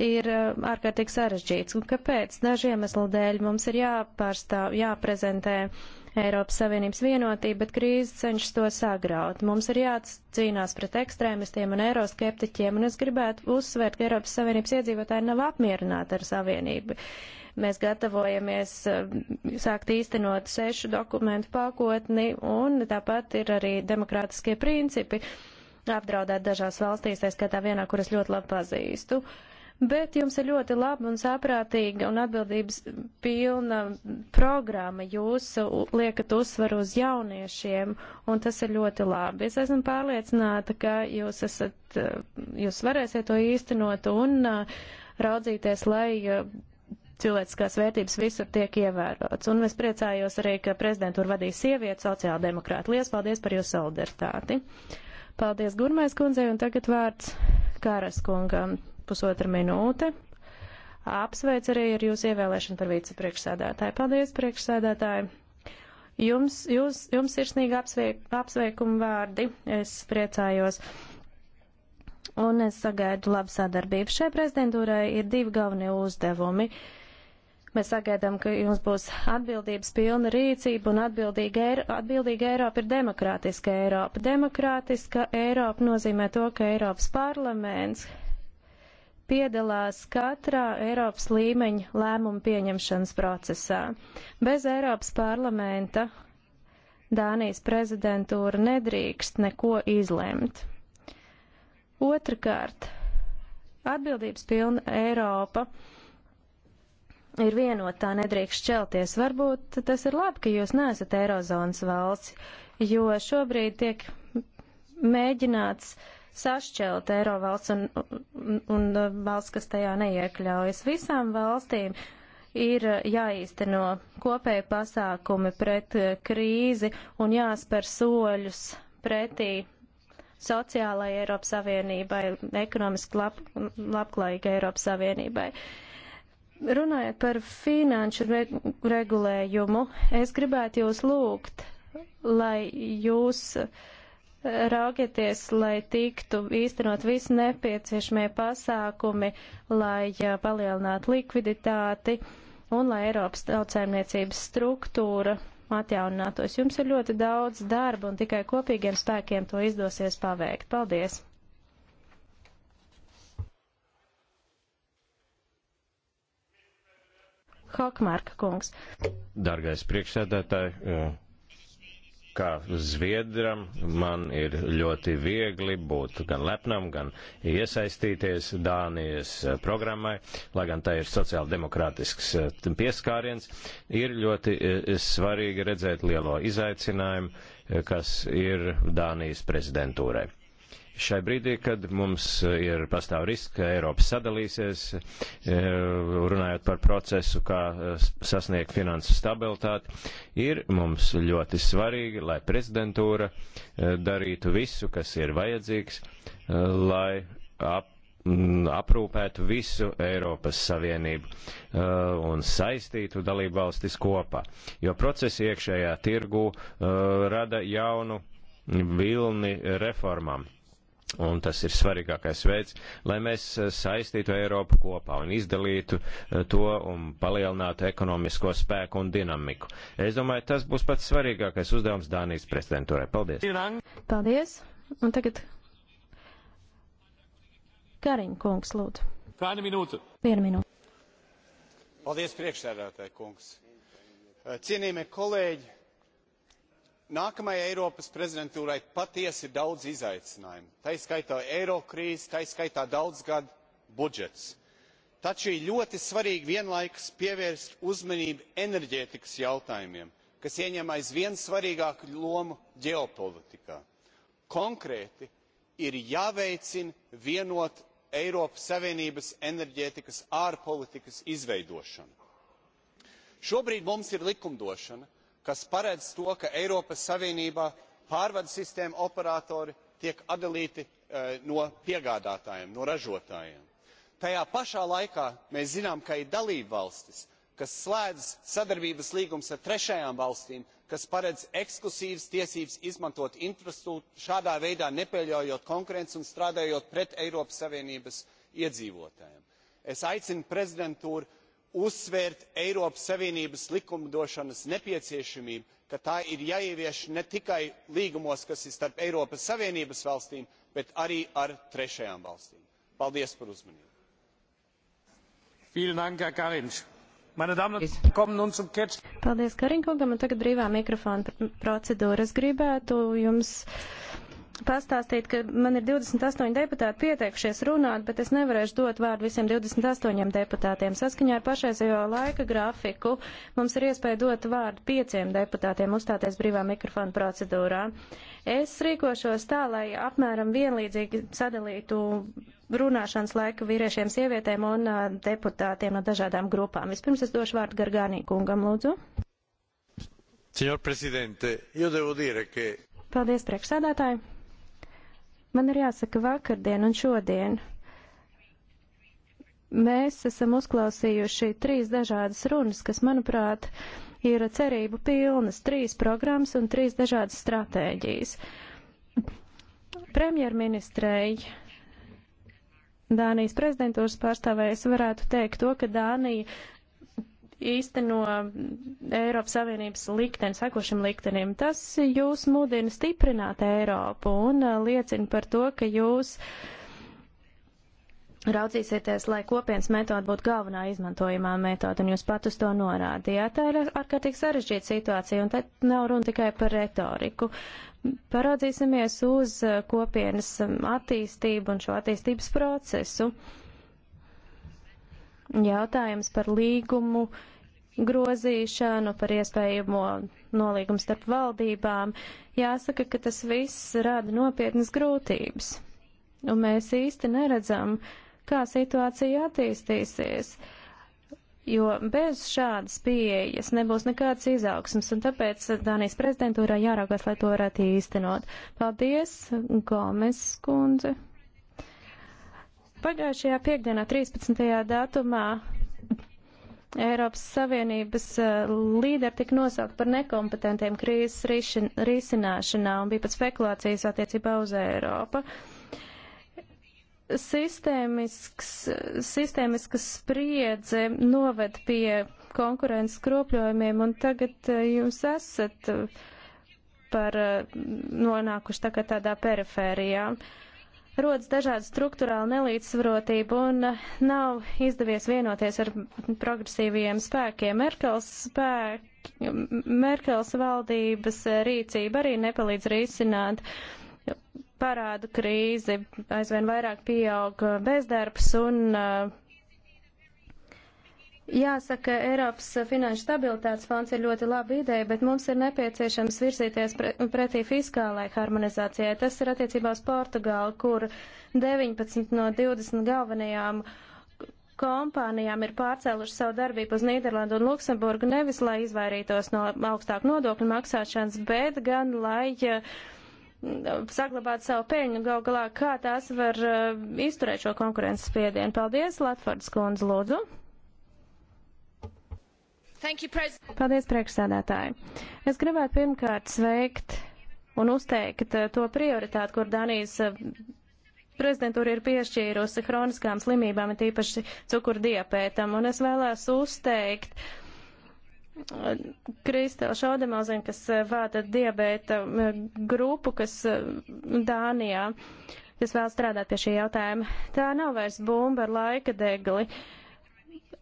ir eh, ārkārtīgi sarežģīts. Un kāpēc? Daži iemesli dēļ mums ir jāpārstāv, jāprezentē Eiropas Savienības vienotību, bet krīze cenšas to sagraut. Mums ir jācīnās pret ekstrēmistiem un eiroskeptiķiem, un es gribētu uzsvērt, ka Eiropas Savienības iedzīvotāji nav apmierināti ar Savienību. Mēs gatavojamies eh, sākt īstenot sešu dokumentu pakotni, un tāpat ir arī demokrātiskie principi apdraudēt dažās valstīs, tā skatā vienā, kuras ļoti labi pazīstu. Uh, bet jums ir ļoti laba un saprātīga un atbildības pilna programma. Jūs liekat uzsvaru uz jauniešiem, un tas ir ļoti labi. Es esmu pārliecināta, ka jūs, esat, jūs varēsiet to īstenot un uh, raudzīties, lai uh, cilvēciskās vērtības visur tiek ievērots. Un es priecājos arī, ka prezidentūru vadīs sieviete sociāldemokrāta. Lies paldies par jūsu solidaritāti. Paldies Gurmais kundzei un tagad vārds Kāras kungam pusotra minūte. Apsveic arī ar jūsu ievēlēšanu par vicepriekšsēdētāju. Paldies, priekšsēdētāji! Jums, jūs, jums sirsnīgi apsveik, apsveikumu vārdi. Es priecājos. Un es sagaidu labu sadarbību. Šai prezidentūrai ir divi galvenie uzdevumi. Mēs sagaidām, ka jums būs atbildības pilna rīcība un atbildīga, Eiro, atbildīga Eiropa ir demokrātiska Eiropa. Demokrātiska Eiropa nozīmē to, ka Eiropas parlaments, piedalās katrā Eiropas līmeņa lēmumu pieņemšanas procesā. Bez Eiropas parlamenta Dānijas prezidentūra nedrīkst neko izlemt. Otrakārt, atbildības pilna Eiropa ir vienotā, nedrīkst šķelties. Varbūt tas ir labi, ka jūs neesat Eirozonas valsts, jo šobrīd tiek mēģināts uh, sašķelt eiro valsts un, un, un valsts, kas tajā neiekļaujas. Visām valstīm ir jāīsteno kopēji pasākumi pret krīzi un jāspēr soļus pretī sociālajai Eiropas Savienībai, ekonomiski lab, labklājīgai Eiropas Savienībai. Runājot par finanšu re regulējumu, es gribētu jūs lūgt, lai jūs uh, raugieties, lai tiktu īstenot visi nepieciešamie pasākumi, lai palielinātu likviditāti un lai Eiropas tautsēmniecības struktūra atjauninātos. Jums ir ļoti daudz darba un tikai kopīgiem spēkiem to izdosies paveikt. Paldies! Hokmārka kungs. Dargais priekšsēdētāji, kā zviedram man ir ļoti viegli būt gan lepnam, gan iesaistīties Dānijas programmai, lai gan tā ir sociāldemokrātisks eh, pieskāriens, ir ļoti eh, svarīgi redzēt lielo izaicinājumu, eh, kas ir Dānijas prezidentūrai šai brīdī, kad mums eh, ir pastāv risks, ka Eiropa sadalīsies, eh, runājot par procesu, kā eh, sasniegt finansu stabilitāti, ir mums ļoti svarīgi, lai prezidentūra darītu visu, kas ir vajadzīgs, lai ap aprūpētu visu Eiropas Savienību uh, un saistītu dalību valstis kopā, jo procesi iekšējā tirgu uh, rada jaunu vilni reformām. Un tas ir svarīgākais veids, lai mēs eh, saistītu Eiropu kopā un izdalītu eh, to un palielinātu ekonomisko spēku un dinamiku. Es domāju, tas būs pats svarīgākais uzdevums Dānijas prezidentūrai. Paldies! Paldies! Un tagad Kariņa kungs lūdzu. Viena minūte. Viena minūte. Paldies priekšsēdētāji kungs. Cienījamie kolēģi, nākamajai eiropas prezidentūrai patiesi ir daudz izaicinājumu tai skaitā eiro krīze tai skaitā daudzgadu budžets taču ir ļoti svarīgi vienlaikus pievērst uzmanību enerģētikas jautājumiem kas ieņem aizvien svarīgāku lomu ģeopolitikā. konkrēti ir jāveicina vienota eiropas savienības enerģētikas ārpolitikas izveidošana. šobrīd mums ir likumdošana kas paredz to ka eiropas savienībā pārvades sistēmu operatori tiek atdalīti e, no piegādātājiem no ražotājiem. tajā pašā laikā mēs zinām ka ir dalībvalstis kas slēdz sadarbības līgumus ar trešajām valstīm kas paredz ekskluzīvas tiesības izmantot infrastruktūru šādā veidā nepieļaujot konkurenci un strādājot pret eiropas savienības iedzīvotājiem. es aicinu prezidentūru uzsvērt Eiropas Savienības likumdošanas nepieciešamību, ka tā ir jāievieš ne tikai līgumos, kas ir starp Eiropas Savienības valstīm, bet arī ar trešajām valstīm. Paldies par uzmanību. Paldies, Kariņkungam, un tagad brīvā mikrofona procedūra. Es gribētu jums pastāstīt, ka man ir 28 deputāti pieteikušies runāt, bet es nevarēšu dot vārdu visiem 28 deputātiem. Saskaņā ar pašreizējo laika grafiku mums ir iespēja dot vārdu pieciem deputātiem uzstāties brīvā mikrofona procedūrā. Es rīkošos tā, lai apmēram vienlīdzīgi sadalītu runāšanas laiku vīriešiem, sievietēm un uh, deputātiem no dažādām grupām. Vispirms es došu vārdu Gargānī kungam, lūdzu. Signor Presidente, io devo dire che. Paldies, priekšsēdētāji. Man ir jāsaka vakardien un šodien. Mēs esam uzklausījuši trīs dažādas runas, kas, manuprāt, ir cerību pilnas, trīs programmas un trīs dažādas stratēģijas. Premjerministrei Dānijas prezidentūras pārstāvējas varētu teikt to, ka Dānija īsteno mm, Eiropas Savienības likteni, sekošam liktenim. Tas jūs mudina stiprināt Eiropu un uh, liecina par to, ka jūs raudzīsieties, lai kopienas metoda būtu galvenā izmantojamā metoda, un jūs pat uz to norādījāt. Tā ir ārkārtīgi sarežģīta situācija, un tad nav runa tikai par retoriku. Paraudzīsimies uz uh, kopienas um, attīstību un šo attīstības procesu. Uh, jautājums par līgumu grozīšanu, par iespējamo nolīgumu starp valdībām. Jāsaka, ka tas viss rada nopietnas grūtības. Un mēs īsti neredzam, kā situācija attīstīsies, jo bez šādas pieejas nebūs nekāds izaugsms, un tāpēc Dānijas prezidentūrā jāraugās, lai to varētu īstenot. Paldies, Gomes kundze! Pagājušajā piekdienā, 13. datumā, Eiropas Savienības eh, līderi tika nosaukt par nekompetentiem krīzes risināšanā un bija pat spekulācijas attiecībā uz Eiropu. Sistēmiska spriedze noved pie konkurences kropļojumiem, un tagad eh, jūs esat eh, par nonākuši tā kā tādā perifērijā. Uh, rodas dažāda struktūrāla nelīdzsvarotība un eh, nav izdevies vienoties ar progresīvajiem spēkiem. Merkels spēki, Merkels valdības eh, rīcība arī nepalīdz risināt parādu krīzi, aizvien vairāk pieaug eh, bezdarbs un uh, Jāsaka, Eiropas finanšu stabilitātes fonds ir ļoti laba ideja, bet mums ir nepieciešams virzīties pre, pretī fiskālai harmonizācijai. Tas ir attiecībā uz Portugālu, kur 19 no 20 galvenajām kompānijām ir pārcēluši savu darbību uz Nīderlandu un Luksemburgu nevis, lai izvairītos no augstāku nodokļu maksāšanas, bet gan, lai uh, saglabāt savu peļņu gal galā, kā tās var uh, izturēt šo konkurences spiedienu. Paldies, Latvārds Kundze, lūdzu! Paldies, priekšsēdētāji. Es gribētu pirmkārt sveikt un uzteikt eh, to prioritāti, kur Danijas eh, prezidentūra ir piešķīrusi hroniskām slimībām, it īpaši cukurdijapētam, un es vēlēs uzteikt eh, Kristēla Šaudemazina, kas vada diabēta grupu, kas Dānijā, kas vēl strādāt pie šī jautājuma. Tā nav vairs bumba ar laika degli. Uh,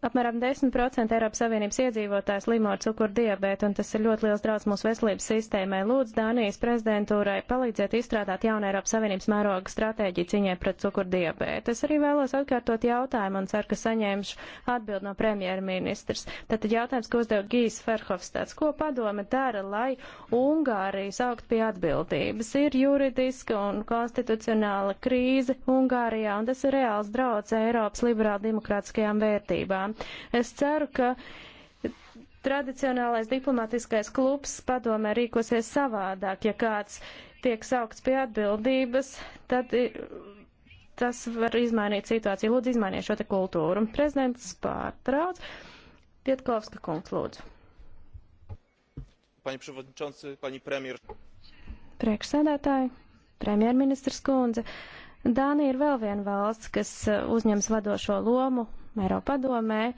Apmēram 10% Eiropas Savienības iedzīvotājs limo ar cukuru diabētu, un tas ir ļoti liels draudz mūsu veselības sistēmai. Lūdzu Dānijas prezidentūrai palīdziet izstrādāt jaunu Eiropas Savienības mēroga stratēģiju ciņai pret cukuru diabētu. Es arī vēlos atkārtot jautājumu un ceru, ka saņemšu atbildi no premjerministrs. Tātad jautājums, ko uzdev Gijs Ferhofstāds. Ko padome dara, lai Ungārija saukt pie atbildības? Ir juridiska un konstitucionāla krīze Ungārijā, un tas ir reāls drauds Eiropas liberāldemokrātiskajām vērtībām. Es ceru, ka tradicionālais diplomatiskais klubs padomē rīkosies savādāk. Ja kāds tiek saukts pie atbildības, tad tas var izmainīt situāciju. Lūdzu, izmainiet šo te kultūru. Prezidents pārtrauc. Pietkovska kungs, lūdzu. Pani Prevodničonsi, pani premjer. Priekšsēdētāji, premjerministrs kundze. Dānija ir vēl viena valsts, kas uzņems vadošo lomu Eiropadomē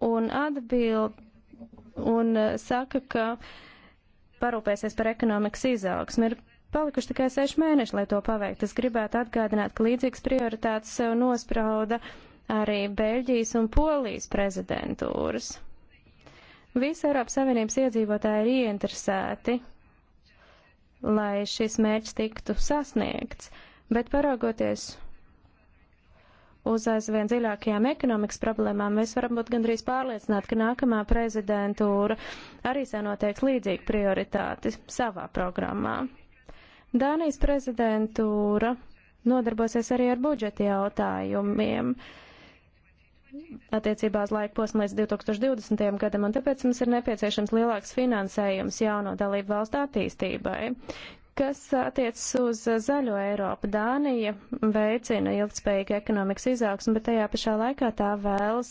un atbild un saka, ka parūpēsies par ekonomikas izaugsmi. Ir palikuši tikai seši mēneši, lai to paveiktu. Es gribētu atgādināt, ka līdzīgas prioritātes sev nosprauda arī Beļģijas un Polijas prezidentūras. Visi Eiropas Savienības iedzīvotāji ir ieinteresēti, lai šis mērķis tiktu sasniegts, bet paraugoties uz aizvien dziļākajām ekonomikas problēmām, mēs varam būt gandrīz pārliecināti, ka nākamā prezidentūra arī sanoteiks līdzīgi prioritāti savā programmā. Dānijas prezidentūra nodarbosies arī ar budžeta jautājumiem attiecībā uz laika posmu līdz 2020. gadam, un tāpēc mums ir nepieciešams lielāks finansējums jauno dalību valstu attīstībai. Kas attiecas uz zaļo Eiropu, Dānija veicina ilgspējīgu ekonomikas izaugsmu, bet tajā pašā laikā tā vēlas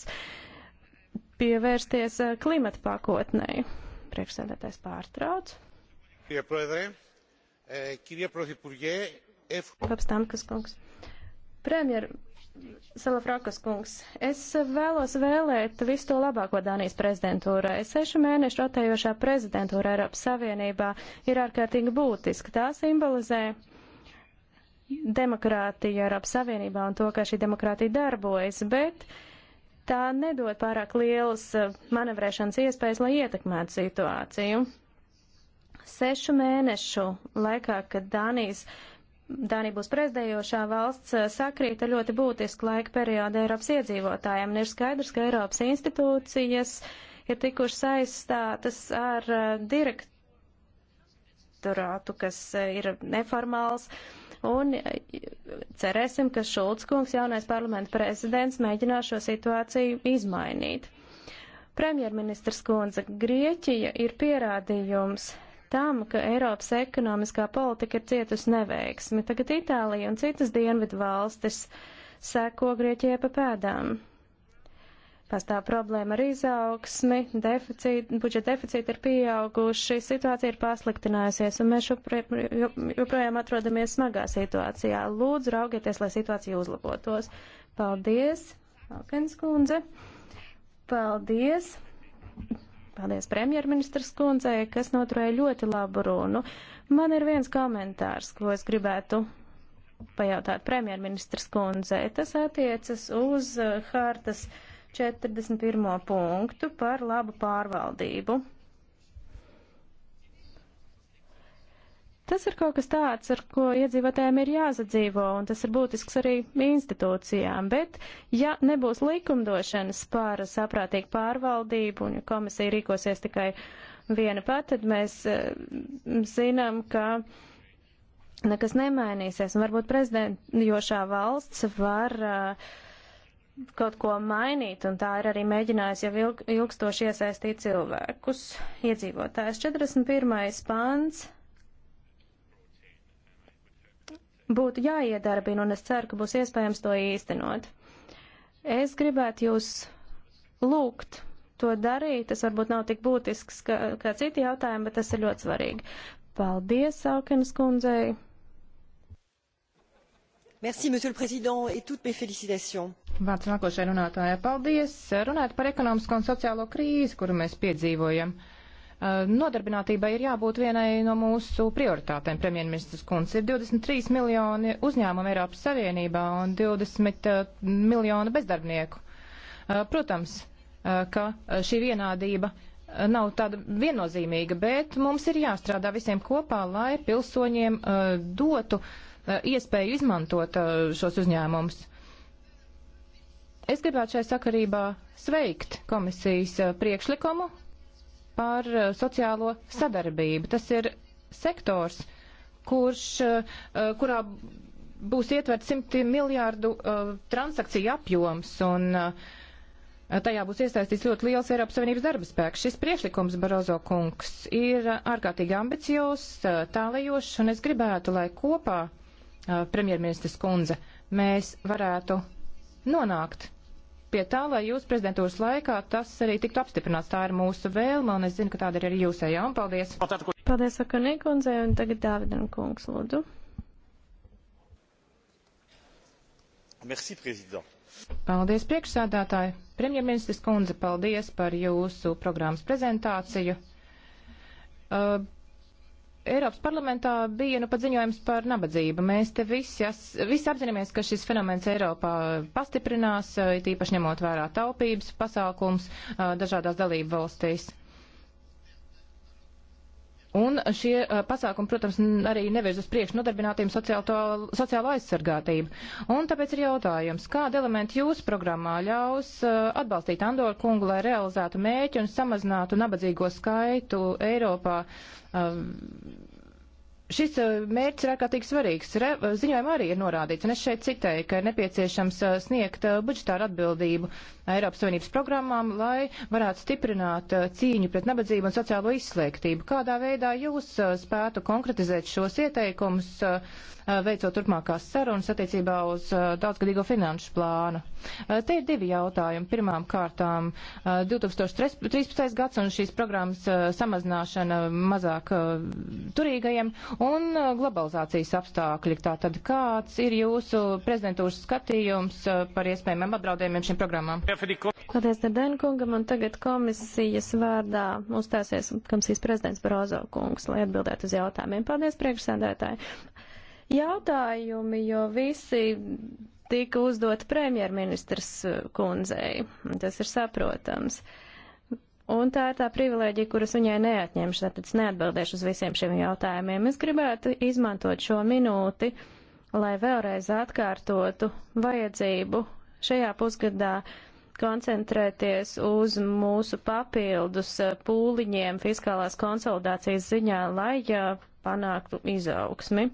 pievērsties eh, klimata pakotnei. Priekšsēdētājs pārtrauc. Papstāmkas kungs. Premjer, Salafrakas kungs, es vēlos vēlēt visu to labāko Dānijas prezidentūrai. Sešu mēnešu rotējošā prezidentūra Eiropas Savienībā ir ārkārtīgi būtiska. Tā simbolizē demokrātiju Eiropas Savienībā un to, kā šī demokrātija darbojas, bet tā nedod pārāk lielas eh, manevrēšanas iespējas, lai ietekmētu situāciju. Sešu mēnešu laikā, kad Dānijas uh, Dānija būs prezidējošā valsts, eh, sakrīt ar ļoti būtisku laika periodu Eiropas iedzīvotājiem. Un ir skaidrs, ka Eiropas institūcijas ir tikušas aizstātas ar eh, direktorātu, kas eh, ir neformāls. Un cerēsim, ka Šulc kungs, jaunais parlamenta prezidents, mēģinās šo situāciju izmainīt. Premjerministrs Konza, Grieķija ir pierādījums tam, ka Eiropas ekonomiskā politika ir cietusi neveiksmi. Tagad Itālija un citas dienvidu valstis seko Grieķijai pa pēdām. Pastāv problēma ar izaugsmi, deficīt, budžeta deficīti ir pieauguši, situācija ir pasliktinājusies, un mēs joprojām atrodamies smagā situācijā. Lūdzu, raugieties, lai situācija uzlabotos. Paldies, Alkens kundze. Paldies. Paldies premjerministras kundzei, kas noturēja ļoti labu runu. Man ir viens komentārs, ko es gribētu pajautāt premjerministras kundzei. Tas attiecas uz eh, hartas 41. punktu par labu pārvaldību. Tas ir kaut kas tāds, ar ko iedzīvotājiem ir jāsadzīvo, un tas ir būtisks arī institūcijām. Bet, ja nebūs likumdošanas par saprātīgu pārvaldību, un komisija rīkosies tikai viena pat, tad mēs eh, zinām, ka nekas nemainīsies, un varbūt prezidentjošā valsts var eh, kaut ko mainīt, un tā ir arī mēģinājusi jau ilg ilgstoši iesaistīt cilvēkus, iedzīvotājus. 41. pāns būtu jāiedarbina, un es ceru, ka būs iespējams to īstenot. Es gribētu jūs lūgt to darīt. Tas varbūt nav tik būtisks kā, kā citi jautājumi, bet tas ir ļoti svarīgi. Paldies, Aukenas kundzei! Merci, monsieur le président, et toutes mes félicitations. Vārds nākošajai runātājai. Paldies! Runāt par ekonomisko un sociālo krīzi, kuru mēs piedzīvojam. Uh, Eh, nodarbinātībai ir jābūt vienai no mūsu prioritātēm. Premjerministrs Kunts ir 23 miljoni uzņēmumu Eiropas Savienībā un 20 eh, miljonu bezdarbnieku. Eh, protams, ka šī vienādība nav tāda viennozīmīga, bet mums ir jāstrādā visiem kopā, lai pilsoņiem dotu iespēju izmantot šos uzņēmumus. Es gribētu šai sakarībā sveikt komisijas priekšlikumu, par eh, sociālo sadarbību. Tas ir sektors, kurš, eh, kurā būs ietverts simti miljārdu eh, transakciju apjoms un tajā būs iesaistīts ļoti liels Eiropas Savienības darba spēks. Šis priekšlikums, Barozo kungs, ir ārkārtīgi ambiciozs, tālajošs, un es gribētu, lai kopā premjerministras kundze mēs varētu nonākt pie tā, lai jūs prezidentūras laikā tas arī tiktu apstiprināts. Tā ir mūsu vēlme, un es zinu, ka tāda ir arī jūsējā. Un paldies! Paldies, Akanī kundze, un tagad Dāvidam kungs, lūdzu. Merci, prezident. Paldies, priekšsādātāji. Premjerministrs kundze, paldies par jūsu programmas prezentāciju. Uh, Eiropas parlamentā bija nu pat ziņojums par nabadzību. Mēs te visi, as, visi apzināmies, ka šis fenomens Eiropā pastiprinās, tīpaši ņemot vērā taupības pasākums dažādās dalību valstīs. Un šie uh, pasākumi, protams, arī nevirz uz priekšu nodarbinātiem sociālo, sociālo aizsargātību. Un tāpēc ir jautājums, kāda elementa jūsu programmā ļaus uh, atbalstīt Andoru kungu, lai realizētu mēķi un samazinātu nabadzīgo skaitu Eiropā? Uh, Šis eh, mērķis ir ārkārtīgi svarīgs. Re, eh, ziņojumā arī ir norādīts, un es šeit citēju, ka ir nepieciešams eh, sniegt budžetāru atbildību Eiropas Savienības programmām, lai varētu stiprināt cīņu pret nabadzību un sociālo izslēgtību. Kādā veidā jūs spētu konkretizēt šos ieteikumus, veicot turpmākās sarunas attiecībā uz daudzgadīgo finanšu plānu? Te ir divi jautājumi. Pirmām kārtām 2013. gads un šīs programmas samazināšana mazāk turīgajiem un uh, globalizācijas apstākļi. Tātad kāds ir jūsu prezidentūras skatījums uh, par iespējamiem apdraudējumiem šīm programmām? Paldies, Dardēna kungam, un tagad komisijas vārdā uzstāsies komisijas prezidents Barozo kungs, lai atbildētu uz jautājumiem. Paldies, priekšsēdētāji. Jautājumi, jo visi tika uzdot premjerministrs uh, kundzei. Tas ir saprotams. Uh, Un tā ir tā privilēģija, kuras viņai neatņemšu, tāpēc neatbildēšu uz visiem šiem jautājumiem. Es gribētu izmantot šo minūti, lai vēlreiz atkārtotu vajadzību šajā pusgadā koncentrēties uz mūsu papildus eh, pūliņiem fiskālās konsolidācijas ziņā, lai panāktu izaugsmi.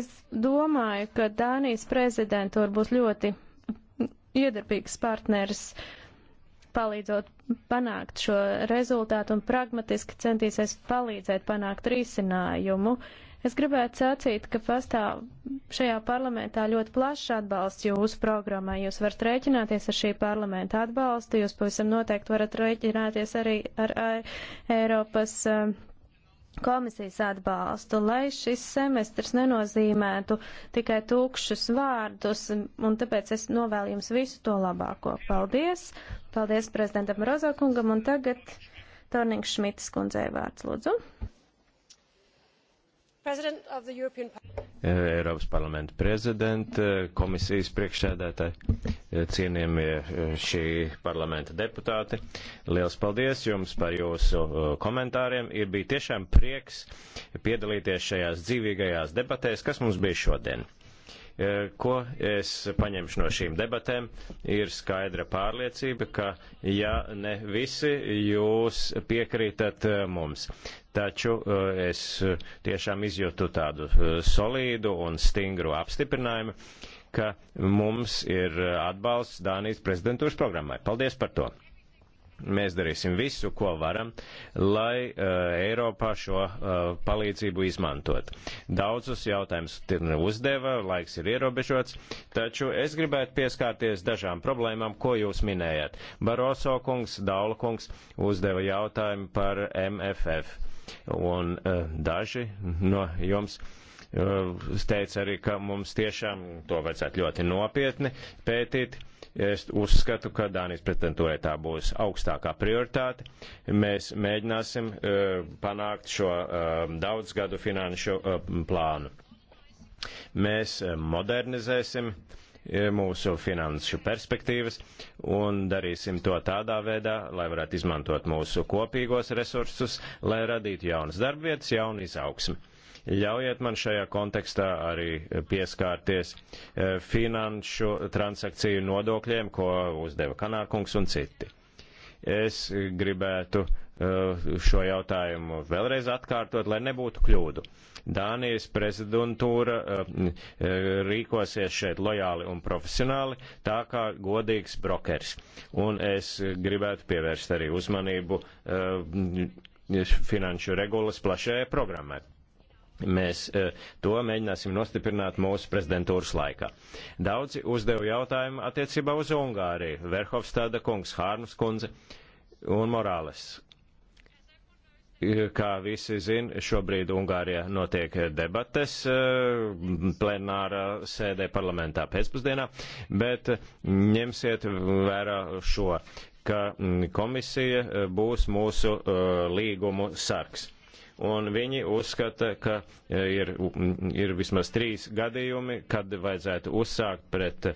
Es domāju, ka Dānijas prezidentūra būs ļoti iedarbīgs partners uh, palīdzot panākt šo rezultātu un pragmatiski centīsies palīdzēt panākt risinājumu. Es gribētu sacīt, ka pastāv šajā parlamentā ļoti plašs atbalsts jūsu programmai. Jūs varat rēķināties ar šī parlamenta atbalstu, jūs pavisam noteikti varat rēķināties arī ar, ar Eiropas uh, komisijas atbalstu, lai šis semestrs nenozīmētu tikai tūkšus vārdus, un tāpēc es novēlu jums visu to labāko. Paldies! Paldies prezidentam Rozokungam, un tagad Tornings Šmitas kundzei vārds, lūdzu. Eh, Eiropas parlamenta prezidenta, eh, komisijas priekšsēdētāji, eh, cienījamie šī parlamenta deputāti. Liels paldies jums par jūsu komentāriem. Ir bija tiešām prieks piedalīties šajās dzīvīgajās debatēs, kas mums bija šodien. Eh, ko es paņemšu no šīm debatēm, ir skaidra pārliecība, ka ja ne visi jūs piekrītat eh, mums. Taču eh, es tiešām izjūtu tādu solīdu un stingru apstiprinājumu, ka mums ir atbalsts Dānijas prezidentūras programmai. Paldies par to! Mēs darīsim visu, ko varam, lai uh, Eiropā šo uh, palīdzību izmantot. Daudzus jautājumus uzdeva, laiks ir ierobežots, taču es gribētu pieskārties dažām problēmām, ko jūs minējat. Baroso kungs, Daula kungs uzdeva jautājumu par MFF, un uh, daži no jums. Es teicu arī, ka mums tiešām to vajadzētu ļoti nopietni pētīt. Uh, Es uzskatu, ka Dānijas pretendentūrai tā būs augstākā prioritāte. Mēs mēģināsim e, panākt šo e, daudzgadu finanšu e, plānu. Mēs modernizēsim mūsu finanšu perspektīvas un darīsim to tādā veidā, lai varētu izmantot mūsu kopīgos resursus, lai radītu jaunas darbvietas, jaunu izaugsmu. Ļaujiet man šajā kontekstā arī pieskārties eh, finanšu transakciju nodokļiem, ko uzdeva Kanārkungs un citi. Es gribētu eh, šo jautājumu vēlreiz atkārtot, lai nebūtu kļūdu. Dānijas prezidentūra eh, rīkosies šeit lojāli un profesionāli, tā kā godīgs brokers. Un es gribētu pievērst arī uzmanību finanšu regulas plašajai programmai. Mēs e, to mēģināsim nostiprināt mūsu prezidentūras laikā. Daudzi uzdeva jautājumu attiecībā uz Ungāriju - Verhofstāda kungs, Hārnas kundze un Morāles. E, kā visi zina, šobrīd Ungārijā notiek debates e, plenārā sēdē parlamentā pēcpusdienā, bet ņemsiet vērā šo, ka komisija būs mūsu līgumu sargs un viņi uzskata, ka e, ir, ir vismaz trīs gadījumi, kad vajadzētu uzsākt pret e,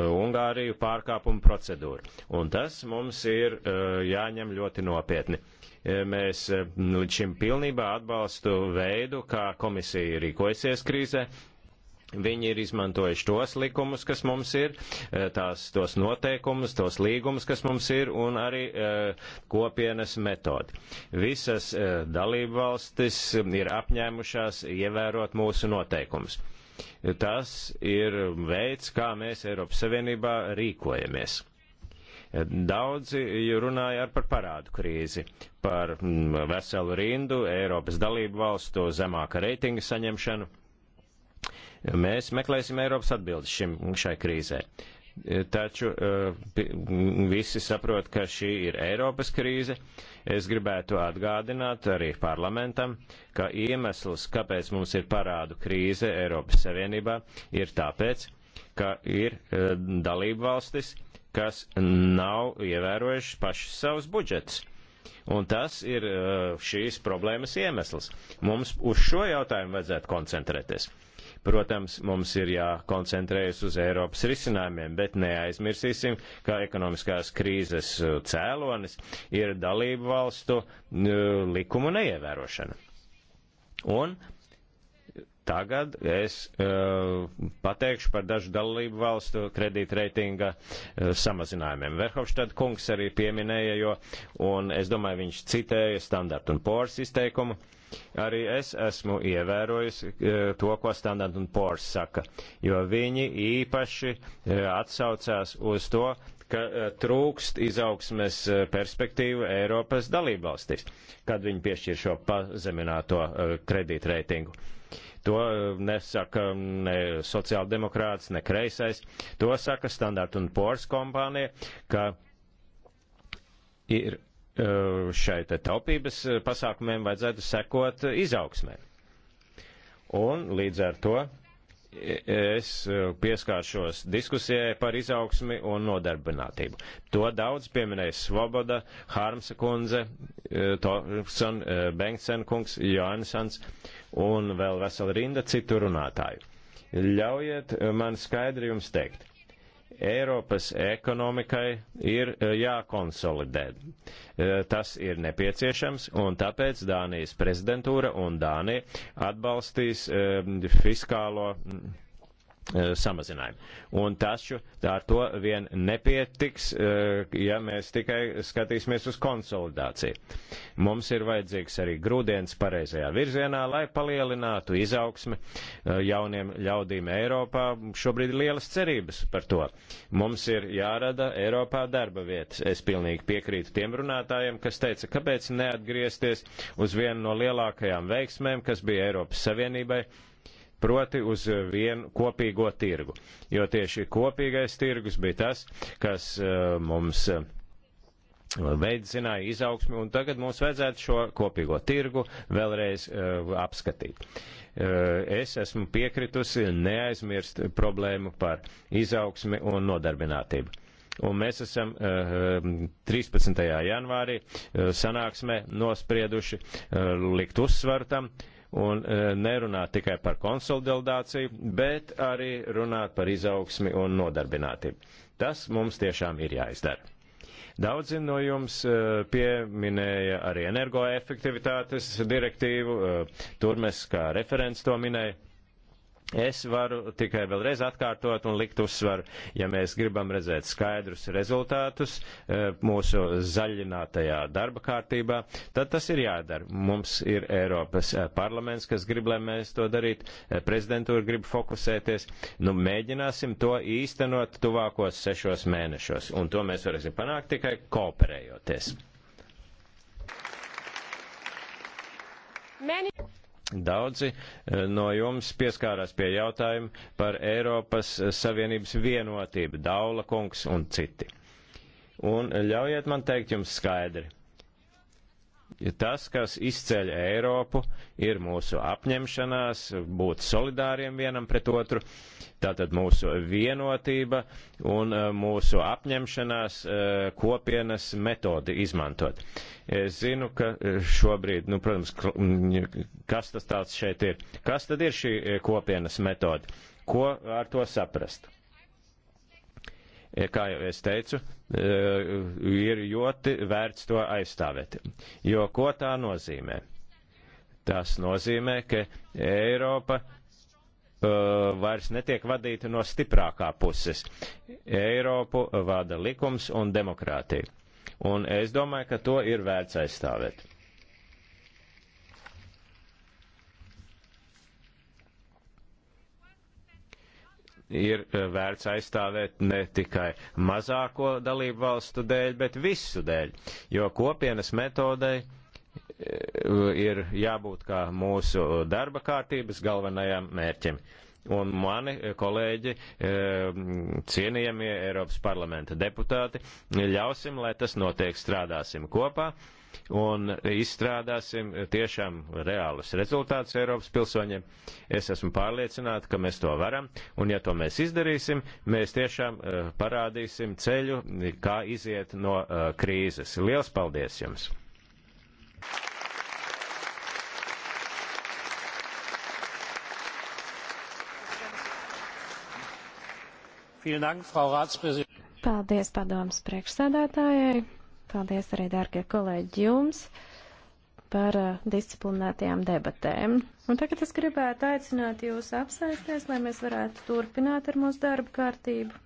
Ungāriju pārkāpumu procedūru. Un tas mums ir e, jāņem ļoti nopietni. Mēs līdz šim pilnībā atbalstu veidu, kā komisija rīkojasies krīzē, Viņi ir izmantojuši tos likumus, kas mums ir, eh, tās, tos noteikumus, tos līgumus, kas mums ir, un arī e, kopienas metodi. Visas e, dalībvalstis um, ir apņēmušās ievērot mūsu noteikumus. Tas ir veids, kā mēs Eiropas Savienībā rīkojamies. Daudzi runāja par parādu krīzi, par mm, veselu rindu Eiropas dalību valstu zemāka reitinga saņemšanu Mēs meklēsim Eiropas atbildes šim, šai krīzē. Taču eh, visi saprot, ka šī ir Eiropas krīze. Es gribētu atgādināt arī parlamentam, ka iemesls, kāpēc mums ir parādu krīze Eiropas Savienībā, ir tāpēc, ka ir eh, dalību valstis, kas nav ievērojuši pašas savus budžetus. Un tas ir eh, šīs problēmas iemesls. Mums uz šo jautājumu vajadzētu koncentrēties. Protams, mums ir jākoncentrējas uz Eiropas risinājumiem, bet neaizmirsīsim, ka ekonomiskās krīzes cēlonis ir dalību valstu likumu neievērošana. Un Tagad es uh, pateikšu par dažu dalību valstu kredītreitinga uh, samazinājumiem. Verhofstad kungs arī pieminēja, jo, un es domāju, viņš citēja standartu un pors izteikumu. Uh, Arī es esmu ievērojusi e, to, ko Standard un Poors saka, jo viņi īpaši e, atsaucās uz to, ka e, trūkst izaugsmes perspektīvu Eiropas dalībvalstīs, kad viņi piešķir šo pazemināto kredītreitingu. To nesaka ne sociāldemokrāts, ne kreisais. To saka Standard un Poors kompānija, ka ir Eh, šai taupības eh, pasākumiem vajadzētu sekot eh, izaugsmē. Un līdz ar to es pieskāršos diskusijai par izaugsmi un nodarbinātību. To daudz pieminēja Svoboda, Harmsa kundze, Torkson, Bengtsen kungs, Johansons un vēl vesela rinda citu runātāju. Ļaujiet man skaidri jums teikt Eiropas ekonomikai ir eh, jākonsolidē. Eh, tas ir nepieciešams, un tāpēc Dānijas prezidentūra un Dānija atbalstīs eh, fiskālo mm, Eh, samazinājumu. Un taču ar to vien nepietiks, eh, ja mēs tikai skatīsimies uz konsolidāciju. Mums ir vajadzīgs arī grūdienis pareizajā virzienā, lai palielinātu izaugsmi eh, jauniem ļaudīm Eiropā. Šobrīd ir lielas cerības par to. Mums ir jārada Eiropā darba vietas. Es pilnīgi piekrītu tiem runātājiem, kas teica, kāpēc neatgriezties uz vienu no lielākajām veiksmēm, kas bija Eiropas Savienībai proti uz vienu kopīgo tirgu. Jo tieši kopīgais tirgus bija tas, kas eh, mums eh, veicināja izaugsmi, un tagad mums vajadzētu šo kopīgo tirgu vēlreiz uh, apskatīt. Uh, es esmu piekritusi neaizmirst problēmu par izaugsmi un nodarbinātību. Un mēs esam uh, 13. janvārī uh, sanāksmē nosprieduši uh, likt uzsvaru tam, uh, un e, nerunāt tikai par konsolidāciju, bet arī runāt par izaugsmi un nodarbinātību. Tas mums tiešām ir jāizdara. Daudzi no jums e, pieminēja arī energoefektivitātes direktīvu, e, tur mēs kā referents to minēja. Es varu tikai vēlreiz atkārtot un likt uzsvaru, ja mēs gribam redzēt skaidrus rezultātus e, mūsu zaļinātajā darba kārtībā, tad tas ir jādara. Mums ir Eiropas e, parlaments, kas grib, lai mēs to darītu, e, prezidentūra grib fokusēties. Nu, mēģināsim to īstenot tuvākos sešos mēnešos, un to mēs varēsim panākt tikai kooperējoties. Many... Daudzi eh, no jums pieskārās pie jautājuma par Eiropas Savienības vienotību, Daula kungs un citi. Un ļaujiet man teikt jums skaidri. Tas, kas izceļ Eiropu, ir mūsu apņemšanās būt solidāriem vienam pret otru, tātad mūsu vienotība un eh, mūsu apņemšanās eh, kopienas metodi izmantot. Es zinu, ka eh, šobrīd, nu, protams, kas tas tāds šeit ir? Kas tad ir šī kopienas metode? Ko ar to saprast? kā jau es teicu, eh, ir ļoti vērts to aizstāvēt. Jo ko tā nozīmē? Tas nozīmē, ka Eiropa eh, vairs netiek vadīta no stiprākā puses. Eiropu vada likums un demokrātija. Un es domāju, ka to ir vērts aizstāvēt. ir eh, vērts aizstāvēt ne tikai mazāko dalību valstu dēļ, bet visu dēļ, jo kopienas metodei eh, ir jābūt kā mūsu darba kārtības galvenajam mērķim. Un mani eh, kolēģi, cienījamie Eiropas parlamenta deputāti, ļausim, lai tas notiek, strādāsim kopā un izstrādāsim tiešām reālus rezultātus Eiropas pilsoņiem. Es esmu pārliecināta, ka mēs to varam, un ja to mēs izdarīsim, mēs tiešām eh, parādīsim ceļu, kā iziet no eh, krīzes. Liels paldies jums! Paldies padomas priekšsēdētājai. Paldies arī, dārgie kolēģi, jums par uh, disciplinētajām debatēm. Un tagad es gribētu aicināt jūs apsēsties, lai mēs varētu turpināt ar mūsu darba kārtību.